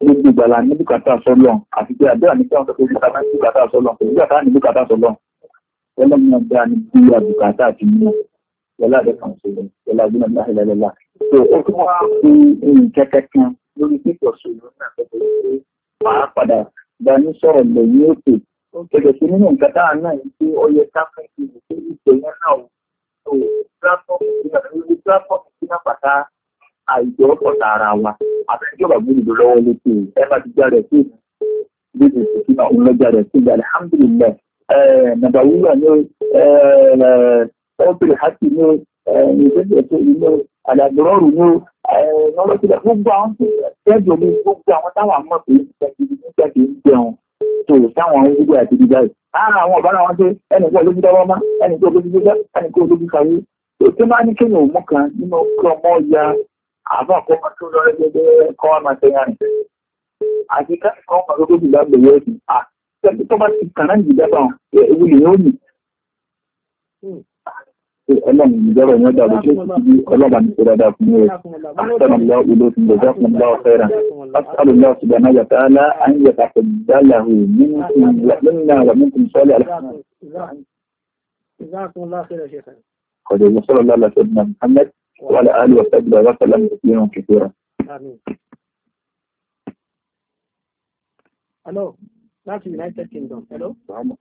gbogbo ìgbàlá ní bùkátà sọ́lọ̀ àti pé àdúrà ní káwọn tó bùkátà ní bùkátà sọ́lọ̀ bùkátà ní bùkátà sọ́lọ̀ wọ́n mú ọjà ní bí i àbùkátà àti mú yọlá rẹ̀ kan sọ̀rọ̀ yọlá gbọ́nà ní àhìlẹ́lẹ́lá. tó o tún wá fi ohun kẹ́kẹ́ kan lórí pípọ̀ sọ̀rọ̀ náà tó pé máa padà dání sọ̀rọ̀ lẹ́yìn ètò gẹ́gẹ́ sí nínú nǹkan tá à ń náà yìí pé ọyẹ káfíńtì ìpè yẹn náà àìjọ ọ̀tà ara wa àtẹ̀jọba gbòdìdó lọ́wọ́ lókè ẹ bá ti jáde sí ìdíje ìṣúná ọlọ́jáde sí ìdíje alihamudulilẹ nàbàwúrà ní ọ́pẹ̀lì hàkì ní ìdíjẹ̀tẹ̀ ìlú àdàgbòrọ́rù ní ọlọ́sílẹ̀ gbogbo àwọn tó tẹ́jọ ní gbogbo àwọn táwọn mọ̀ pé ìjẹ́kì ń jẹun tó táwọn ń wúgbẹ́ àti ìdíjà yìí lára àwọn ọ̀bára wọn pé ẹnì kó olójú dọ́wọ́ má ẹnì kó olójú dọ́wọ́ ẹnì kó olójú kàwé ètò máa ní kéèyàn òmù kan nínú ọmọ ya àbá kọ́ máa tó lọ́rẹ́ gẹ́gẹ́ kọ́ wá máa tẹ̀yà rìn àti kọ́ máa lókè jù lágbè yóò dì á tẹ́lẹ̀ tó bá ti kàn án jìdábà ewu lè yóò nì. ọlọ́run ìjọba ìyẹn dàbí tó ti di ọlọ́ba ní ìṣẹ́dá dà fún yẹn àtàlà lọ ìlú tó ń bọ̀ fún ọlọ́ fẹ́ràn àtàlà lọ ṣùgbọ́n náà yàtà á ń yàtà fẹ̀dálà وعلى آله وسجد وسلم تسليما كثيرا آمين ألو ناس يونايتد كينجدوم ألو السلام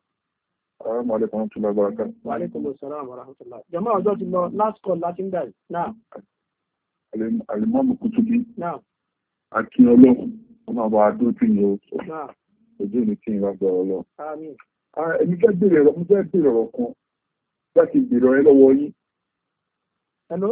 عليكم ورحمة الله وبركاته وعليكم السلام ورحمة الله جماعة جوج الله last call لكن داي نعم Àlìmọ́mù Kútúbí. Àkí ọlọ́run, ọmọ àbá àdó tí ni ó sọ. Ojú mi kí n wá gbọ́ ọlọ́run. Èmi fẹ́ bèrè ọ̀rọ̀ kan láti bèrè ọ̀rẹ́ lọ́wọ́ yín. Hello?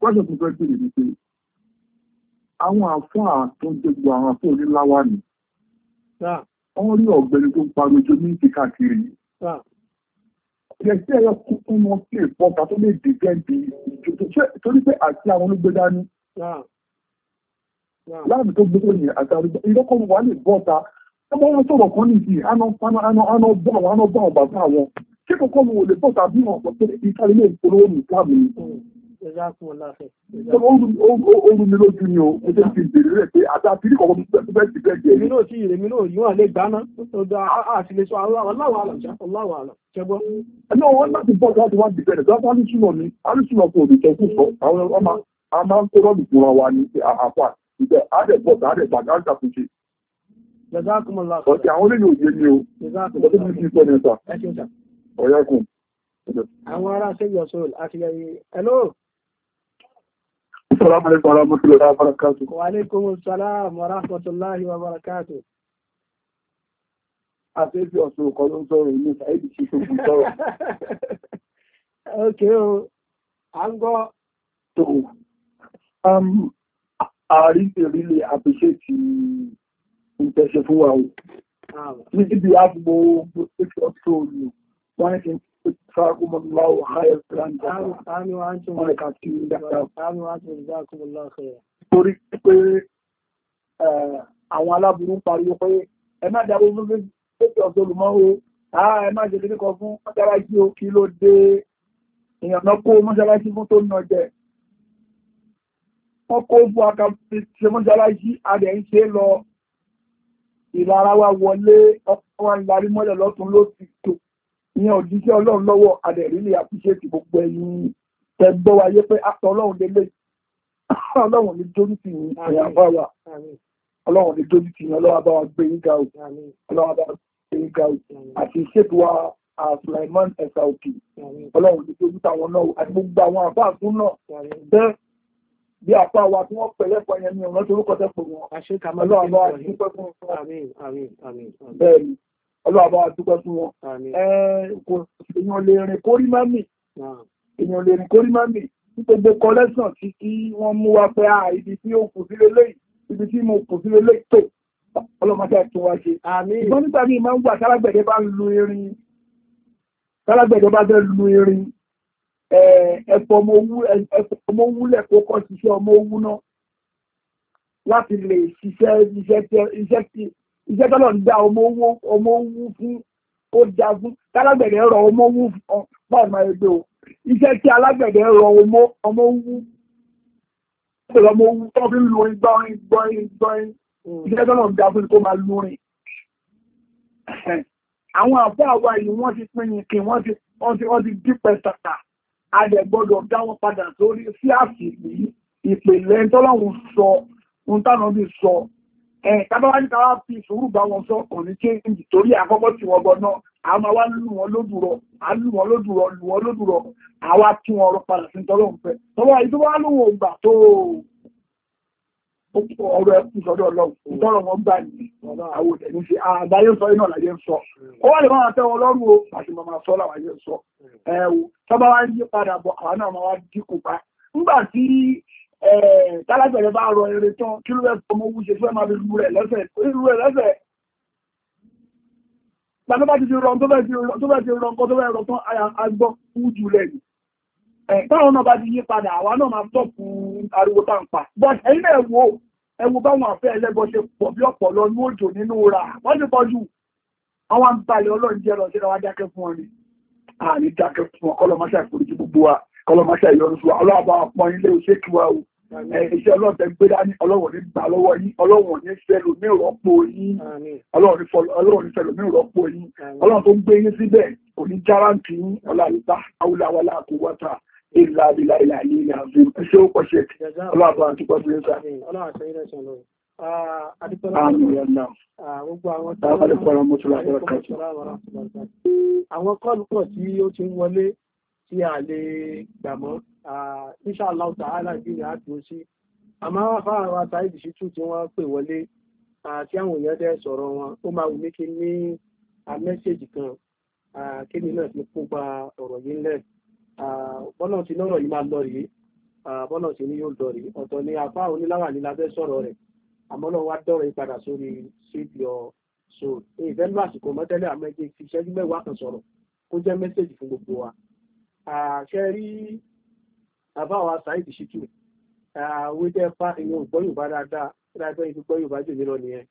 Kọ́ṣọ̀ tó fẹ́ kìrì ní pé àwọn àfáà tó jẹ́ gbogbo àwọn àfáà oníláwà ni. Wọ́n rí ọ̀gbẹ́ni tó ń pariwo ní kíkà kiri. Ìrẹsì ẹ̀yọ tuntun wọn lè pọ́ta tó lè dìgẹ́ǹdì ìjọ torí pé àti àwọn olóògbé dání. Láàbì tó gbé lónìí àti àrùgbọ́, ìrọ́kọ̀ wà lè bọ́ta. Ọmọ wọn sọ̀rọ̀ kan nìyí, àná bọ́ àwọn bàbá wọn. Kí kòkó mi ò lè bọ́ta bí wọn pọ̀ pé ìtàlélẹ̀ ìpolówó nìkan mi. Hmm. Oru mi lójú ni o, o ṣe ń fi ìbèrè rẹ̀ pé àti àti ìkọ̀kọ̀ mi fẹ́ fẹ́ ti bẹ́ẹ̀ jẹ́. Èmi náà sí ìrè mi náà yóò lè gbaná. Àti lè sọ aláwọ̀ àlàjá, aláwọ̀ àlà. Ṣẹ́gbọ́. Ẹni wọ́n láti bọ̀ láti wá dìbẹ̀ rẹ̀, láti wá ní súnmọ̀ mi, a ní súnmọ̀ kò lè jẹ́ kú sọ. Àwọn ọmọ a máa ń kó rọ́ọ̀lù fún wa ní àpá. Ìbẹ̀ á dẹ̀ bọ̀ á dẹ̀ gbàgbà á ṣàkóso. Ọ̀sẹ̀ àwọn olóyìn òye ni o. Ọ̀yá kùn. Àwọn ará ṣe yọ̀ sóòlù àti ẹ̀yẹ. Hello. Assalamu alaikum warahmatullahi wabarakatuh. Wa alaikumus salam warahmatullahi wabarakatuh. Àfẹ́sí ọ̀sùn ọkọ̀ ló ń sọ̀rọ̀ inú Sàídì sí ṣogun sọ̀rọ̀. Ókè o, à ń gọ́. So, um, I really, really appreciate ìtẹ̀ṣẹ̀ fún wa o. Níbi àgbò ìfẹ́ ọ̀sùn òní, wọ́n ní kí n جزاكم الله خيرا آمين وأنتم آمين وأنتم جزاكم الله خيرا torí pé àwọn aláburú ń pariwo pé ẹ má dáwó fún fífi ọ̀sẹ̀ olùmọ́ o ẹ má ṣe kíkọ fún mọ́ṣáláṣí o kí ló dé èèyàn náà kó mọ́ṣáláṣí fún tó nà jẹ wọ́n kó fún akáfi ṣe mọ́ṣáláṣí adẹ̀ ń ṣe lọ ìlara wa wọlé ọkọ̀ wa ń larí mọ́lẹ̀ lọ́tún ló ti tò ìyẹn òjíṣẹ́ ọlọ́run lọ́wọ́ adẹ̀rílẹ̀ àfiṣẹ́tì gbogbo ẹ̀yin tẹ́gbọ́ wáyé pé ah, ọlọ́run lélẹ̀ ọlọ́run ní dórí tì yín àyà bá wa ọlọ́run ní dórí tì yín ọlọ́run bá wa gbé yín ga òkè ọlọ́run bá wa gbé yín ga òkè àti ìṣètò wa àfúlàìmọ́n ẹ̀sà òkè ọlọ́run ní dórí tàwọn náà àti gbogbo àwọn àbá àtún náà bẹ́ẹ̀ bí apá wa tí wọ́n pẹ̀lẹ́ pọ̀ yẹn ní ọ̀rọ̀ tó rúkọ tẹ́pọ̀ wọn ọlọ́run bá wa dúpẹ́ fún wọn ọlọ́ọ̀bá àtúkọ́ fún wọn èèyàn lè rìn kórí mami èèyàn lè rìn kórí mami ní gbogbo kọlẹ́sàn tí kí wọ́n mú wá pé à ah, ibi tí ó kù sílé lẹ́yìn ibi tí mo kù sílé lẹ́yìn tó ọlọ́mọdé àtún wá ṣe ìgbọ́n nígbà míì máa ń gbà tálágbẹ̀dẹ bá ń lu irin tálágbẹ̀dẹ bá fẹ́ lu irin ẹ̀fọ́ ọmọ wúlẹ̀ kó kọ́ ṣiṣẹ́ ọmọ owú láti lè ṣiṣẹ́ iṣẹ́ iṣẹ́ tọ́lọ̀ ń dá ọmọ owó fún ó dá fún tálágbẹ̀dẹ̀ rọ ọmọ owó pọ̀ máa ń gbé o iṣẹ́ tí alágbẹ̀dẹ̀ rọ ọmọ ọmọ owó pẹ̀lú ọmọ owó tó fi ń lu gbọ́rin gbọ́rin gbọ́rin iṣẹ́ tọ́lọ̀ ń dá fún kó máa lúrin àwọn àfọ́ àwa yìí wọ́n ti pín yìí kí wọ́n ti wọ́n ti dípẹ́ tàkà a dẹ̀ gbọ́dọ̀ dáwọ́ padà sórí sí àsìkò yìí ìpìlẹ̀ tọ́lọ́run sọ ohun táwọn bí sọ tàbáwá fi sùúrù ba wọn sọ kò ní change torí àkọ́kọ́ tí wọ́n gbọ́nà náà máa lù wọn lódùrọ̀ a lù wọn lódùrọ̀ lù wọn lódùrọ̀ àwa tí wọn ọ̀rọ̀ padà sí tọ́lọ́ wọn gbà tó ọ̀rọ̀ ẹkùn sọ́dọ̀ ọlọ́run wọn gbà ní àwọn òdẹ̀ni sọ iná làyé sọ ó wà lè máa lọ́rùn o àti màmá sọ sọ yí padà bọ̀ àwọn náà máa wá dínkù tí Eh, tálágbẹ̀rẹ̀ bá rọ eré tán kí ló fẹ́ fọmọ owó ṣe fẹ́ máa fi rú rẹ̀ lẹ́sẹ̀ rú rẹ̀ lẹ́sẹ̀ gbàtọ́ ti fi rọ tó fẹ́ ti rọ tó fẹ́ rọ tán agbọ́ kú jù rẹ̀ ni eh, táwọn náà bá ti yí padà àwa náà máa tọ́pù ariwo tá ń pa but ẹ̀yin náà wo ẹ báwọn àfẹ́ ẹlẹ́bọ ṣe pọ̀ bí ọ̀pọ̀ lọ ní òjò nínú ra wọ́n ti pọ̀ jù àwọn àǹbalẹ̀ ọlọ́run jẹ́ lọ sí ra wá dákẹ́ fún ọ ni àní dákẹ́ fún ọ kọ́lọ́mọṣà ìforíjì gbogbo wa kọ́lọ́mọṣà ìyọrùsùn wa ọlọ́àbà ilé òṣèkí o Iṣẹ́ ọlọ́tẹ gbé dání ọlọ́wọ̀n ní gbà lọ́wọ́ yín, ọlọ́wọ̀n ní fẹ́lò ní ìrọ́pò yín, ọlọ́wọ̀n ní fẹ́lò ní ìrọ́pò yín, ọlọ́wọ̀n tó ń gbé yín síbẹ̀ kò ní járáǹtì yín, ọlọ́àlùbá, awúláwálá, kò wọ́ta, ìlà ìlà ìlà ìlà ìlà ìṣẹ́ ó pọ̀ṣẹ̀ ọlọ́àbọ̀ àti pọ̀ṣẹ̀ ń sá. Àwọn kọ́ọ̀lù pọ̀ tí ó ti ń wọlé tí a lè gbàmọ́ inshallah ta'ala ìbílẹ̀ àdúró sí àmọ́ fáwọn wa Saheed Shittu tí wọ́n pè wọlé àti àwọn èèyàn dẹ́ sọ̀rọ̀ wọn ó máa wù mí kí ní mẹ́sẹ̀jì kan kéde náà fi kó gba ọ̀rọ̀ yìí ńlẹ̀ bọ́nà tí lọ́rọ̀ yìí máa lọ rèé bọ́nà tí ní yóò lọ rèé ọ̀tọ̀ ni apá oníláwà ní lábẹ́ sọ̀rọ̀ rẹ̀ àmọ́ náà wá dọ̀rọ̀ ìpadà sórí síbíọ̀ so ìfẹ́ lásìkò mọ́tẹ́lẹ̀ àmẹ́jẹ́ fi ṣẹ́jú mẹ́wàá kan sọ̀rọ̀ kó jẹ́ mẹ́sẹ̀jì fún gbogbo wa àṣẹ rí àbáwá Saheed Shittu òwe tẹ́ pa ìyẹn ògbọ́ Yorùbá dáadáa dáadáa ìlú gbọ́ Yorùbá jù mí lọ nìyẹn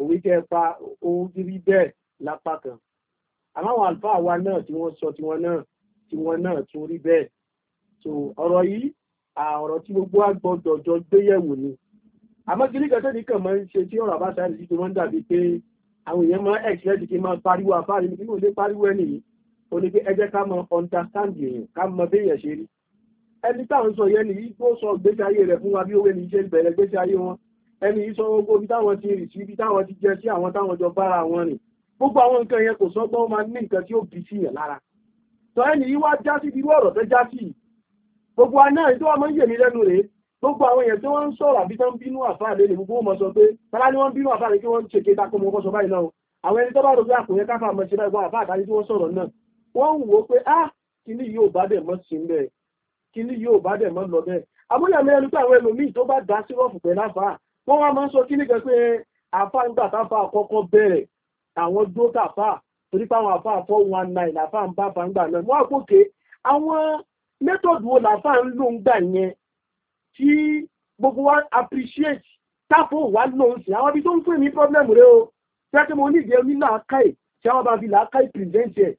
òwe tẹ́ pa ohun rírí bẹ́ẹ̀ lápá kan àmọ́ àwọn àlùfáà wa náà tí wọ́n sọ tiwọn náà tiwọn náà tún rí bẹ́ẹ̀ so ọ̀rọ̀ yìí ọ̀rọ̀ tí gbogbo àgbọ̀dọ̀ jọ gbéyẹ̀wò ni àmọ́ kí nígbà tẹ́lẹ̀ kan máa ń ṣe tí ọ̀rọ̀ àbáṣá ìlú tó máa ń dàbí pé àwọn èèyàn máa ń ẹ̀kílẹ́dì kí máa pariwo àfáàrí ní kí wọ́n lé pariwo ẹnìyí ó ní pé ẹ jẹ́ ká mọ understand èèyàn ká mọ béèyàn ṣe rí ẹni táwọn sọ yẹn nìyí tó sọ gbèsè ayé rẹ̀ fún wa bí owó ẹni iṣẹ́ ìbẹ̀rẹ̀ gbèsè ayé wọn ẹni yìí sọ gbogbo ibi táwọn ti rì sí ibi táwọn ti jẹ sí àwọn táwọn jọ bára wọn rìn gbogbo àwọn nǹkan yẹn kò sọ́gbọ́n ó máa ní nǹkan tí ó bí sí yẹn lára tọ́ ẹni yìí wá já sí irú ọ̀rọ̀ tó já sí gbogbo aná yìí tó wà máa ń yè lẹ́nu rèé gbogbo àwọn èèyàn tó wọ́n ń sọ̀rọ̀ àbí tó ń bínú àfáàlè lè gbogbo wọn sọ pé tọ́lá ni wọ́n bínú àfáàlè kí wọ́n ṣe kéta kó mọ́ kọ́ sọ báyìí náà àwọn ẹni tó bá rò pé àkùnrin káfà mọ̀ ṣe báyìí àfáàdáyé tí wọ́n sọ̀rọ̀ náà wọ́n ń wò pé ah kíní yóò bá dẹ̀ mọ́ sí bẹ́ẹ̀ kíní yóò bá dẹ̀ mọ́ lọ bẹ́ẹ̀ àmúyàmí ẹni pé àwọn ẹlòmíì tó bá dá sírọ́ọ̀fù pẹ̀lú àfà wọ́n wá máa ń sọ kíní kan pé àfà ńgbà táfà kọ́kọ́ bẹ̀rẹ̀ àwọn dókà fà torí pé àwọn àfà four one nine àfà ń bá fàǹgbà náà wọ́n àpòkè àwọn mẹ́tọ̀dù wo làfà ń lò ń gbà yẹn tí gbogbo wa appreciate táfò wà lòun sí àwọn ibi tó ń pè ní problem rẹ o tí wọ́n mo ní ìdí onílà àkáì tí àwọn bá fi làákàì present ẹ̀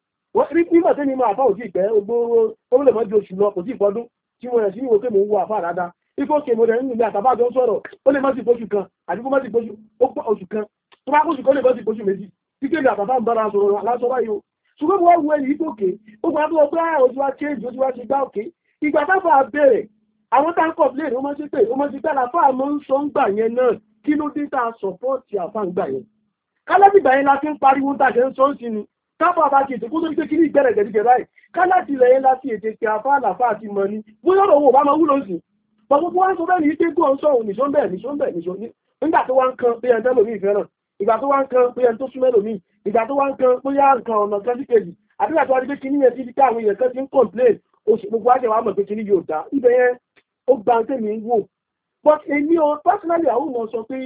nígbà tí mi máa fá òjì ìpẹ́ ogbóró orílẹ̀ mọ́jú oṣù lọ kò sí ìfọdún tí wọ́n rẹ̀ sí ìwò pé mò ń wo àfá àdáda ipò kèmò rẹ̀ nínú ilé àtàbà àjọ sọ̀rọ̀ ó lè má sí oṣù kan àti kó má sí oṣù kan tó bá oṣù kan lè má sí oṣù méjì tí kéde àtàbà ń bára sọ̀rọ̀ lásọ báyìí o ṣùgbọ́n mo wá wo ẹni ìgbòkè ó gba tó ọgbà ah, ojú wa kéèjì ojú wa ti gbá òkè ìgbà táfà bẹ̀rẹ̀ àwọn táǹkọ̀ lè rí ó máa ṣe pé ó máa ṣe pé àlàfà àmọ́ ń sọ ń gbà yẹn náà kí ló dé tá a sọ̀pọ̀ọ̀tì àfà ń gbà yẹn kálẹ́bìgbà yẹn la fi ń pariwo tá a ṣe ń sọ ń sinmi kábọ̀ àbájì ètò kó tó ní pé kí ní ìgbẹ̀rẹ̀ gẹ̀dígẹ̀ báyìí ká láti ilẹ̀ yẹn láti ètè pé afá àlàfà àti mọ̀ ní bóyá ọ̀rọ̀ owó bá máa wúlò sí gbogbo wọn sọ bẹ́ẹ̀ ní pé kó ń sọ̀rọ̀ nìṣó bẹ́ẹ̀ nìṣó bẹ́ẹ̀ nìṣó nígbà tó wá ń kan pé ẹni tẹ́lòmí ìfẹ́ràn ìgbà tó wá ń kan pé ẹni tó súnmọ́ lòmí ìgbà tó wá ń kan pé yá nǹkan ọ̀nà kan sí kejì àbígbà tó wá di pé kí níyẹn ti di pé àwọn èèyàn kan ti ń complain oṣù gbogbo àjẹ wa mọ̀ pé kí ní yóò dá ibẹ̀ yẹn ó gba tèmi ń wò but èmi o personally àwọn ọmọ sọ pé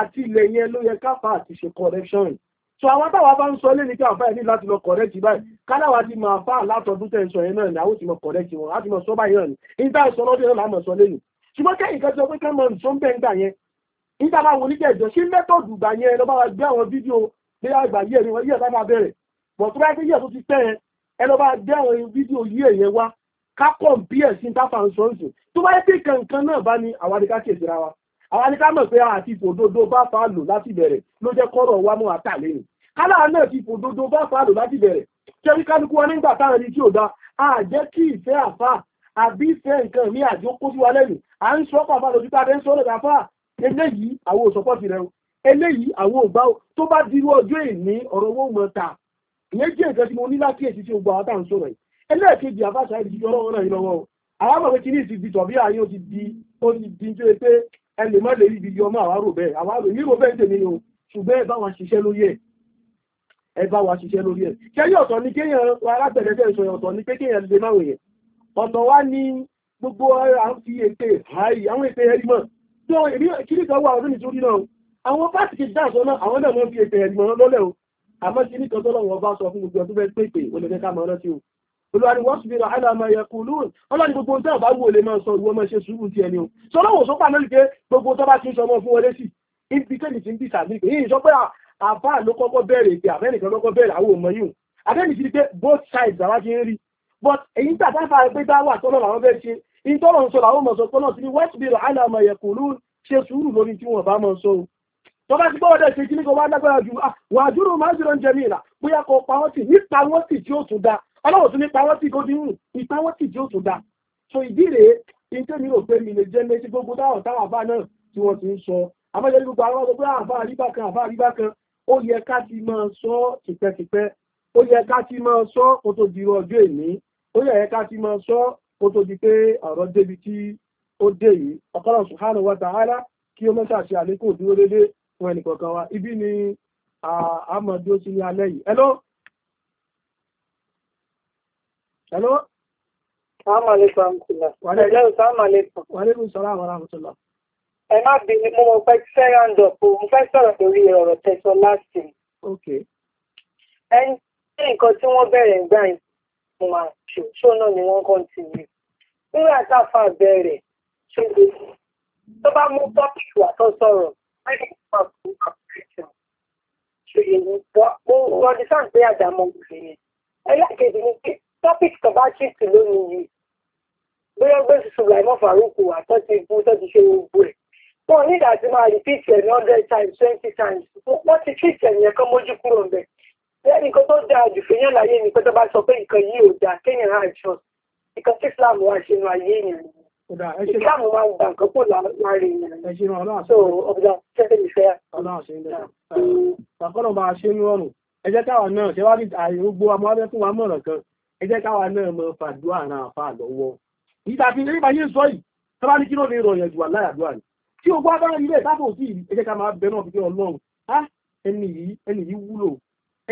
àti ilẹ̀ yẹn ló yẹ káfà àti ṣe correction so àwọn táwa bá ń sọ lé ní kí àǹfààní ní láti lọ kọ̀rẹ́kì báyìí káláwa ti máa fà látọdún tẹ̀ ń sọ yẹn náà ni àwọn ò ti mọ kọ̀rẹ́kì wọn á ti mọ sọ báyìí náà ni níta sọ lọ́dún náà láàmọ̀ sọ lé nì ṣùgbọ́n kẹ́yìn kan sọ pé ká máa sọ ń bẹ́ ń gbà yẹn níta bá wọn oníkẹ́jọ sí mẹ́tọ̀dù gbà yẹn lọ́ba wa gbé àwọn fídíò pé àgbà yẹ̀ ni wọ́n yẹ̀ bá máa bẹ̀rẹ̀ bọ̀ tó bá yẹ yẹ̀ tó ti pẹ́ yẹn ẹ lọ́ba gbé àwọn fídíò yẹ̀ yẹn wá ká kọ̀ bí ẹ̀ sí ń táfà ń sọ́ǹsì tó bá yẹ pé àwa ni ká mọ̀ pé àti ìfòdodo bá fa lò láti bẹ̀rẹ̀ ló jẹ́ kọ́rọ̀ wa mọ́ àtàlẹ́yìn kálá náà ti fòdodo bá fa lò láti bẹ̀rẹ̀ kẹrí kálukú wa nígbà táwọn ẹni tí ò da a jẹ́ kí ìfẹ́ àfà àbí ìfẹ́ nǹkan mi àjọ kó sí wa lẹ́nu à ń sọ pàfà lójú tá a fẹ́ ń sọ lọ́dà fà eléyìí àwọn òṣọ́pọ̀ ti rẹ̀ eléyìí àwọn ògbà tó bá dirú ọjọ́ ìní ọ̀rọ̀ owó mọ̀ ta ìyẹn jẹ́ nǹkan tí mo ní lákìyèsí tí gbogbo àwọn táwọn sọ̀rọ̀ yìí ẹlẹ́ẹ̀kejì àfàṣà ìdíjọ́ ọlọ́run náà yìí lọ́wọ́ àwọn àgbàgbé kìíní ti di tọ̀bí ààyè ó ti di ó ti di tó pé ẹlò má lè ríbi yọmọ àwárò bẹ́ẹ̀ àwárò yíro bẹ́ẹ̀ tèmi o ṣùgbọ́n ẹ bá wa ṣiṣẹ́ lórí ẹ̀ ẹ bá wa ṣiṣẹ́ lórí ẹ̀ kẹ́yìn ọ̀tọ̀ ni kéèyàn alábẹ̀rẹ̀ fẹ́ sọ ọ̀tọ̀ ni pé kéèyàn lè máa wòyẹn ọ̀tọ̀ wá ní gbogbo à ń fi ète àì àwọn ète ẹ̀rí mọ̀ tí wọ́n èmi kiri kan wà ọdún nítorí náà àwọn pàtìkì dáàsọ náà àwọn náà máa ń fi ète ẹ̀rí mọ̀ lọ́lẹ̀ o àmọ́ kiri kan tọ́lọ́wọ́ bá sọ fún gbogbo ọdún bẹ́ẹ̀ pé pé olùkẹ́ká máa o olùwárí wọ́n sì bèèrè àìlàmà ẹ̀kùn lóòrùn wọ́n láti gbogbo tẹ́ ọ̀bá wò lè máa sọ ìwọ́n máa ṣe sùúrù ti ẹni o sọ lọ́wọ́ sọ́pà náà pé gbogbo tọ́ bá ti ń sọ ọmọ fún wọlé sí ibikẹ́lì ti ń bí sàbí pé yìí sọ pé àbá ló kọ́kọ́ bẹ̀rẹ̀ pé àmẹ́nìkan lọ́kọ́ bẹ̀rẹ̀ àwọn ọmọ yìí àbẹ́ni ti pé both sides àwa ti ń rí but èyí ń tàbá pé dáwà tọ́lọ́ làwọn fẹ́ ṣe ìtọ́lọ̀ ń sọ làwọn mọ̀ sọ pé náà ti ní west biro àìlàmà ẹ̀kùn lóòrùn ṣe sùúrù lórí tí wọ́n bá mọ̀ sọ tọ́bá ti gbọ́wọ́dẹ̀ ṣe kí ní kò wá lágbára jù wà dúró máa ń jẹ́ mìíràn bóyá kọ pa wọ́n sì nípa wọ́n sì tí ó tún dáa ọlọ́wọ̀ ní pawọ́tì kó dín wù tí ó tún da so ìdí rèé ìtẹ́mi rò pé mi lè jẹ́ méjì gbogbo táwọn táwọn àbá náà tí wọ́n ti ń sọ àmọ́jọ́ gbogbo àwọn ọmọ pé àríbá kan àbá àríbá kan ó yẹ ká ti máa sọ tìpẹ́tìpẹ́ ó yẹ ká ti máa sọ kó tó di ọjọ́ èní ó yẹ ká ti máa sọ kó tó di pé ọ̀rọ̀ débi tí ó dé yìí ọ̀kọ́rọ̀ subhanahu wa ta'ala kí ó mọ́ta ṣe àlékún òdúró dédé fún ẹnìkọ̀ọ̀kan wa ibi ni àmọ́ dúró sí ní alẹ́ yìí. Hello? Assalamu alaikum warahmatullah. Wa alaikum salam warahmatullah. Ẹ má bí mo mọ̀ pé fẹ́ ràǹdọ̀ pò, mo fẹ́ sọ̀rọ̀ lórí ọ̀rọ̀ tẹ̀sọ láti. Ok. Ẹni tí nǹkan tí wọ́n bẹ̀rẹ̀ gbà ń mo máa ṣe, ṣó náà ni wọ́n kàn ti rí. Nígbà tá a fa bẹ̀rẹ̀, ṣe lè tó bá mú tọ́pìkì wà tó sọ̀rọ̀, wọ́n ní kí fún àpẹẹrẹ. Ṣòyè ni wọ́n ti sáà gbé àdámọ́ òkèèrè. Ẹlẹ́kẹ̀dẹ̀ ni topic kan bá ṣìtì lónìí yìí bóyá gbé tuntun láìmọ́ faruku àtọ́ ti bú tó ti ṣe gbogbo ẹ̀ wọn ní ìdájí máa repeat ẹ̀ ní hundred times twenty times wọ́n ti treat ẹ̀ yẹn kán mójú kúrò ń bẹ̀ lẹ́yìn nǹkan tó dáa jù fẹ́yàn láyé ni pé tó bá sọ pé nǹkan yìí ò dáa kéèyàn á jọ nǹkan tí Islam wà ṣe nu ayé yẹn Islam máa ń gba nǹkan kó láàárín yẹn so ọ̀gá tẹ́lẹ̀ mi fẹ́ yà. ẹ jẹ́ káwọn náà ṣe wá rí àìrógbó amọ́ ẹ jẹ́ káwa náà mọ fàdúrà ara àfà lọ́wọ́ ìta fi nípa yé sọ yìí tó bá ní kí ló lè rọyàn jù aláyàdúrà ni tí o gbọ́ bá rí rẹ̀ tábò sí ẹ jẹ́ ká máa bẹ náà fi ọlọ́run á ẹni yìí ẹni yìí wúlò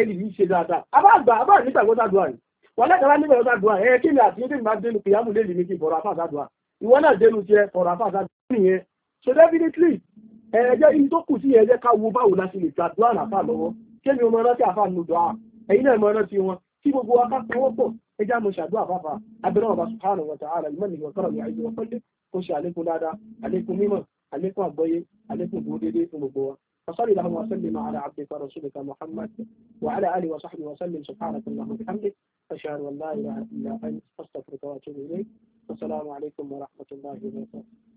ẹni yìí ṣe dáadáa abá àgbà abá nígbà gbọ́dàdúrà ni wọ́n lẹ́kọ̀ọ́ nígbà gbọ́dàdúrà ẹ kí ni àti ẹni máa dénú pìyàmù lè lè ní kí bọ̀rọ̀ afáàdúrà ìwọ náà dénú tiẹ bọ̀rọ̀ afáàdúrà nìyẹn so definitely ẹ̀ẹ́jẹ́ in tó kù sí ẹ̀ẹ́jẹ́ ká wo báwo la ṣe lè gbàdúrà àfà lọ́wọ́ kémi ọmọ rántí àfà nù dọ́à ẹ̀yin náà mọ rántí wọn tí gbogbo wa bá sanwó pọ̀ ẹjá mo ṣàdúrà bàbá abẹ́rẹ́ ọba subhanahu wa ta'ala al-manni wal karami àìjọ wọn pẹ́lẹ́ kó ṣe àlékún dáadáa àlékún mímọ̀ àlékún àgbọ́yé àlékún dúró déédéé fún gbogbo wa فصل اللهم وسلم على عبدك ورسولك محمد وعلى اله وصحبه وسلم سبحانك اللهم وبحمدك اشهد ان لا اله الا انت استغفرك واتوب اليك والسلام عليكم ورحمه الله وبركاته